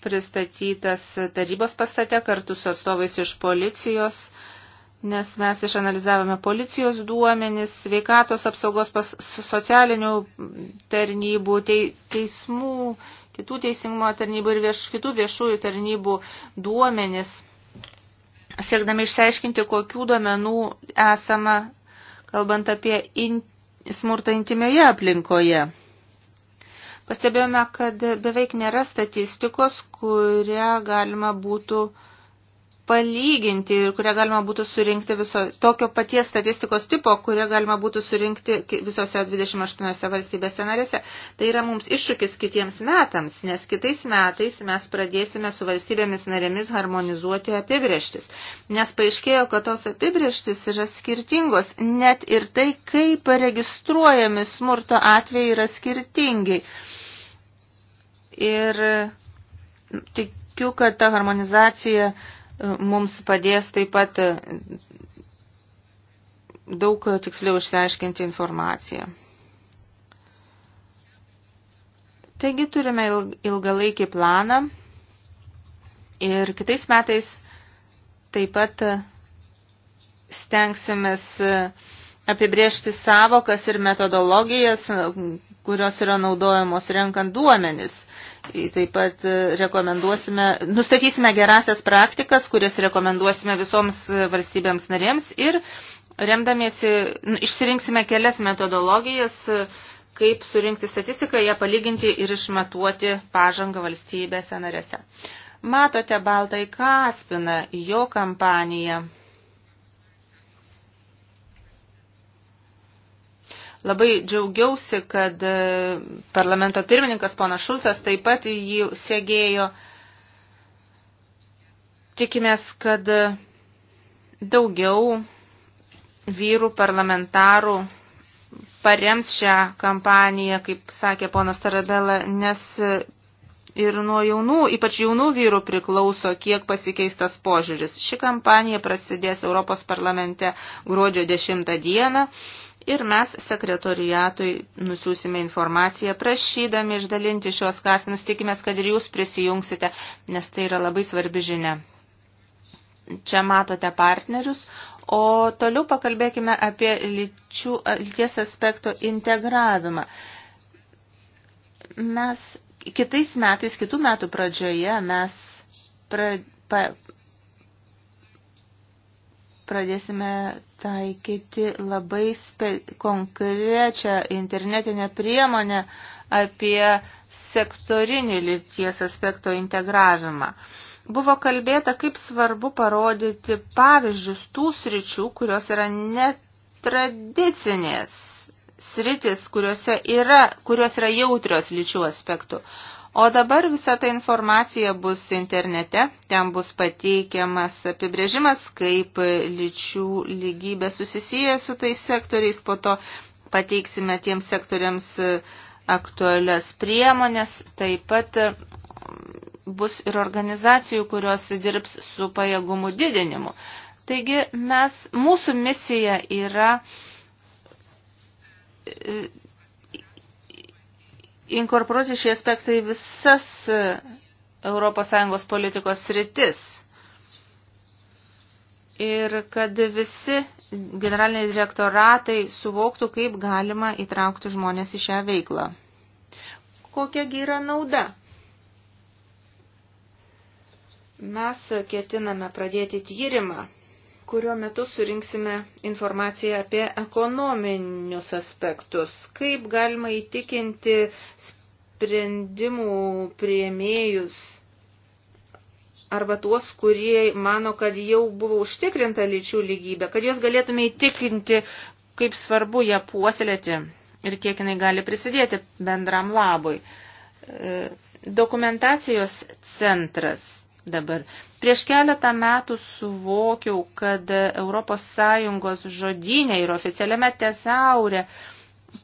pristatytas tarybos pastate kartu su atstovais iš policijos, nes mes išanalizavome policijos duomenis, sveikatos apsaugos pas socialinių tarnybų, te, teismų kitų teisingumo tarnybų ir vieš, kitų viešųjų tarnybų duomenis, siekdami išsiaiškinti, kokių duomenų esama, kalbant apie in, smurtą intimioje aplinkoje. Pastebėjome, kad beveik nėra statistikos, kurią galima būtų uh, palyginti ir kurią galima būtų surinkti viso, tokio paties statistikos tipo, kurią galima būtų surinkti visose 28 valstybėse narėse. Tai yra mums iššūkis kitiems metams, nes kitais metais mes pradėsime su valstybėmis narėmis harmonizuoti apibrieštis. Nes paaiškėjo, kad tos apibrieštis yra skirtingos, net ir tai, kaip registruojami smurto atvejai yra skirtingi. Ir tikiu, kad ta harmonizacija mums padės taip pat e, daug tiksliau išsiaiškinti informaciją. Taigi turime ilgalaikį planą ir kitais metais taip pat e, stengsimės e, apibriežti savokas ir metodologijas, kurios yra naudojamos renkant duomenis. Taip pat e, rekomenduosime, nustatysime gerasias praktikas, kurias rekomenduosime visoms e, valstybėms narėms ir remdamiesi, išsirinksime kelias metodologijas, e, kaip surinkti statistiką, ją palyginti ir išmatuoti pažangą valstybėse narėse. Matote baltai kaspiną, jo kampaniją. Labai džiaugiausi, kad e, parlamento pirmininkas ponas Šulcas taip pat jį sėgėjo. Tikimės, kad e, daugiau vyrų parlamentarų parems šią kampaniją, kaip sakė ponas Tarabela, nes e, ir nuo jaunų, ypač jaunų vyrų priklauso, kiek pasikeistas požiūris. Ši kampanija prasidės Europos parlamente gruodžio 10 dieną ir mes sekretoriatui nusiūsime informaciją, prašydami išdalinti šios kasminus, tikimės, kad ir jūs prisijungsite, nes tai yra labai svarbi žinia. Čia matote partnerius, o toliau pakalbėkime apie lyčių, lyties aspekto integravimą. Mes kitais metais, kitų metų pradžioje mes pra, pa, pradėsime taikyti labai konkrečią internetinę priemonę apie sektorinį lyties aspekto integravimą. Buvo kalbėta, kaip svarbu parodyti pavyzdžius tų sričių, kurios yra netradicinės sritis, kurios yra jautrios lyčių aspektų. O dabar visa ta informacija bus internete, ten bus pateikiamas apibrėžimas, kaip lyčių lygybė susisieja su tais sektoriais, po to pateiksime tiems sektoriams aktualias priemonės, taip pat mm, bus ir organizacijų, kurios dirbs su pajėgumų didinimu. Taigi mes, mūsų misija yra e, inkorporuoti šį aspektą į visas ES politikos sritis. Ir kad visi generaliniai direktoratai suvoktų, kaip galima įtraukti žmonės į šią veiklą. Kokiagi yra nauda? Mes ketiname pradėti tyrimą kurio metu surinksime informaciją apie ekonominius aspektus. Kaip galima įtikinti sprendimų prieimėjus arba tuos, kurie mano, kad jau buvo užtikrinta lyčių lygybė, kad jos galėtume įtikinti, kaip svarbu ją puoselėti ir kiek jinai gali prisidėti bendram labui. E, dokumentacijos centras dabar. Prieš keletą metų suvokiau, kad ES žodynė ir oficialiame tesaurė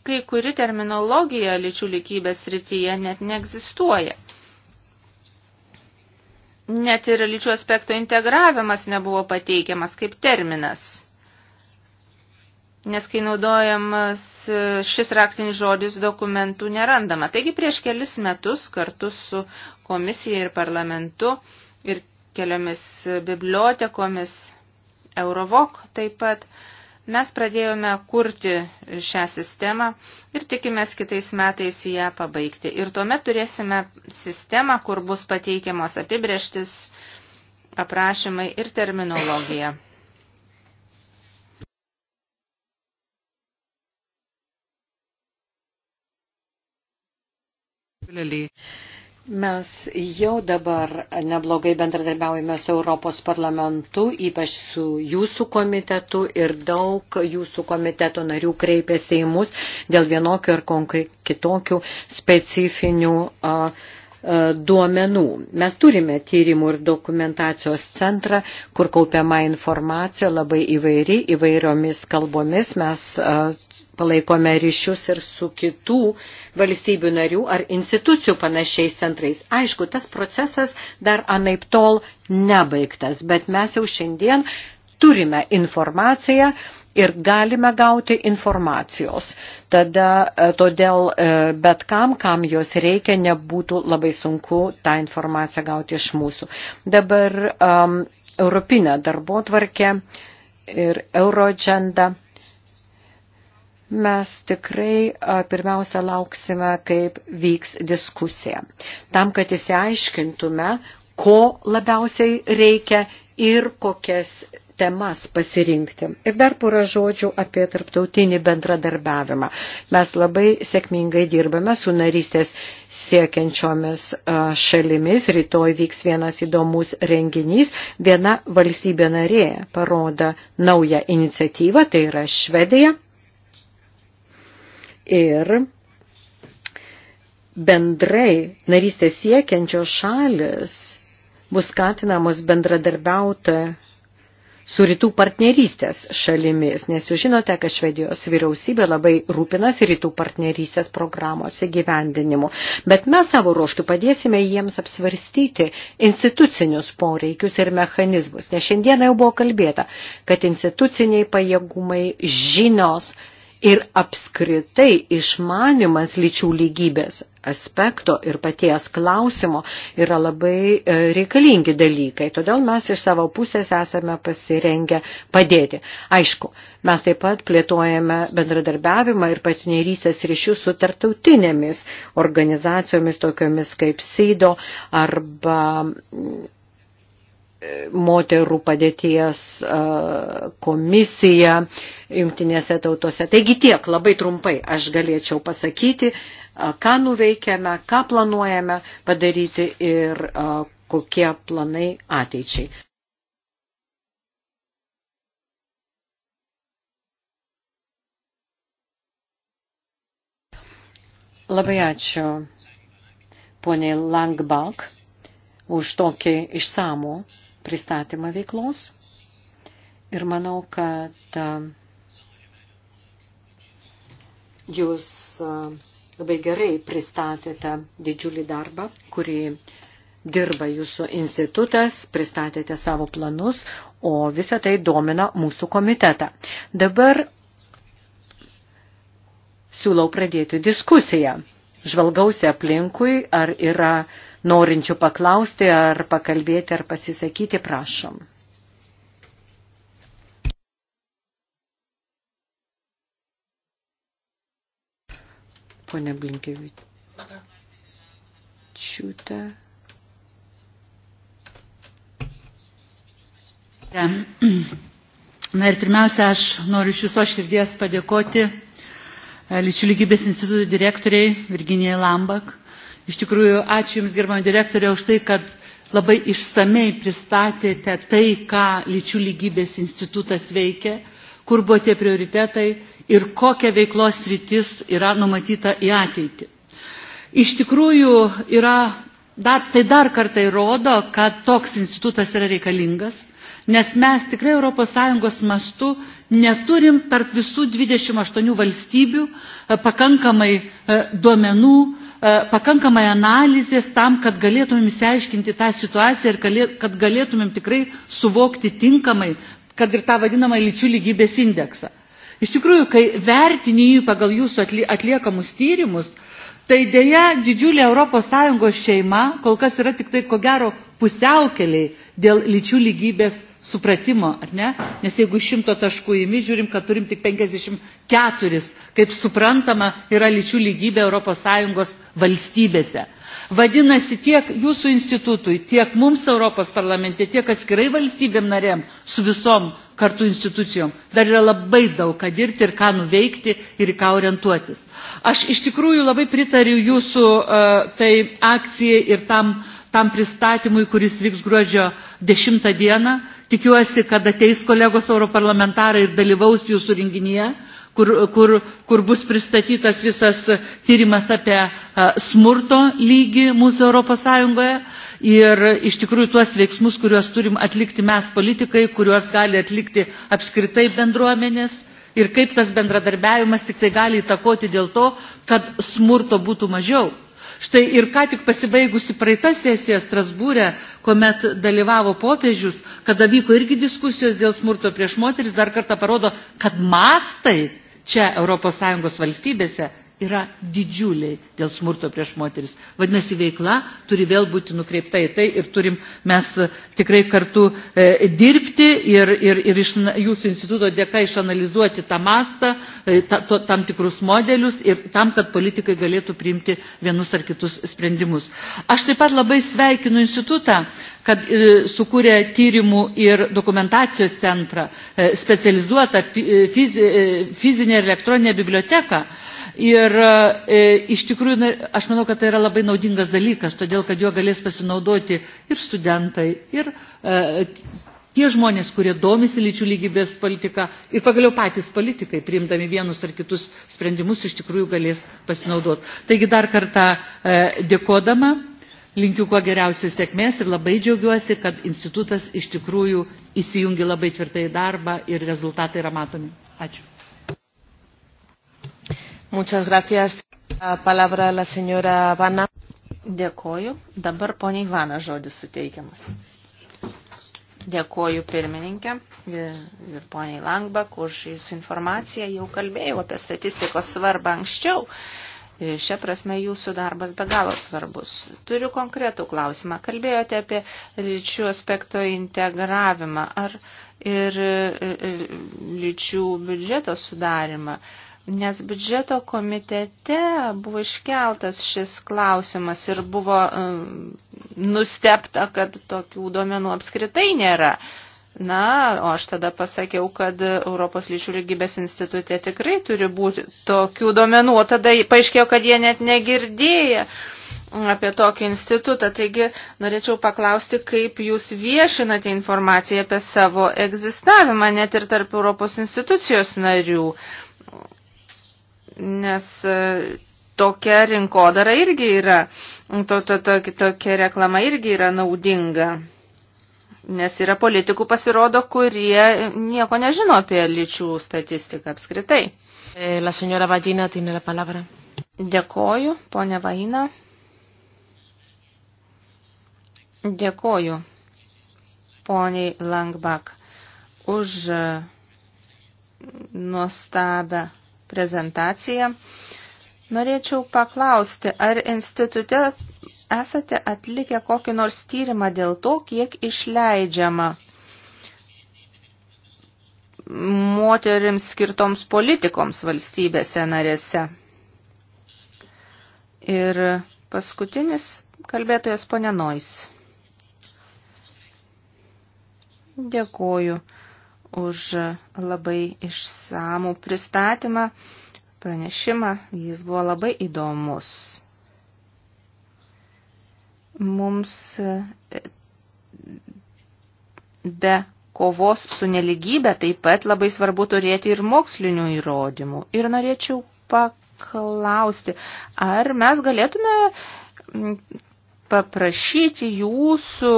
kai kuri terminologija lyčių lygybės rytyje net neegzistuoja. Net ir lyčių aspekto integravimas nebuvo pateikiamas kaip terminas. Nes kai naudojamas šis raktinis žodis dokumentų nerandama. Taigi prieš kelis metus kartu su komisija ir parlamentu ir keliomis bibliotekomis, Eurovok taip pat. Mes pradėjome kurti šią sistemą ir tikimės kitais metais ją pabaigti. Ir tuomet turėsime sistemą, kur bus pateikiamos apibrieštis, aprašymai ir terminologija. Lily. Mes jau dabar neblogai bendradarbiaujame su Europos parlamentu, ypač su jūsų komitetu ir daug jūsų komiteto narių kreipėsi į mus dėl vienokių ir kitokių specifinių uh, duomenų. Mes turime tyrimų ir dokumentacijos centrą, kur kaupiama informacija labai įvairi, įvairiomis kalbomis. Mes palaikome ryšius ir su kitų valstybių narių ar institucijų panašiais centrais. Aišku, tas procesas dar anaip tol nebaigtas, bet mes jau šiandien turime informaciją ir galime gauti informacijos. Tada e, todėl e, bet kam, kam jos reikia, nebūtų labai sunku tą informaciją gauti iš mūsų. Dabar um, Europinė darbo tvarkė ir Euroagenda mes tikrai pirmiausia lauksime, kaip vyks diskusija, tam, kad įsiaiškintume, ko labiausiai reikia ir kokias temas pasirinkti. Ir dar porą žodžių apie tarptautinį bendradarbiavimą. Mes labai sėkmingai dirbame su narystės siekiančiomis šalimis. Rytoj vyks vienas įdomus renginys. Viena valstybė narė parodo naują iniciatyvą, tai yra Švedija ir bendrai narystės siekiančios šalis bus skatinamos bendradarbiauti su rytų partnerystės šalimis, nes jūs žinote, kad Švedijos vyriausybė labai rūpinasi rytų partnerystės programos įgyvendinimu. Bet mes savo ruoštų padėsime jiems apsvarstyti institucinius poreikius ir mechanizmus, nes šiandieną jau buvo kalbėta, kad instituciniai pajėgumai žinios ir apskritai išmanimas lyčių lygybės aspekto ir paties klausimo yra labai e, reikalingi dalykai. Todėl mes iš savo pusės esame pasirengę padėti. Aišku, mes taip pat plėtojame bendradarbiavimą ir patinerysės ryšius su tartautinėmis organizacijomis, tokiomis kaip SIDO arba moterų padėties komisija jungtinėse tautose. Taigi tiek labai trumpai aš galėčiau pasakyti, ką nuveikėme, ką planuojame padaryti ir kokie planai ateičiai. Labai ačiū poniai Langbak už tokį išsamų pristatymą veiklos ir manau, kad e, jūs e, labai gerai pristatėte didžiulį darbą, kurį dirba jūsų institutas, pristatėte savo planus, o visa tai domina mūsų komitetą. Dabar siūlau pradėti diskusiją. Žvalgausi aplinkui, ar yra norinčių paklausti ar pakalbėti ar pasisakyti, prašom. Pone Blinkevičiūtė. Na ir pirmiausia, aš noriu iš viso širdies padėkoti Lyčių lygybės institutų direktoriai Virginijai Lambak Iš tikrųjų, ačiū Jums, gerbama direktorė, už tai, kad labai išsamei pristatėte tai, ką lyčių lygybės institutas veikia, kur buvo tie prioritetai ir kokia veiklos rytis yra numatyta į ateitį. Iš tikrųjų, yra, dar, tai dar kartą įrodo, kad toks institutas yra reikalingas, nes mes tikrai ES mastu neturim tarp visų 28 valstybių e, pakankamai e, duomenų, E, pakankamai analizės tam, kad galėtumėm įsiaiškinti tą situaciją ir kad galėtumėm tikrai suvokti tinkamai, kad ir tą vadinamą lyčių lygybės indeksą. Iš tikrųjų, kai vertini jį pagal jūsų atliekamus tyrimus, tai dėja didžiulė ES šeima kol kas yra tik tai ko gero pusiaukeliai dėl lyčių lygybės supratimo, ar ne? Nes jeigu šimto taškų įmi, žiūrim, kad turim tik 54, kaip suprantama, yra lyčių lygybė ES valstybėse. Vadinasi, tiek jūsų institutui, tiek mums Europos parlamente, tiek atskirai valstybėm narėm su visom kartu institucijom dar yra labai daug ką dirbti ir ką nuveikti ir į ką orientuotis. Aš iš tikrųjų labai pritariu jūsų uh, tai akcijai ir tam, tam pristatymui, kuris vyks gruodžio 10 dieną Tikiuosi, kad ateis kolegos europarlamentarai ir dalyvaus jūsų renginyje, kur, kur, kur bus pristatytas visas tyrimas apie smurto lygį mūsų Europos Sąjungoje. Ir iš tikrųjų tuos veiksmus, kuriuos turim atlikti mes politikai, kuriuos gali atlikti apskritai bendruomenės ir kaip tas bendradarbiavimas tik tai gali įtakoti dėl to, kad smurto būtų mažiau Štai ir ką tik pasibaigusi praeitą sesiją Strasbūrė, kuomet dalyvavo popiežius, kada vyko irgi diskusijos dėl smurto prieš moteris, dar kartą parodo, kad mastai čia ES valstybėse yra didžiuliai dėl smurto prieš moteris. Vadinasi, veikla turi vėl būti nukreipta į tai ir turim mes e, tikrai kartu e, dirbti ir, ir, ir iš jūsų instituto dėka išanalizuoti tą mastą, e, ta, to, tam tikrus modelius ir tam, kad politikai galėtų priimti vienus ar kitus sprendimus. Aš taip pat labai sveikinu institutą, kad e, sukūrė tyrimų ir dokumentacijos centrą, e, specializuotą fi, e, fiz, e, fizinę ir elektroninę biblioteką, Ir e, iš tikrųjų, aš manau, kad tai yra labai naudingas dalykas, todėl kad juo galės pasinaudoti ir studentai, ir e, tie žmonės, kurie domisi lyčių lygybės politika ir pagaliau patys politikai, priimdami vienus ar kitus sprendimus, iš tikrųjų galės pasinaudoti. Taigi dar kartą e, dėkodama linkiu kuo geriausios sėkmės ir labai džiaugiuosi, kad institutas iš tikrųjų įsijungi labai tvirtai į darbą ir rezultatai yra matomi. Ačiū. Muchas gracias. Palabra la señora Vana. Dėkoju. Dabar poniai Vana žodis suteikiamas. Dėkoju pirmininkė ir poniai Langbak už jūsų informaciją. Jau kalbėjau apie statistikos svarbą anksčiau. Šia prasme jūsų darbas be galo svarbus. Turiu konkretų klausimą. Kalbėjote apie lyčių aspekto integravimą ar ir lyčių biudžeto sudarimą nes biudžeto komitete buvo iškeltas šis klausimas ir buvo um, nustepta, kad tokių duomenų apskritai nėra. Na, o aš tada pasakiau, kad Europos lyčių lygybės institutė tikrai turi būti tokių duomenų, o tada paaiškėjo, kad jie net negirdėja apie tokį institutą. Taigi norėčiau paklausti, kaip jūs viešinate informaciją apie savo egzistavimą, net ir tarp Europos institucijos narių. Uh, nes e, tokia rinkodara irgi yra, to, to, to, tokia reklama irgi yra naudinga. Nes yra politikų pasirodo, kurie nieko nežino apie lyčių statistiką apskritai. E, la señora Vagina tiene la palabra. Dėkoju, ponia Vaina. Dėkoju, poniai Langbak, už e, nuostabę prezentaciją. Norėčiau paklausti, ar institute esate atlikę kokį nors tyrimą dėl to, kiek išleidžiama moterims skirtoms politikoms valstybėse narėse. Ir paskutinis kalbėtojas ponė Nois. Dėkuoju už labai išsamų pristatymą, pranešimą. Jis buvo labai įdomus. Mums e, be kovos su neligybė taip pat labai svarbu turėti ir mokslinių įrodymų. Ir norėčiau paklausti, ar mes galėtume paprašyti jūsų,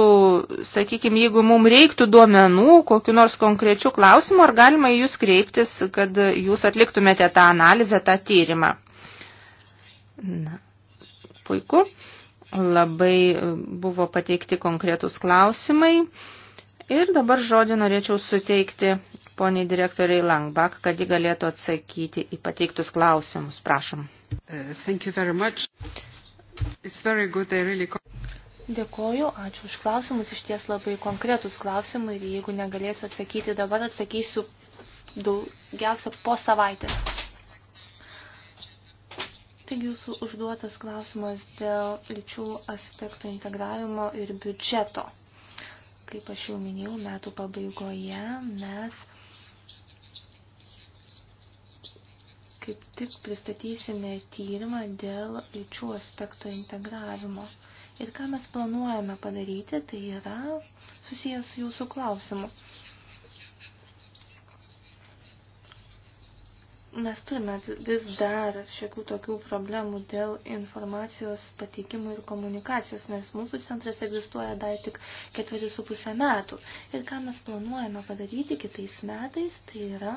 sakykime, jeigu mums reiktų duomenų, kokiu nors konkrečiu klausimu, ar galima į jūs kreiptis, kad jūs atliktumėte tą analizę, tą tyrimą. Na, puiku. Labai e, buvo pateikti konkretus klausimai. Ir dabar žodį norėčiau suteikti poniai direktoriai Langbak, kad ji galėtų atsakyti į pateiktus klausimus. Prašom. Uh, thank you very much. Really... Dėkoju, ačiū už klausimus, iš ties labai konkretus klausimai ir jeigu negalėsiu atsakyti dabar, atsakysiu daugiausia po savaitės. Taigi jūsų užduotas klausimas dėl lyčių aspektų integravimo ir biudžeto. Kaip aš jau minėjau, metų pabaigoje mes kaip tik pristatysime tyrimą dėl lyčių aspekto integravimo. Ir ką mes planuojame padaryti, tai yra susijęs su jūsų klausimu. Mes turime vis dar šiokių tokių problemų dėl informacijos pateikimų ir komunikacijos, nes mūsų centras egzistuoja dar tik ketveri su pusę metų. Ir ką mes planuojame padaryti kitais metais, tai yra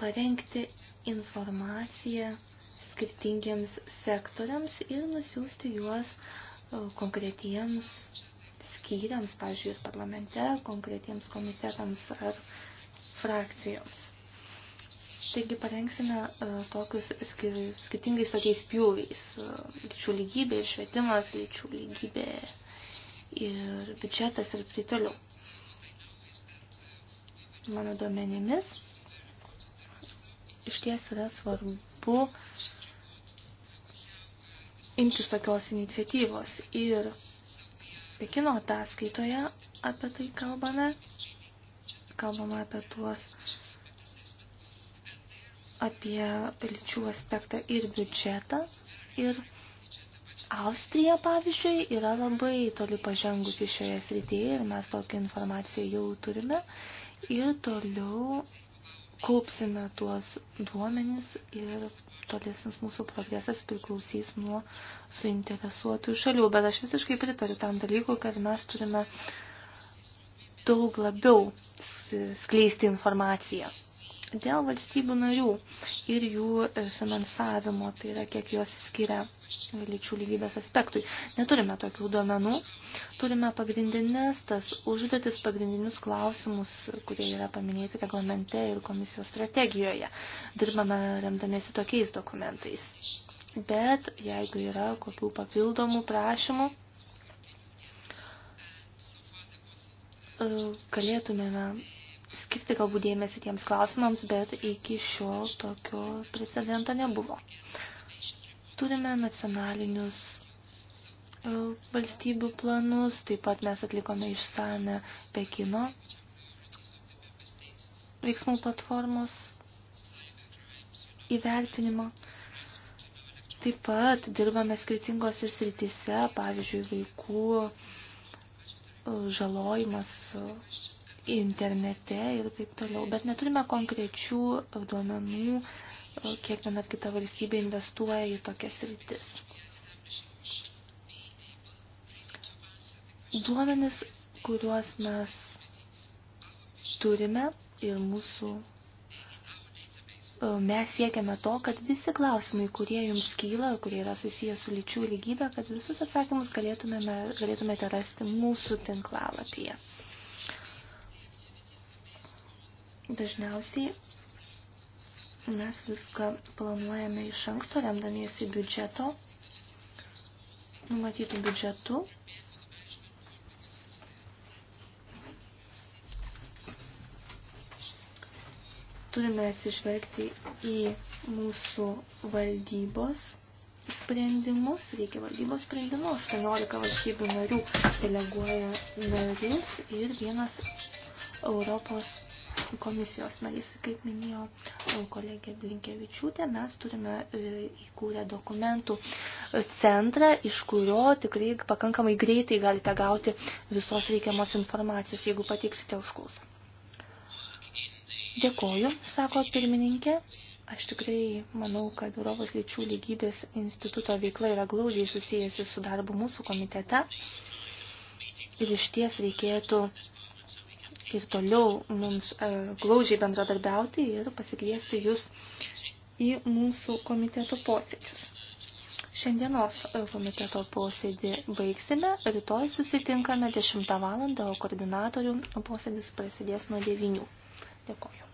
parengti informaciją skirtingiems sektoriams ir nusiųsti juos e, konkretiems skyriams, pavyzdžiui, ir parlamente, konkretiems komitetams ar frakcijoms. Taigi parengsime e, tokius skir skirtingais tokiais pjūviais. E, lyčių lygybė ir švietimas, lyčių lygybė ir biudžetas ir taip toliau. Mano duomenimis iš ties yra svarbu imtis tokios iniciatyvos. Ir Pekino ataskaitoje apie tai kalbame, kalbame apie tuos apie lyčių aspektą ir biudžetą. Ir Austrija, pavyzdžiui, yra labai toli pažengusi šioje srityje ir mes tokią informaciją jau turime. Ir toliau kaupsime tuos duomenis ir tolesnis mūsų progresas priklausys nuo suinteresuotų šalių. Bet aš visiškai pritariu tam dalykui, kad mes turime daug labiau skleisti informaciją dėl valstybių narių ir jų e, finansavimo, tai yra kiek jos skiria lyčių lygybės aspektui. Neturime tokių duomenų, turime pagrindinės tas užduotis, pagrindinius klausimus, kurie yra paminėti reglamente ir komisijos strategijoje. Dirbame remdamėsi tokiais dokumentais. Bet jeigu yra kokių papildomų prašymų, e, galėtumėme skirti galbūt dėmesį tiems klausimams, bet iki šiol tokio precedento nebuvo. Turime nacionalinius e, valstybių planus, taip pat mes atlikome išsame Pekino veiksmų platformos įvertinimą. Taip pat dirbame skirtingose srityse, pavyzdžiui, vaikų e, žalojimas, internete ir taip toliau. Bet neturime konkrečių duomenų, e, kiek tuomet kita valstybė investuoja į tokias rytis. Duomenis, kuriuos mes turime ir mūsų e, mes siekiame to, kad visi klausimai, kurie jums kyla, kurie yra susijęs su lyčių lygybė, kad visus atsakymus galėtumėme, galėtumėte rasti mūsų tinklalapyje. Dažniausiai mes viską planuojame iš anksto, remdamiesi biudžeto, numatytų biudžetu. Turime atsižvelgti į mūsų valdybos sprendimus, reikia valdybos sprendimų, 18 valstybių narių deleguoja narys ir vienas Europos komisijos narys. Kaip minėjo e, kolegė Blinkevičiūtė, mes turime e, įkūrę dokumentų e, centrą, iš kurio tikrai pakankamai greitai galite gauti visos reikiamos informacijos, jeigu pateiksite užklausą. Dėkoju, sako pirmininkė. Aš tikrai manau, kad Europos lyčių lygybės instituto veikla yra glaudžiai susijusi su darbu mūsų komitete. Ir iš ties reikėtų ir toliau mums e, glaužiai bendradarbiauti ir pasikviesti jūs į mūsų komiteto posėdžius. Šiandienos e, komiteto posėdį baigsime, rytoj susitinkame 10 valandą, o koordinatorių posėdis prasidės nuo 9. Dėkoju.